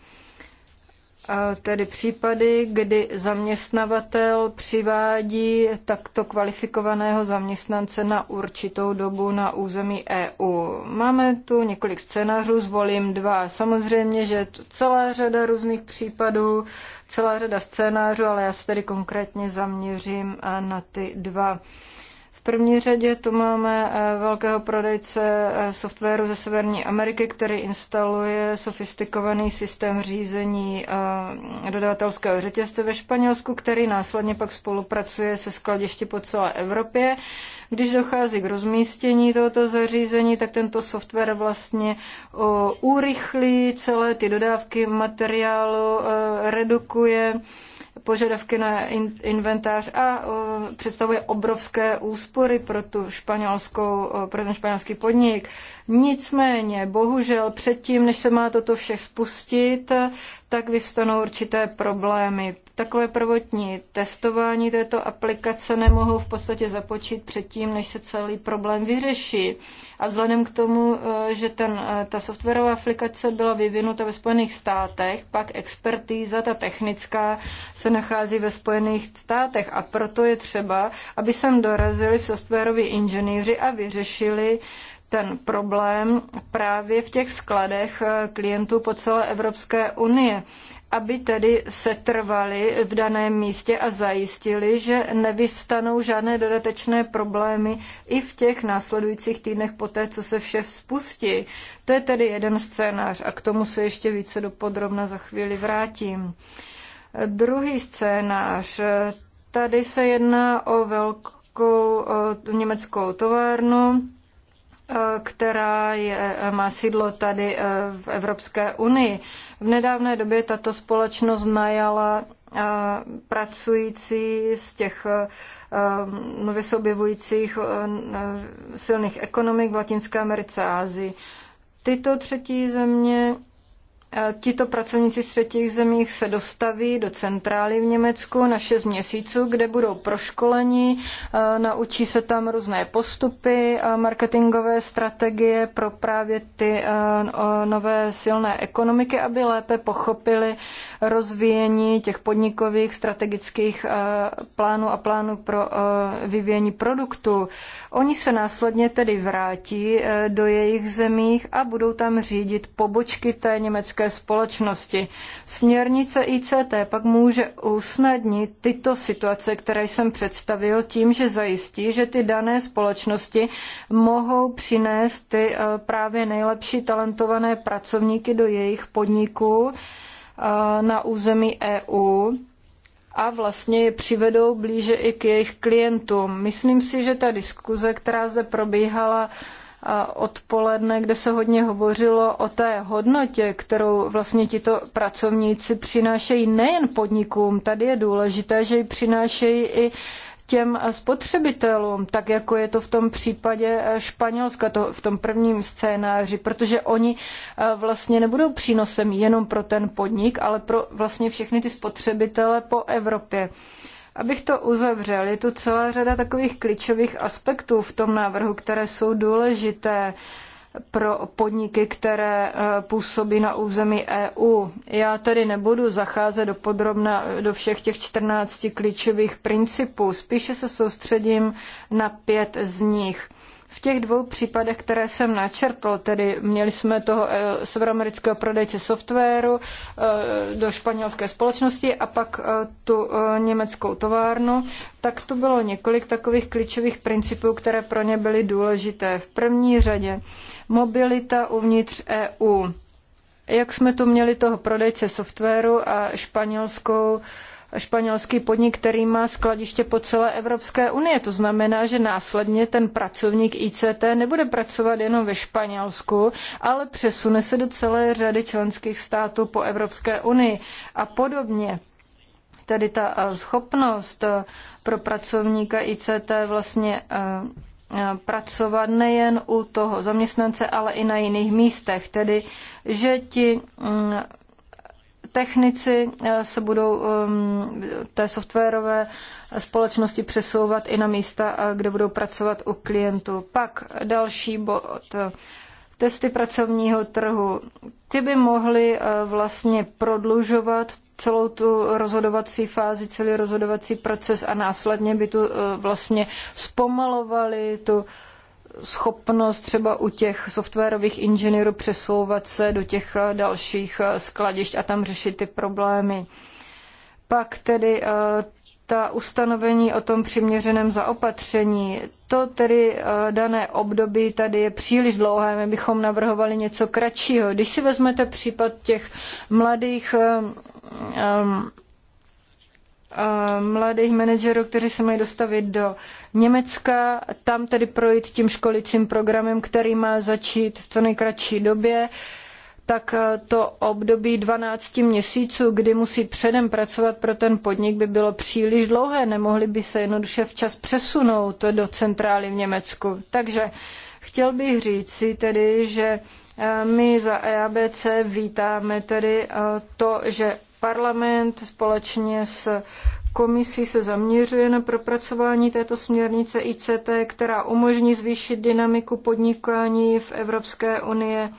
tedy případy, kdy zaměstnavatel přivádí takto kvalifikovaného zaměstnance na určitou dobu na území EU. Máme tu několik scénářů, zvolím dva. Samozřejmě, že je to celá řada různých případů, celá řada scénářů, ale já se tedy konkrétně zaměřím eh, na ty dva první řadě tu máme eh, velkého prodejce eh, softwaru ze Severní Ameriky, který instaluje sofistikovaný systém řízení eh, dodavatelského řetězce ve Španělsku, který následně pak spolupracuje se skladišti po celé Evropě. Když dochází k rozmístění tohoto zařízení, tak tento software vlastně urychlí celé ty dodávky materiálu, redukuje požadavky na inventář a představuje obrovské úspory pro, tu španělskou, pro ten španělský podnik. Nicméně, bohužel, předtím, než se má toto vše spustit, tak vyvstanou určité problémy. Takové prvotní testování této aplikace nemohou v podstatě započít předtím, než se celý problém vyřeší. A vzhledem k tomu, eh, že ten, eh, ta softwarová aplikace byla vyvinuta ve Spojených státech, pak expertíza, ta technická, se nachází ve Spojených státech a proto je třeba, aby sem dorazili softwaroví inženýři a vyřešili ten problém právě v těch skladech eh, klientů po celé Evropské unie aby tedy setrvali v daném místě a zajistili, že nevystanou žádné dodatečné problémy i v těch následujících týdnech poté, co se vše spustí. To je tedy jeden scénář a k tomu se ještě více dopodrobna za chvíli vrátím. Druhý scénář. Tady se jedná o velkou o německou továrnu, Eh, která je, eh, má sídlo tady eh, v Evropské unii. V nedávné době tato společnost najala pracující z těch nově se objevujících silných ekonomik v Latinské Americe a Asii. Tyto třetí země Eh, tito pracovníci z třetích zemích se dostaví do centrály v Německu na 6 měsíců, kde budou proškoleni, eh, naučí se tam různé postupy, marketingové strategie pro právě ty eh, nové silné ekonomiky, aby lépe pochopili rozvíjení těch podnikových strategických plánů a plánů pro vyvíjení produktů. Oni se následně tedy vrátí do jejich zemích a budou tam řídit pobočky té německé letecké společnosti. Směrnice ICT pak může usnadnit tyto situace, které jsem představil, tím, že zajistí, že ty dané společnosti mohou přinést ty eh, právě nejlepší talentované pracovníky do jejich podniků eh, na území EU a vlastně je přivedou blíže i k jejich klientům. Myslím si, že ta diskuze, která zde probíhala, odpoledne, kde se hodně hovořilo o té hodnotě, kterou vlastně tito pracovníci přinášejí nejen podnikům. Tady je důležité, že ji přinášejí i těm spotřebitelům, tak jako je to v tom případě eh, Španělska, to v tom prvním scénáři, protože oni eh, vlastně nebudou přínosem jenom pro ten podnik, ale pro vlastně všechny ty spotřebitele po Evropě. Abych to uzavřel, je tu celá řada takových klíčových aspektů v tom návrhu, které jsou důležité pro podniky, které eh, působí na území EU. Já tady nebudu zacházet do podrobna do všech těch 14 klíčových principů, spíše se soustředím na pět z nich – v těch dvou případech, které jsem načrtl, tedy měli jsme toho eh, severoamerického prodejce softwaru eh, do španělské společnosti a pak eh, tu německou továrnu, tak to bylo několik takových klíčových principů, které pro ně byly důležité. V první řadě mobilita uvnitř EU. Jak jsme tu měli toho prodejce softwaru a španělskou španělský podnik, který má skladiště po celé Evropské unii. To znamená, že následně ten pracovník ICT nebude pracovat jenom ve Španělsku, ale přesune se do celé řady členských států po Evropské unii a podobně tedy ta eh, schopnost eh, pro pracovníka ICT vlastně eh, pracovat nejen u toho zaměstnance, ale i na jiných místech. Tedy, že ti mm, technici eh, se budou ehm, té softwarové společnosti přesouvat i na místa, eh, kde budou pracovat u klientů. Pak další bod testy pracovního trhu. Ty by mohly eh, vlastně prodlužovat celou tu rozhodovací fázi, celý rozhodovací proces a následně by tu vlastně zpomalovali, tu schopnost třeba u těch softwarových inženýrů přesouvat se do těch eh, dalších eh, skladišť a tam řešit ty problémy. Pak tedy eh, ta ustanovení o tom přiměřeném zaopatření. To tedy dané období tady je příliš dlouhé, my bychom navrhovali něco kratšího. Když si vezmete případ těch mladých um, mladých manažerů, kteří se mají dostavit do Německa, tam tedy projít tím školicím programem, který má začít v co nejkratší době tak e, to období 12 měsíců, kdy musí předem pracovat pro ten podnik, by bylo příliš dlouhé. Nemohli by se jednoduše včas přesunout do centrály v Německu. Takže chtěl bych říci tedy, že e, my za EABC vítáme tedy e, to, že Parlament společně s komisí se zaměřuje na propracování této směrnice ICT, která umožní zvýšit dynamiku podnikání v Evropské unii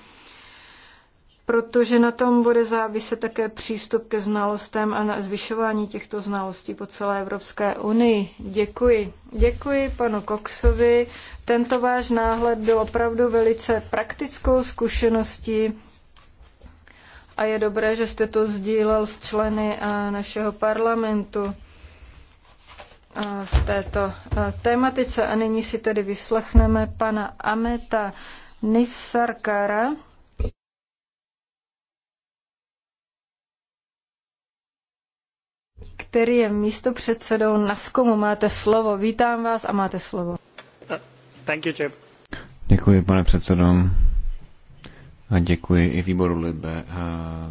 protože na tom bude záviset také přístup ke znalostem a na zvyšování těchto znalostí po celé Evropské unii. Děkuji. Děkuji panu Coxovi. Tento váš náhled byl opravdu velice praktickou zkušeností a je dobré, že jste to sdílel s členy eh, našeho parlamentu eh, v této eh, tématice. A nyní si tedy vyslechneme pana Ameta Nifsarkara. který je místopředsedou NASKOMu. Máte slovo. Vítám vás a máte slovo. Thank you, Děkuji, pane předsedo. A děkuji i výboru Libe eh,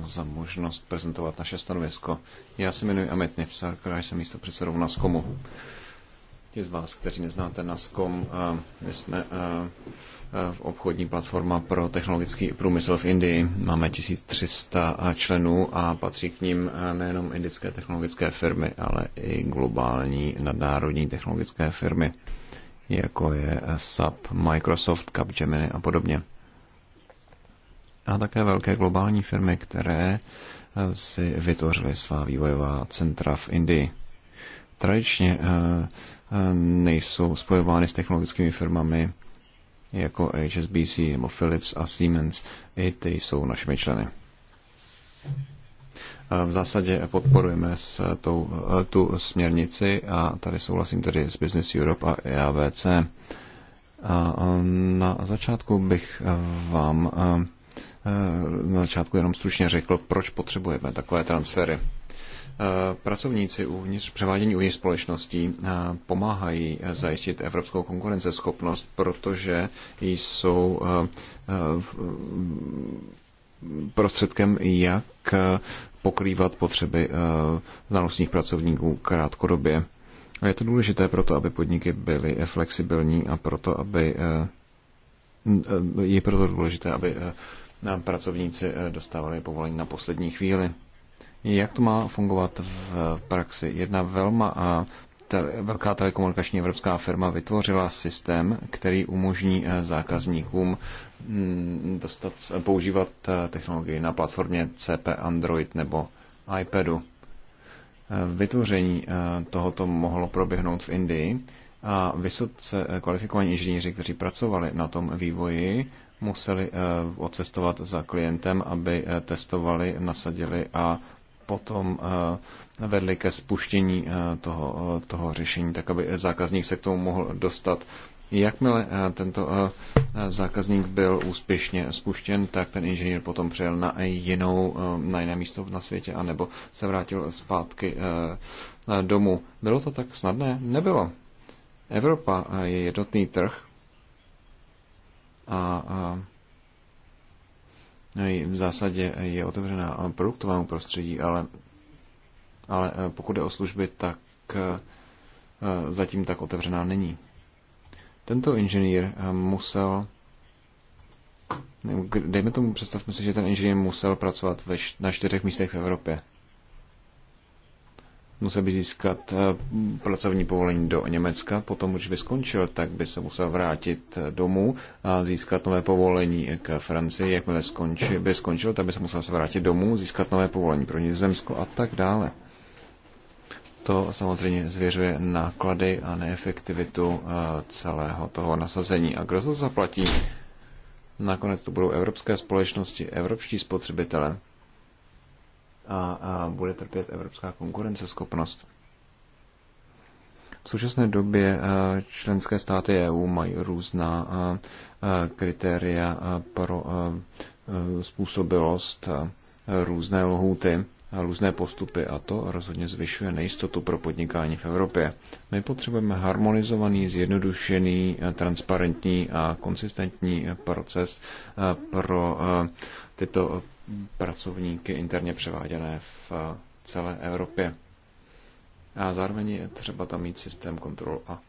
za možnost prezentovat naše stanovisko. Já se jmenuji Amit Nevsar, která jsem místo předsedou NASKOMu. Ti z vás, kteří neznáte NASKOM, eh, my jsme eh, obchodní platforma pro technologický průmysl v Indii. Máme 1300 členů a patří k ním nejenom indické technologické firmy, ale i globální nadnárodní technologické firmy, jako je SAP, Microsoft, Capgemini a podobně a také velké globální firmy, které eh, si vytvořily svá vývojová centra v Indii. Tradičně eh, eh, nejsou spojovány s technologickými firmami jako HSBC nebo Philips a Siemens. I ty jsou našimi členy. V zásadě podporujeme s tou, tu směrnici a tady souhlasím tedy s Business Europe a EAVC. A na začátku bych vám Eh, na začátku jenom stručně řekl, proč potřebujeme takové transfery. Eh, pracovníci uvnitř, převádění uvnitř společností eh, pomáhají zajistit evropskou konkurenceschopnost, protože jsou prostředkem, jak pokrývat potřeby znalostních pracovníků krátkodobě. A je to důležité proto, aby podniky byly flexibilní a proto, aby je proto důležité, aby pracovníci eh, dostávali povolení na poslední chvíli. Jak to má fungovat v eh, praxi? Jedna velma a eh, velká telekomunikační evropská firma vytvořila systém, který umožní zákazníkům mm, dostat, používat technologii na platformě CP Android nebo iPadu. Vytvoření tohoto mohlo proběhnout v Indii a vysoce kvalifikovaní inženýři, kteří pracovali na tom vývoji, museli eh, odcestovat za klientem, aby eh, testovali, nasadili a potom eh, vedli ke spuštění toho, toho řešení, tak aby zákazník se k tomu mohl dostat. Jakmile tento zákazník byl úspěšně spuštěn, tak ten inženýr potom přijel na, jinou, na jiné místo na světě, anebo se vrátil zpátky domů. Bylo to tak snadné? Nebylo. Evropa je jednotný trh, a, a no v zásadě je otevřená produktovému prostředí, ale, ale e, pokud je o služby, tak e, zatím tak otevřená není. Tento inženýr e, musel, dejme tomu, představme si, že ten inženýr musel pracovat ve, na čtyřech místech v Evropě musel by získat eh, pracovní povolení do Německa, potom už by skončil, tak by se musel vrátit eh, domů a získat nové povolení k Francii. Jakmile skonči, by skončil, tak by se musel se vrátit domů, získat nové povolení pro Nizozemsko a tak dále. To samozřejmě zvěřuje náklady a neefektivitu eh, celého toho nasazení. A kdo to zaplatí? Nakonec to budou evropské společnosti, evropští spotřebitele a, a bude trpět evropská konkurenceschopnost. V současné době členské státy EU mají různá kritéria pro e, způsobilost, různé lhůty, různé postupy a to rozhodně zvyšuje nejistotu pro podnikání v Evropě. My potřebujeme harmonizovaný, zjednodušený, transparentní a konsistentní proces pro tyto pracovníky interně převáděné v eh, celé Evropě. A zároveň je třeba tam mít systém kontrol a,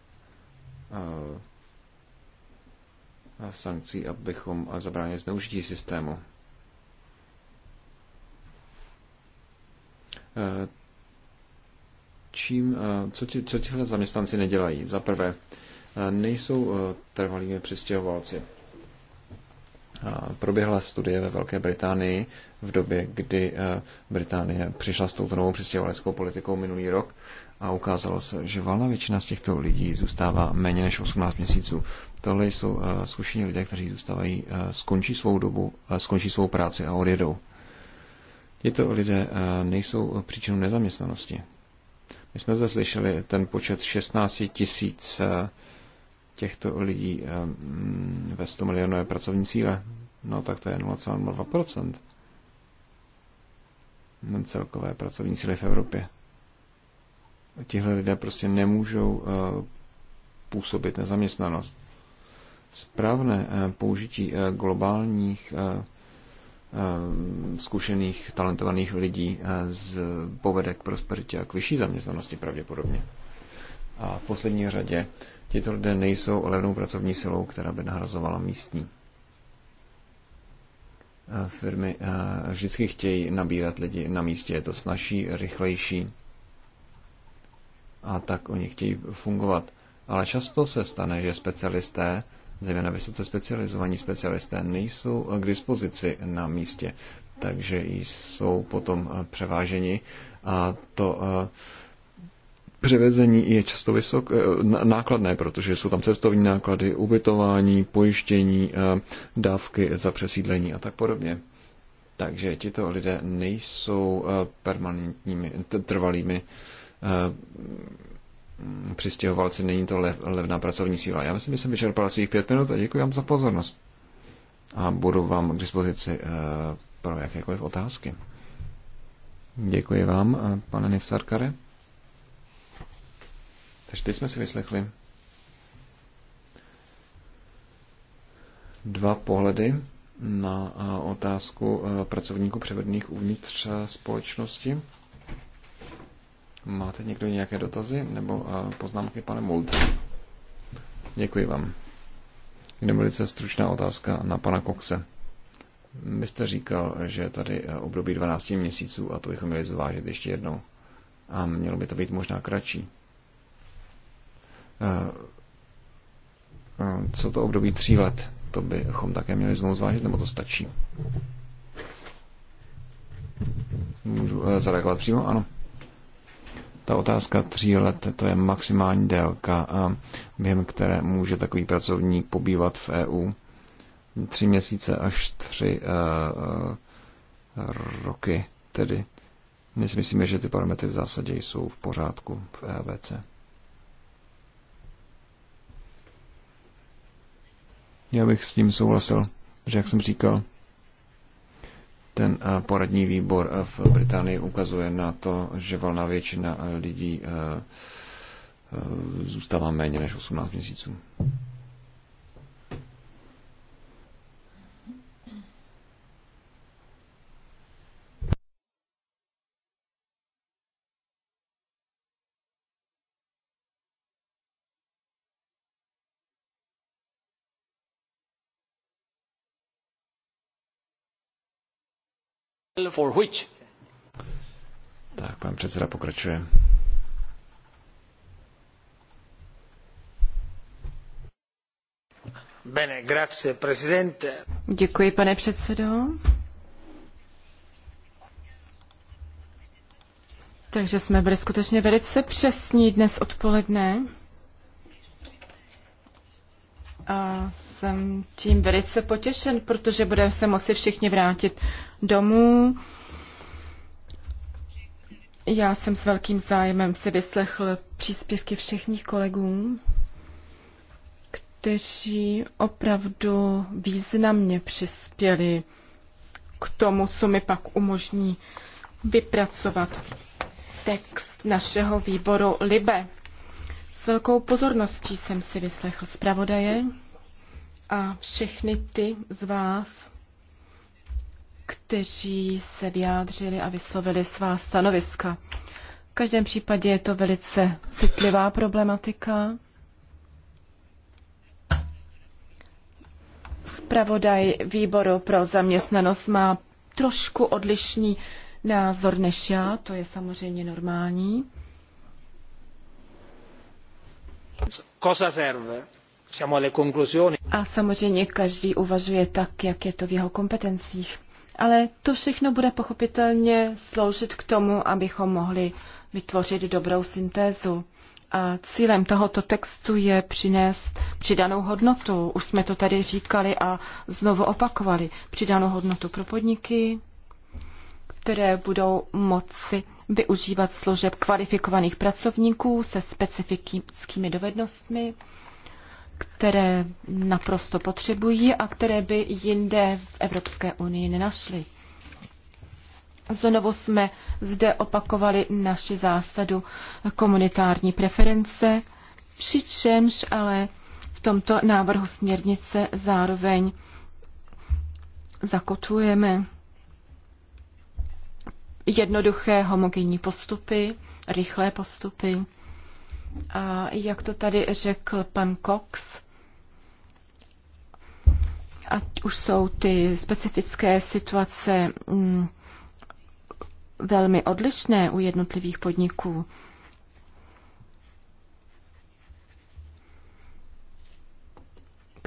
eh, a sankcí, abychom eh, zabránili zneužití systému. Čím, co, ti, co tihle zaměstnanci nedělají? Za prvé, nejsou trvalými přistěhovalci proběhla studie ve Velké Británii v době, kdy eh, Británie přišla s touto novou přistěhovaleckou politikou minulý rok a ukázalo se, že valná většina z těchto lidí zůstává méně než 18 měsíců. Tohle jsou eh, zkušení lidé, kteří zůstávají, eh, skončí svou dobu, skončí svou práci a odjedou. Tito lidé nejsou příčinou nezaměstnanosti. My jsme zde slyšeli ten počet 16 tisíc 000 těchto lidí eh, ve 100 milionové pracovní síle. No tak to je 0,2% celkové pracovní síly v Evropě. Tihle lidé prostě nemůžou eh, působit nezaměstnanost. Správné eh, použití globálních zkušených, talentovaných lidí z, povede k prosperitě a k vyšší zaměstnanosti pravděpodobně. A v poslední řadě Tito lidé nejsou levnou pracovní silou, která by nahrazovala místní. Firmy vždycky chtějí nabírat lidi na místě, je to snažší, rychlejší a tak oni chtějí fungovat. Ale často se stane, že specialisté, zejména vysoce specializovaní specialisté, nejsou k dispozici na místě, takže jsou potom převáženi a to převezení je často vysok, eh, nákladné, protože jsou tam cestovní náklady, ubytování, pojištění, eh, dávky za přesídlení a tak podobně. Takže tito lidé nejsou eh, permanentními, trvalými přistěhovalci, není to levná pracovní síla. Já myslím, že jsem vyčerpal svých pět minut a děkuji vám za pozornost. A budu vám k dispozici pro jakékoliv otázky. Děkuji vám, pane Nivsarkare. Takže teď jsme si vyslechli dva pohledy na eh, otázku eh, pracovníků převedných uvnitř eh, společnosti. Máte někdo nějaké dotazy nebo poznámky, pane Mult? Děkuji vám. Jde velice stručná otázka na pana Kokse. Vy jste říkal, že tady období 12 měsíců a to bychom měli zvážit ještě jednou. A mělo by to být možná kratší. Eh, eh, co to období tří let? To bychom také měli znovu zvážit, nebo to stačí? Můžu eh, zareagovat přímo? Ano. Ta otázka tří let, to je maximální délka, během které může takový pracovník pobývat v EU. Tři měsíce až tři roky tedy. My si myslíme, že ty parametry v zásadě jsou v pořádku v EVC. Já bych s tím souhlasil, že jak jsem říkal, ten eh, poradní výbor eh, v Británii ukazuje na to, že valná většina eh, lidí zůstává méně než 18 měsíců. for which. Tak, pan předseda pokračuje. Bene, grazie, presidente. Děkuji, pane předsedo. Takže jsme byli skutečně velice přesní dnes odpoledne. A jsem tím velice potěšen, protože budeme se moci všichni vrátit domů. Já jsem s velkým zájmem si vyslechl příspěvky všech mých kolegů, kteří opravdu významně přispěli k tomu, co mi pak umožní vypracovat text našeho výboru LIBE. S velkou pozorností jsem si vyslechl zpravodaje a všechny ty z vás, kteří se vyjádřili a vyslovili svá stanoviska. V každém případě je to velice citlivá problematika. Spravodaj výboru pro zaměstnanost má trošku odlišný názor než já, to je samozřejmě normální. Cosa serve? Siamo alle conclusioni. A samozřejmě každý uvažuje tak, jak je to v jeho kompetencích. Ale to všechno bude pochopitelně sloužit k tomu, abychom mohli vytvořit dobrou syntézu. A cílem tohoto textu je přinést přidanou hodnotu. Už jsme to tady říkali a znovu opakovali. Přidanou hodnotu pro podniky, které budou moci využívat služeb kvalifikovaných pracovníků se specifickými dovednostmi které naprosto potřebují a které by jinde v Evropské unii nenašly. Znovu jsme zde opakovali naši zásadu komunitární preference, přičemž ale v tomto návrhu směrnice zároveň zakotujeme jednoduché homogenní postupy, rychlé postupy, a jak to tady řekl pan Cox, ať už jsou ty specifické situace mm, velmi odlišné u jednotlivých podniků.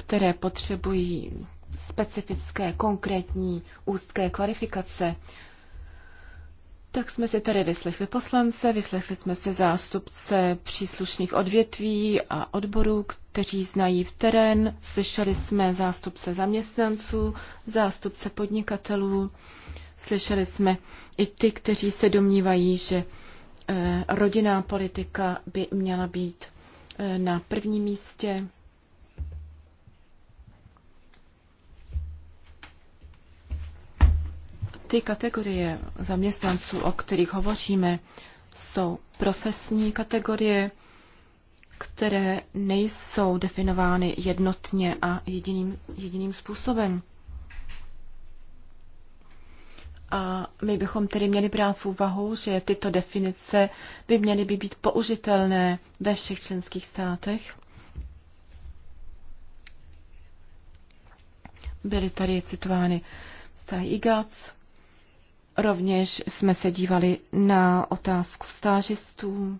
které potřebují specifické, konkrétní, úzké kvalifikace. Tak jsme si tady vyslechli poslance, vyslechli jsme si zástupce příslušných odvětví a odborů, kteří znají v terén, slyšeli jsme zástupce zaměstnanců, zástupce podnikatelů, slyšeli jsme i ty, kteří se domnívají, že eh, rodinná politika by měla být eh, na prvním místě. Ty kategorie zaměstnanců, o kterých hovoříme, jsou profesní kategorie, které nejsou definovány jednotně a jediným, jediným způsobem. A my bychom tedy měli brát v úvahu, že tyto definice by měly by být použitelné ve všech členských státech. Byly tady citovány Stajigac Rovněž jsme se dívali na otázku stážistů,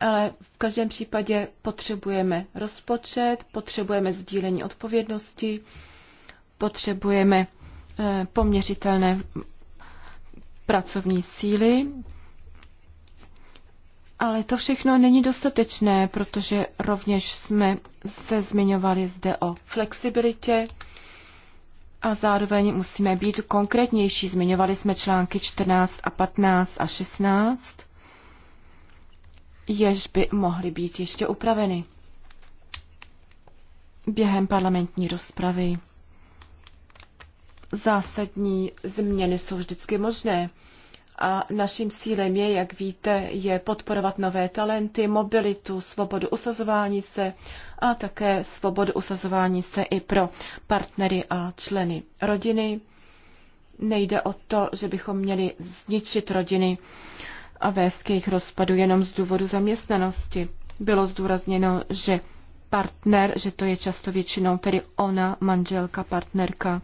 ale v každém případě potřebujeme rozpočet, potřebujeme sdílení odpovědnosti, potřebujeme eh, poměřitelné pracovní síly, ale to všechno není dostatečné, protože rovněž jsme se zmiňovali zde o flexibilitě, a zároveň musíme být konkrétnější. Zmiňovali jsme články 14 a 15 a 16, jež by mohly být ještě upraveny během parlamentní rozpravy. Zásadní změny jsou vždycky možné. A naším cílem je, jak víte, je podporovat nové talenty, mobilitu, svobodu usazování se a také svobodu usazování se i pro partnery a členy rodiny. Nejde o to, že bychom měli zničit rodiny a vést k jejich rozpadu jenom z důvodu zaměstnanosti. Bylo zdůrazněno, že partner, že to je často většinou tedy ona, manželka, partnerka,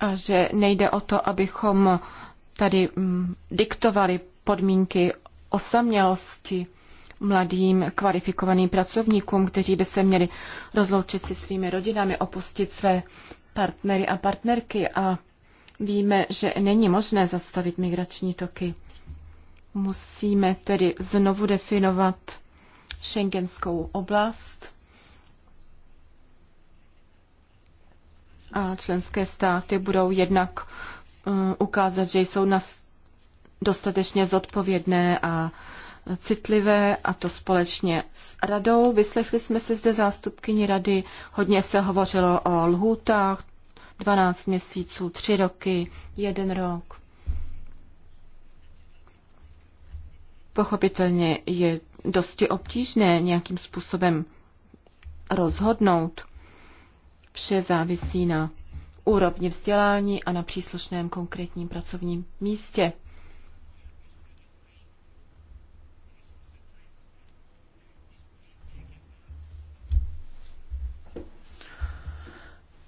a že nejde o to, abychom tady mm, diktovali podmínky osamělosti mladým kvalifikovaným pracovníkům, kteří by se měli rozloučit se svými rodinami, opustit své partnery a partnerky a víme, že není možné zastavit migrační toky. Musíme tedy znovu definovat šengenskou oblast a členské státy budou jednak eh, ukázat, že jsou nas dostatečně zodpovědné a citlivé a to společně s radou. Vyslechli jsme se zde zástupkyni rady, hodně se hovořilo o lhůtách, 12 měsíců, 3 roky, 1 rok. Pochopitelně je dosti obtížné nějakým způsobem rozhodnout, Vše závisí na úrovni vzdělání a na příslušném konkrétním pracovním místě.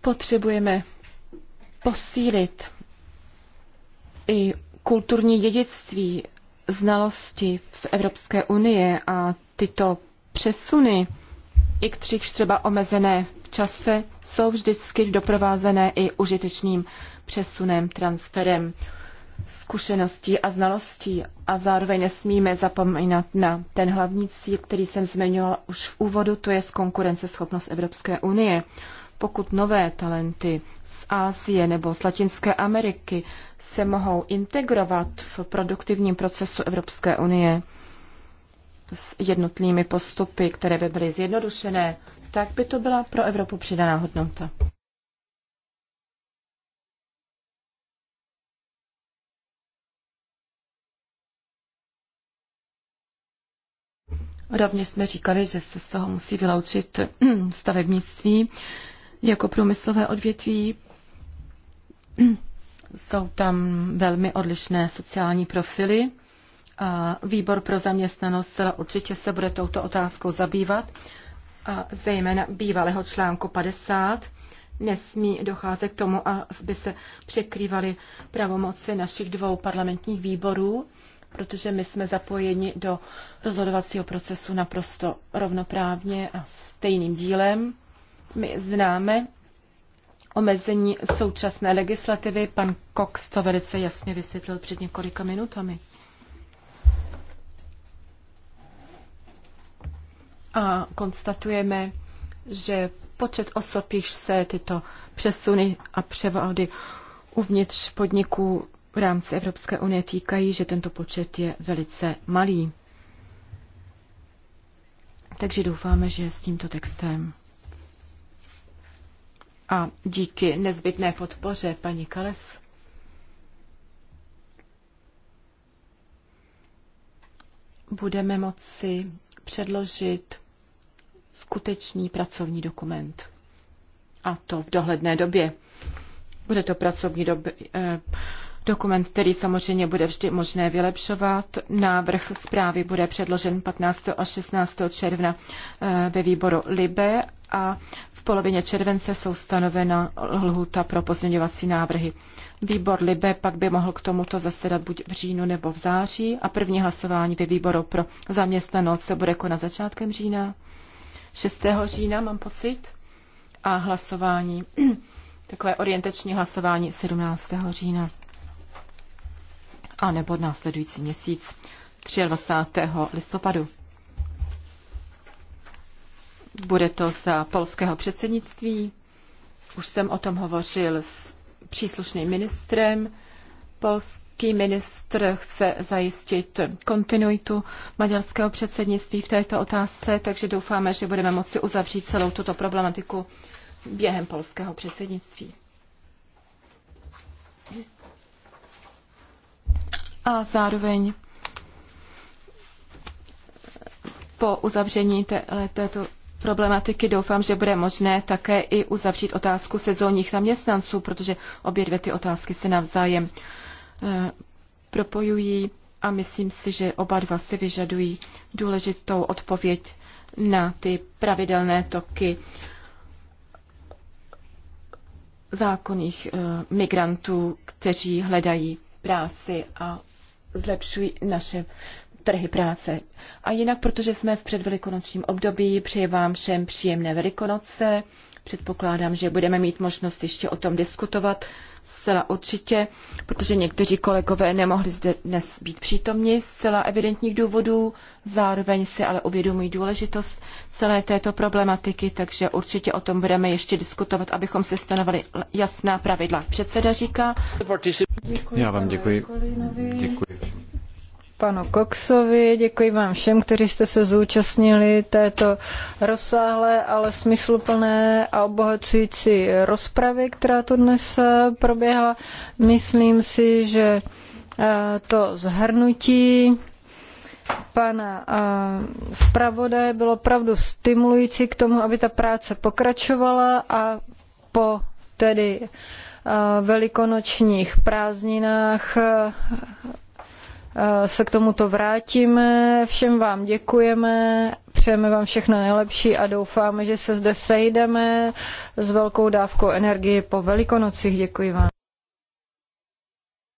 Potřebujeme posílit i kulturní dědictví, znalosti v Evropské unii a tyto přesuny, i když třeba omezené v čase, jsou vždycky doprovázené i užitečným přesunem, transferem zkušeností a znalostí a zároveň nesmíme zapomínat na ten hlavní cíl, který jsem zmiňoval už v úvodu, to je konkurenceschopnost Evropské unie. Pokud nové talenty z Asie nebo z Latinské Ameriky se mohou integrovat v produktivním procesu Evropské unie, s jednotlivými postupy, které by byly zjednodušené, tak by to byla pro Evropu přidaná hodnota. Rovněž jsme říkali, že se z toho musí vyloučit [CLEARS THROAT] stavebnictví jako průmyslové odvětví. [CLEARS THROAT] Jsou tam velmi odlišné sociální profily Výbor pro zaměstnanost zcela určitě se bude touto otázkou zabývat, a zejména bývalého článku 50. Nesmí docházet k tomu, aby se překrývaly pravomoci našich dvou parlamentních výborů, protože my jsme zapojeni do rozhodovacího procesu naprosto rovnoprávně a stejným dílem. My známe omezení současné legislativy. Pan Cox to velice jasně vysvětlil před několika minutami. A konstatujeme, že počet osob, již se tyto přesuny a převody uvnitř podniků v rámci Evropské unie týkají, že tento počet je velice malý. Takže doufáme, že s tímto textem a díky nezbytné podpoře paní Kales budeme moci předložit skutečný pracovní dokument. A to v dohledné době. Bude to pracovní době, eh, dokument, který samozřejmě bude vždy možné vylepšovat. Návrh zprávy bude předložen 15. a 16. června eh, ve výboru LIBE a v polovině července jsou stanovena lhuta pro pozměňovací návrhy. Výbor Libe pak by mohl k tomuto zasedat buď v říjnu nebo v září a první hlasování ve výboru pro zaměstnanost se bude konat začátkem října 6. října, mám pocit, a hlasování, [CLEARS THROAT] takové orientační hlasování 17. října a nebo následující měsíc 23. listopadu. Bude to za polského předsednictví. Už jsem o tom hovořil s příslušným ministrem Polska Maďarský ministr chce zajistit kontinuitu maďarského předsednictví v této otázce, takže doufáme, že budeme moci uzavřít celou tuto problematiku během polského předsednictví. A zároveň po uzavření té, této problematiky doufám, že bude možné také i uzavřít otázku sezónních zaměstnanců, protože obě dvě ty otázky se navzájem Eh, propojují a myslím si, že oba dva si vyžadují důležitou odpověď na ty pravidelné toky zákonných eh, migrantů, kteří hledají práci a zlepšují naše trhy práce. A jinak, protože jsme v předvelikonočním období, přeji vám všem příjemné velikonoce. Předpokládám, že budeme mít možnost ještě o tom diskutovat zcela určitě, protože někteří kolegové nemohli zde dnes být přítomni z zcela evidentních důvodů. Zároveň si ale uvědomují důležitost celé této problematiky, takže určitě o tom budeme ještě diskutovat, abychom si stanovali jasná pravidla. Předseda říká. Děkuji Já vám děkuji. Děkuji panu Coxovi, děkuji vám všem, kteří jste se zúčastnili této rozsáhlé, ale smysluplné a obohacující rozpravy, která tu dnes eh, proběhla. Myslím si, že eh, to zhrnutí pana eh, zpravodaje bylo opravdu stimulující k tomu, aby ta práce pokračovala a po tedy velikonočních prázdninách Eh, se k tomuto vrátíme. Všem vám děkujeme, přejeme vám všechno nejlepší a doufáme, že se zde sejdeme s velkou dávkou energie po Velikonocích. Děkuji vám.